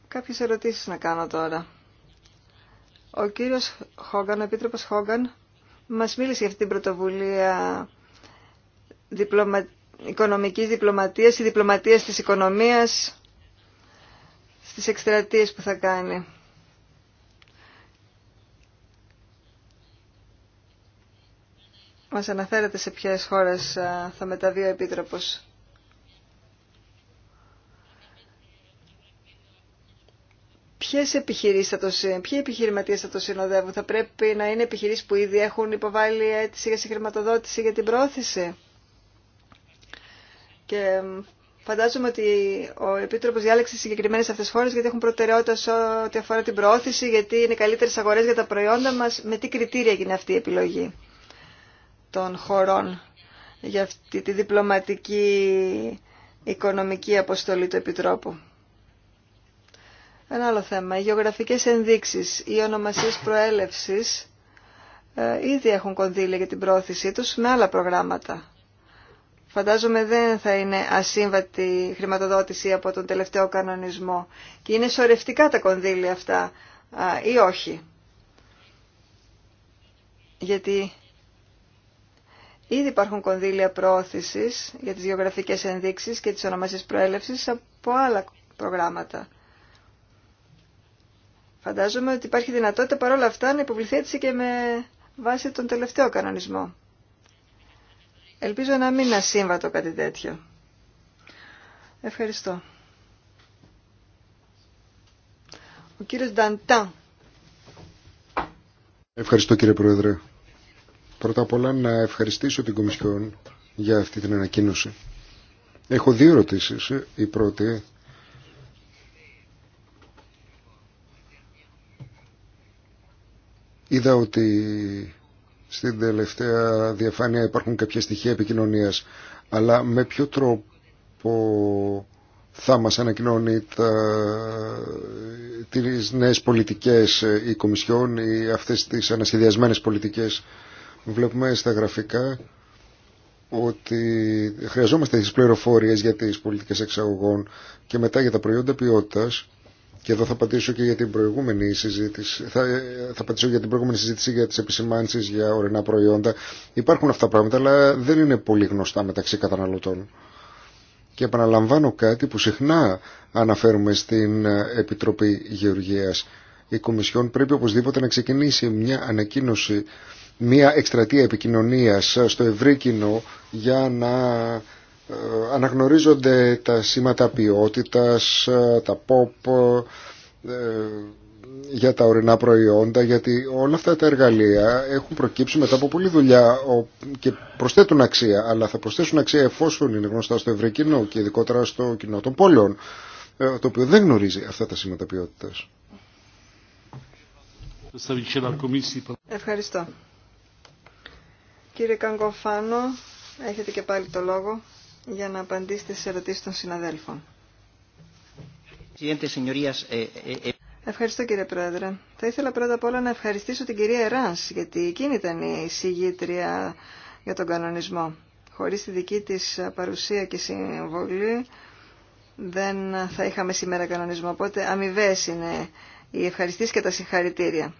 B: Κάποιες ερωτήσεις να κάνω τώρα. Ο κύριος Χόγκαν, ο Επίτροπος Χόγκαν, μας μίλησε για αυτή την πρωτοβουλία διπλωμα... οικονομικής διπλωματίας ή διπλωματίας της οικονομίας στις εκστρατείες που θα κάνει. Μας αναφέρατε σε ποιες χώρες θα μεταβεί ο Επίτροπος. Ποιες επιχειρήσεις θα το, ποιοι επιχειρηματίες θα το συνοδεύουν, θα πρέπει να είναι επιχειρήσεις που ήδη έχουν υποβάλει αίτηση για συγχρηματοδότηση για την πρόθεση. Και Φαντάζομαι ότι ο Επίτροπος διάλεξε συγκεκριμένε αυτέ χώρε γιατί έχουν προτεραιότητα σε ό,τι αφορά την πρόθεση γιατί είναι καλύτερες αγορές για τα προϊόντα μας. Με τι κριτήρια γίνεται αυτή η επιλογή των χωρών για αυτή τη διπλωματική οικονομική αποστολή του Επιτρόπου. Ένα άλλο θέμα. Οι γεωγραφικές ενδείξεις ή ονομασίες προέλευσης ε, ήδη έχουν κονδύλια για την πρόθεσή τους με άλλα προγράμματα. Φαντάζομαι δεν θα είναι ασύμβατη χρηματοδότηση από τον τελευταίο κανονισμό και είναι σωρευτικά τα κονδύλια αυτά ή όχι. Γιατί Ήδη υπάρχουν κονδύλια προώθηση για τις γεωγραφικές ενδείξει και τις ονομασίες πρόέλευση από άλλα προγράμματα. Φαντάζομαι ότι υπάρχει δυνατότητα παρόλα αυτά να υποβληθεί έτσι και με βάση τον τελευταίο κανονισμό. Ελπίζω να μην είναι ασύμβατο κάτι τέτοιο. Ευχαριστώ. Ο κύριος Νταντάν.
C: Ευχαριστώ κύριε Πρόεδρε. Πρώτα απ' όλα να ευχαριστήσω την Κομισιόν για αυτή την ανακοίνωση. Έχω δύο ερωτήσεις. Η πρώτη είδα ότι στην τελευταία διαφάνεια υπάρχουν κάποια στοιχεία επικοινωνίας αλλά με ποιο τρόπο θα μας ανακοινώνει τα, τις νέες πολιτικές η Κομισιόν ή αυτές τις ανασχεδιασμένες πολιτικές Βλέπουμε στα γραφικά ότι χρειαζόμαστε τις πληροφορίες για τις πολιτικές εξαγωγών και μετά για τα προϊόντα ποιότητας και εδώ θα απαντήσω και για την προηγούμενη συζήτηση, θα, ε, θα για την προηγούμενη συζήτηση για τις επισημάνσεις για ορεινά προϊόντα. Υπάρχουν αυτά τα πράγματα, αλλά δεν είναι πολύ γνωστά μεταξύ καταναλωτών. Και επαναλαμβάνω κάτι που συχνά αναφέρουμε στην Επιτροπή Γεωργίας. Η Κομισιόν πρέπει οπωσδήποτε να ξεκινήσει μια ανακοίνωση μια εκστρατεία επικοινωνίας στο ευρύ κοινό για να ε, αναγνωρίζονται τα σήματα ποιότητας, ε, τα pop, ε, για τα ορεινά προϊόντα, γιατί όλα αυτά τα εργαλεία έχουν προκύψει μετά από πολλή δουλειά και προσθέτουν αξία, αλλά θα προσθέσουν αξία εφόσον είναι γνωστά στο ευρύ κοινό και ειδικότερα στο κοινό των πόλεων, το οποίο δεν γνωρίζει αυτά τα σήματα ποιότητας.
B: Ευχαριστώ. Κύριε Καγκοφάνο, έχετε και πάλι το λόγο για να απαντήσετε στις ερωτήσεις των συναδέλφων. Eh, eh, eh. Ευχαριστώ κύριε Πρόεδρε. Θα ήθελα πρώτα απ' όλα να ευχαριστήσω την κυρία Εράνς, γιατί εκείνη ήταν η συγγήτρια για τον κανονισμό. Χωρίς τη δική της παρουσία και συμβολή δεν θα είχαμε σήμερα κανονισμό, οπότε αμοιβέ είναι οι ευχαριστήσεις και τα συγχαρητήρια.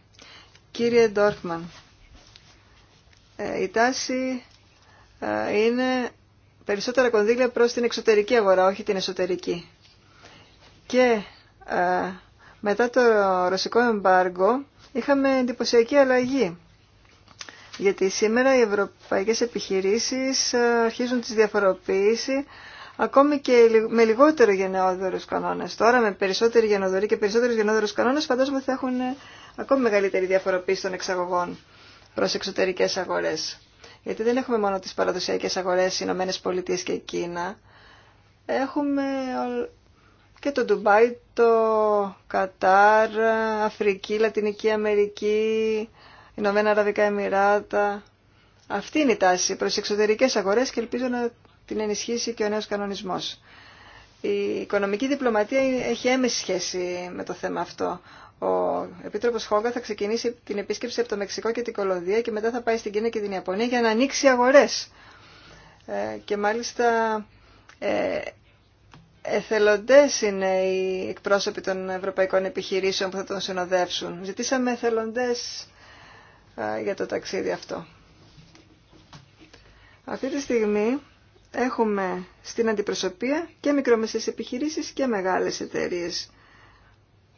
B: Κύριε Ντόρφμαν, ε, η τάση ε, είναι περισσότερα κονδύλια προς την εξωτερική αγορά, όχι την εσωτερική. Και ε, μετά το ρωσικό εμπάργκο είχαμε εντυπωσιακή αλλαγή. Γιατί σήμερα οι ευρωπαϊκές επιχειρήσεις αρχίζουν τις διαφοροποίηση ακόμη και με λιγότερο γενναιόδορους κανόνες. Τώρα με περισσότερη γενναιοδορή και περισσότερους γενναιόδορους κανόνες φαντάζομαι θα έχουν ακόμη μεγαλύτερη διαφοροποίηση των εξαγωγών προς εξωτερικές αγορές. Γιατί δεν έχουμε μόνο τις παραδοσιακές αγορές Ηνωμένες Πολιτείες και η Κίνα. Έχουμε και το Ντουμπάι, το Κατάρ, Αφρική, Λατινική Αμερική, Ηνωμένα Αραβικά Εμμυράτα. Αυτή είναι η τάση προς εξωτερικές αγορές και ελπίζω να την ενισχύσει και ο νέος κανονισμός. Η οικονομική διπλωματία έχει έμεση σχέση με το θέμα αυτό ο Επίτροπο Χόγκα θα ξεκινήσει την επίσκεψη από το Μεξικό και την Κολοδία και μετά θα πάει στην Κίνα και την Ιαπωνία για να ανοίξει αγορέ. Ε, και μάλιστα ε, εθελοντές είναι οι εκπρόσωποι των ευρωπαϊκών επιχειρήσεων που θα τον συνοδεύσουν. Ζητήσαμε εθελοντές ε, για το ταξίδι αυτό. Αυτή τη στιγμή έχουμε στην αντιπροσωπεία και μικρομεσαίες επιχειρήσεις και μεγάλες εταιρείες.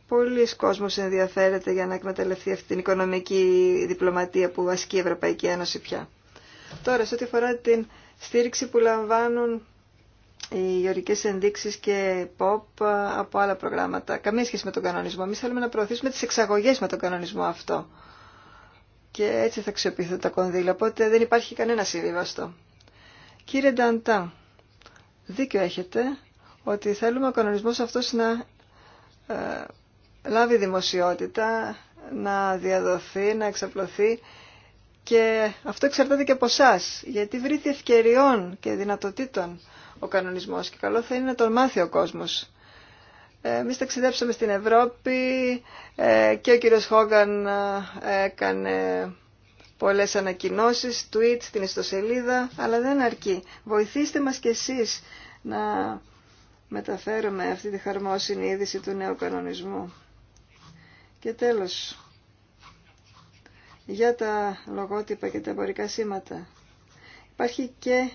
B: Πολλοί κόσμοι ενδιαφέρεται για να εκμεταλλευτεί αυτή την οικονομική διπλωματία που ασκεί η Ευρωπαϊκή Ένωση πια. Τώρα, σε ό,τι αφορά την στήριξη που λαμβάνουν οι γεωρικές ενδείξεις και POP από άλλα προγράμματα. Καμία σχέση με τον κανονισμό. Εμεί θέλουμε να προωθήσουμε τις εξαγωγές με τον κανονισμό αυτό. Και έτσι θα αξιοποιηθούν τα κονδύλια. Οπότε δεν υπάρχει κανένα συμβίβαστο. Κύριε Νταντά, δίκιο έχετε ότι θέλουμε ο κανονισμό αυτό να ε, λάβει δημοσιότητα, να διαδοθεί, να εξαπλωθεί και αυτό εξαρτάται και από εσά, γιατί βρήθη ευκαιριών και δυνατοτήτων ο κανονισμός και καλό θα είναι να τον μάθει ο κόσμος. Ε, Εμεί ταξιδέψαμε στην Ευρώπη ε, και ο κύριος Χόγκαν ε, έκανε πολλές ανακοινώσεις, tweets στην ιστοσελίδα, αλλά δεν αρκεί. Βοηθήστε μας κι εσείς να μεταφέρουμε αυτή τη χαρμόσυνη είδηση του νέου κανονισμού. Και τέλος, για τα λογότυπα και τα εμπορικά σήματα. Υπάρχει και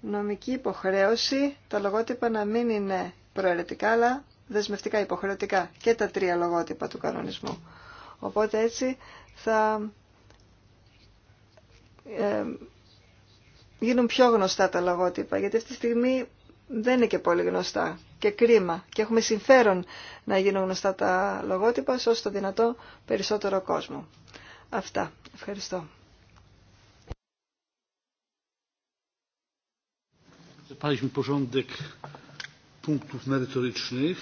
B: νομική υποχρέωση τα λογότυπα να μην είναι προαιρετικά, αλλά δεσμευτικά υποχρεωτικά και τα τρία λογότυπα του κανονισμού. Οπότε έτσι θα ε, γίνουν πιο γνωστά τα λογότυπα, γιατί αυτή τη στιγμή δεν είναι και πολύ γνωστά και κρίμα και έχουμε συμφέρον να γίνουν γνωστά τα λογότυπα όσο το δυνατό περισσότερο κόσμο. Αυτά. Ευχαριστώ.
C: porządek punktów merytorycznych.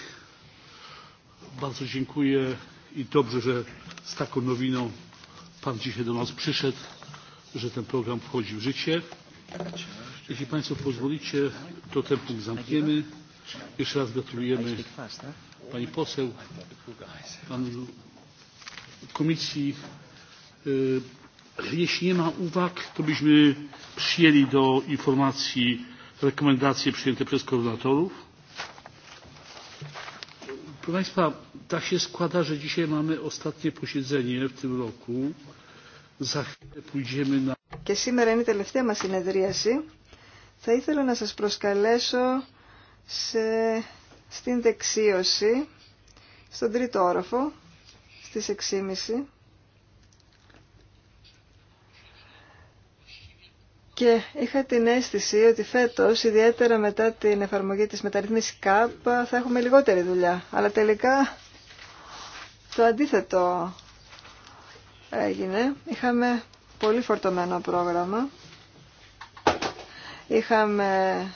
C: Bardzo dziękuję dobrze, że z taką nowiną Pan dzisiaj do nas
A: przyszedł, że ten program wchodzi w życie. Jeśli Państwo pozwolicie, to ten punkt zamkniemy. Jeszcze raz gratulujemy Pani Poseł, Panu Komisji. Jeśli nie ma uwag, to byśmy przyjęli do informacji rekomendacje przyjęte przez koordynatorów.
C: Proszę Państwa, tak się składa, że dzisiaj mamy ostatnie posiedzenie w tym roku. Za chwilę pójdziemy na...
B: Και σήμερα είναι η τελευταία μας συνεδρίαση. Θα ήθελα να σας προσκαλέσω σε, στην δεξίωση, στον τρίτο όροφο, στις 6.30. Και είχα την αίσθηση ότι φέτος, ιδιαίτερα μετά την εφαρμογή της μεταρρύθμισης ΚΑΠ, θα έχουμε λιγότερη δουλειά. Αλλά τελικά το αντίθετο έγινε. Είχαμε πολύ φορτωμένο πρόγραμμα. Είχαμε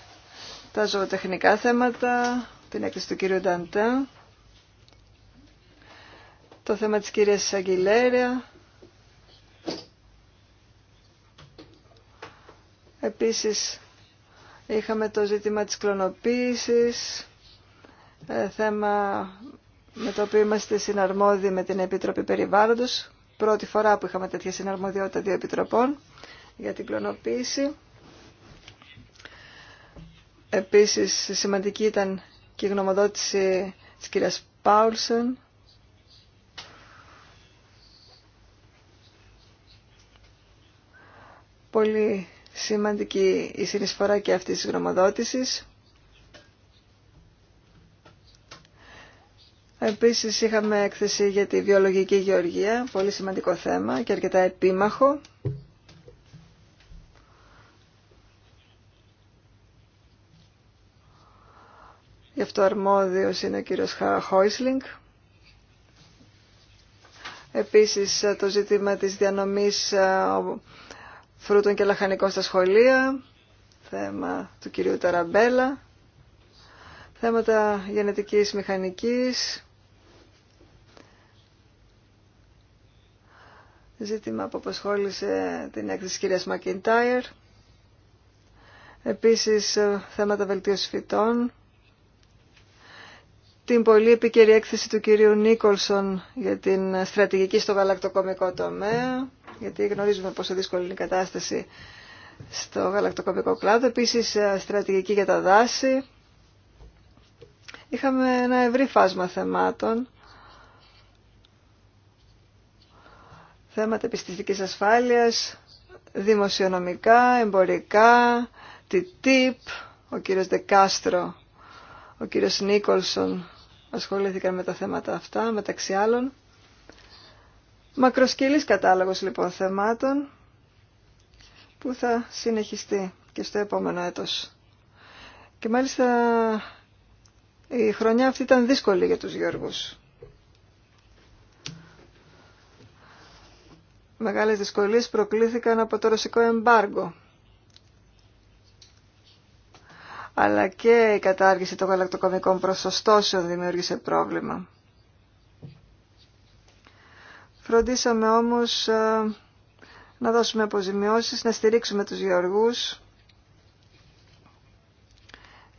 B: τα ζωοτεχνικά θέματα, την έκθεση του κύριου Νταντά, το θέμα της κυρίας Αγγιλέρια, Επίσης είχαμε το ζήτημα της κλωνοποίησης, ε, θέμα με το οποίο είμαστε συναρμόδιοι με την Επιτροπή Περιβάλλοντος. Πρώτη φορά που είχαμε τέτοια συναρμοδιότητα δύο επιτροπών για την κλωνοποίηση. Επίσης σημαντική ήταν και η γνωμοδότηση της κυρίας Πάουλσεν. Πολύ σημαντική η συνεισφορά και αυτής της γνωμοδότησης. Επίσης είχαμε έκθεση για τη βιολογική γεωργία, πολύ σημαντικό θέμα και αρκετά επίμαχο. Γι' αυτό αρμόδιος είναι ο κύριος Χόισλινγκ. Επίσης ε, το ζήτημα της διανομής ε, φρούτων και λαχανικών στα σχολεία, θέμα του κυρίου Ταραμπέλα, θέματα γενετικής μηχανικής, ζήτημα που απασχόλησε την έκθεση της κυρίας Μακιντάιρ, επίσης ε, θέματα βελτιωση φυτών, την πολύ επικαιρή έκθεση του κυρίου Νίκολσον για την στρατηγική στο γαλακτοκομικό τομέα, γιατί γνωρίζουμε πόσο δύσκολη είναι η κατάσταση στο γαλακτοκομικό κλάδο. Επίσης, ε, στρατηγική για τα δάση. Είχαμε ένα ευρύ φάσμα θεμάτων. Θέματα επιστημικής ασφάλειας, δημοσιονομικά, εμπορικά, τη ΤΥΠ, ο κύριος Δεκάστρο, ο κύριος Νίκολσον ασχολήθηκαν με τα θέματα αυτά, μεταξύ άλλων. Μακροσκελής κατάλογος λοιπόν θεμάτων που θα συνεχιστεί και στο επόμενο έτος. Και μάλιστα η χρονιά αυτή ήταν δύσκολη για τους Γιώργους. Μεγάλες δυσκολίες προκλήθηκαν από το ρωσικό εμπάργο αλλά και η κατάργηση των γαλακτοκομικών προσωστώσεων δημιούργησε πρόβλημα. Φροντίσαμε όμως ε, να δώσουμε αποζημιώσεις, να στηρίξουμε τους γεωργούς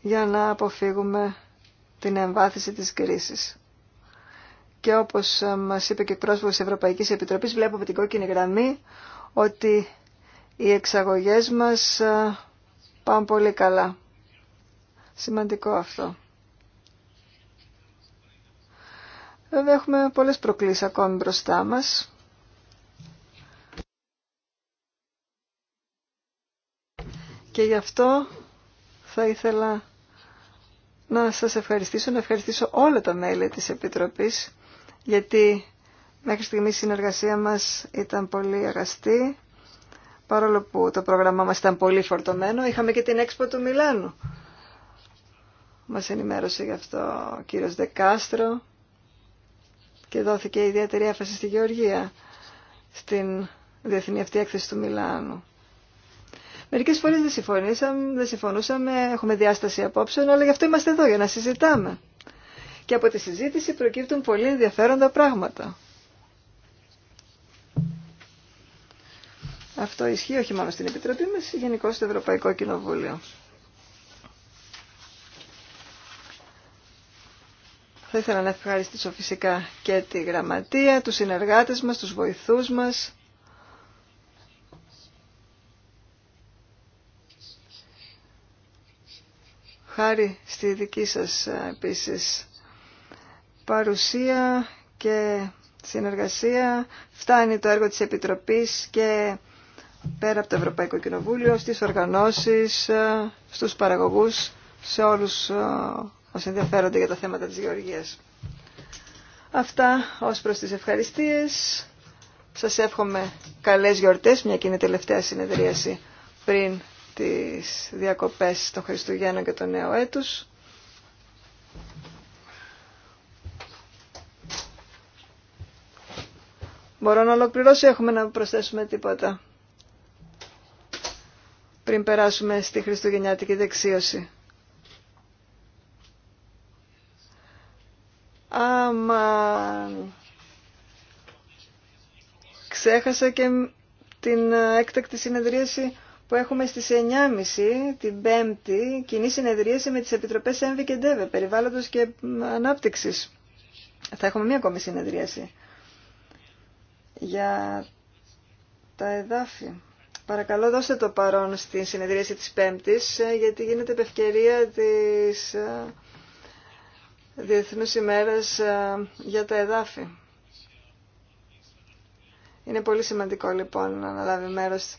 B: για να αποφύγουμε την εμβάθυση της κρίσης. Και όπως ε, μας είπε και πρόσφυγος της Ευρωπαϊκής Επιτροπής, βλέπουμε την κόκκινη γραμμή ότι οι εξαγωγές μας ε, πάνε πολύ καλά. Σημαντικό αυτό. Βέβαια έχουμε πολλές προκλήσεις ακόμη μπροστά μας. Και γι' αυτό θα ήθελα να σας ευχαριστήσω, να ευχαριστήσω όλα τα μέλη της Επιτροπής, γιατί μέχρι στιγμή η συνεργασία μας ήταν πολύ αγαστή, παρόλο που το πρόγραμμά μας ήταν πολύ φορτωμένο, είχαμε και την έξπο του Μιλάνου. Μας ενημέρωσε γι' αυτό ο κύριος Δεκάστρο και δόθηκε ιδιαίτερη έφαση στη Γεωργία στην διεθνή αυτή έκθεση του Μιλάνου. Μερικές φορές δεν, συμφωνήσαμε, δεν συμφωνούσαμε, έχουμε διάσταση απόψεων, αλλά γι' αυτό είμαστε εδώ για να συζητάμε. Και από τη συζήτηση προκύπτουν πολύ ενδιαφέροντα πράγματα. Αυτό ισχύει όχι μόνο στην Επιτροπή μας, γενικώ στο Ευρωπαϊκό Κοινοβούλιο. Θα ήθελα να ευχαριστήσω φυσικά και τη γραμματεία, τους συνεργάτες μας, τους βοηθούς μας. Χάρη στη δική σας ε, επίσης παρουσία και συνεργασία φτάνει το έργο της Επιτροπής και πέρα από το Ευρωπαϊκό Κοινοβούλιο, στις οργανώσεις, ε, στους παραγωγούς, σε όλους ε, όσοι ενδιαφέρονται για τα θέματα της γεωργίας. Αυτά ως προς τις ευχαριστίες. Σας εύχομαι καλές γιορτές, μια και είναι τελευταία συνεδρίαση πριν τις διακοπές των Χριστουγέννων και των νέο έτους. Μπορώ να ολοκληρώσω, έχουμε να προσθέσουμε τίποτα πριν περάσουμε στη Χριστουγεννιάτικη δεξίωση. Αμάν. Ξέχασα και την έκτακτη συνεδρίαση που έχουμε στις 9.30 την Πέμπτη, κοινή συνεδρίαση με τις Επιτροπές ΕΜΒΙ και ΝΤΕΒΕ, περιβάλλοντος και ανάπτυξης. Θα έχουμε μία ακόμη συνεδρίαση για τα εδάφη. Παρακαλώ δώστε το παρόν στην συνεδρίαση της Πέμπτης, ε, γιατί γίνεται επευκαιρία της ε, Διεθνούς ημέρας ε, για τα εδάφη. Είναι πολύ σημαντικό λοιπόν να αναλάβει μέρος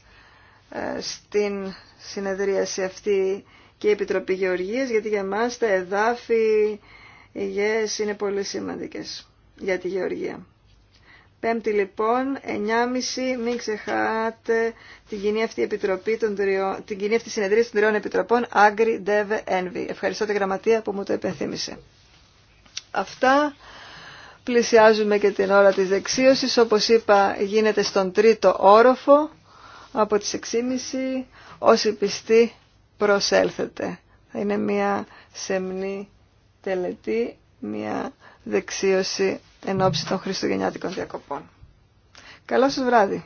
B: ε, στην συνεδρίαση αυτή και η Επιτροπή Γεωργίας, γιατί για μας τα εδάφη, οι είναι πολύ σημαντικές για τη Γεωργία. Πέμπτη λοιπόν, 9.30, μην ξεχάτε την κοινή αυτή, επιτροπή των την κοινή αυτή συνεδρία των τριών επιτροπών, Agri, Dev, Envy. Ευχαριστώ τη γραμματεία που μου το επενθύμησε. Αυτά πλησιάζουμε και την ώρα της δεξίωσης. Όπως είπα γίνεται στον τρίτο όροφο από τις 6.30 όσοι πιστοί προσέλθετε. Θα είναι μια σεμνή τελετή, μια δεξίωση εν ώψη των Χριστουγεννιάτικων διακοπών. Καλό σας βράδυ.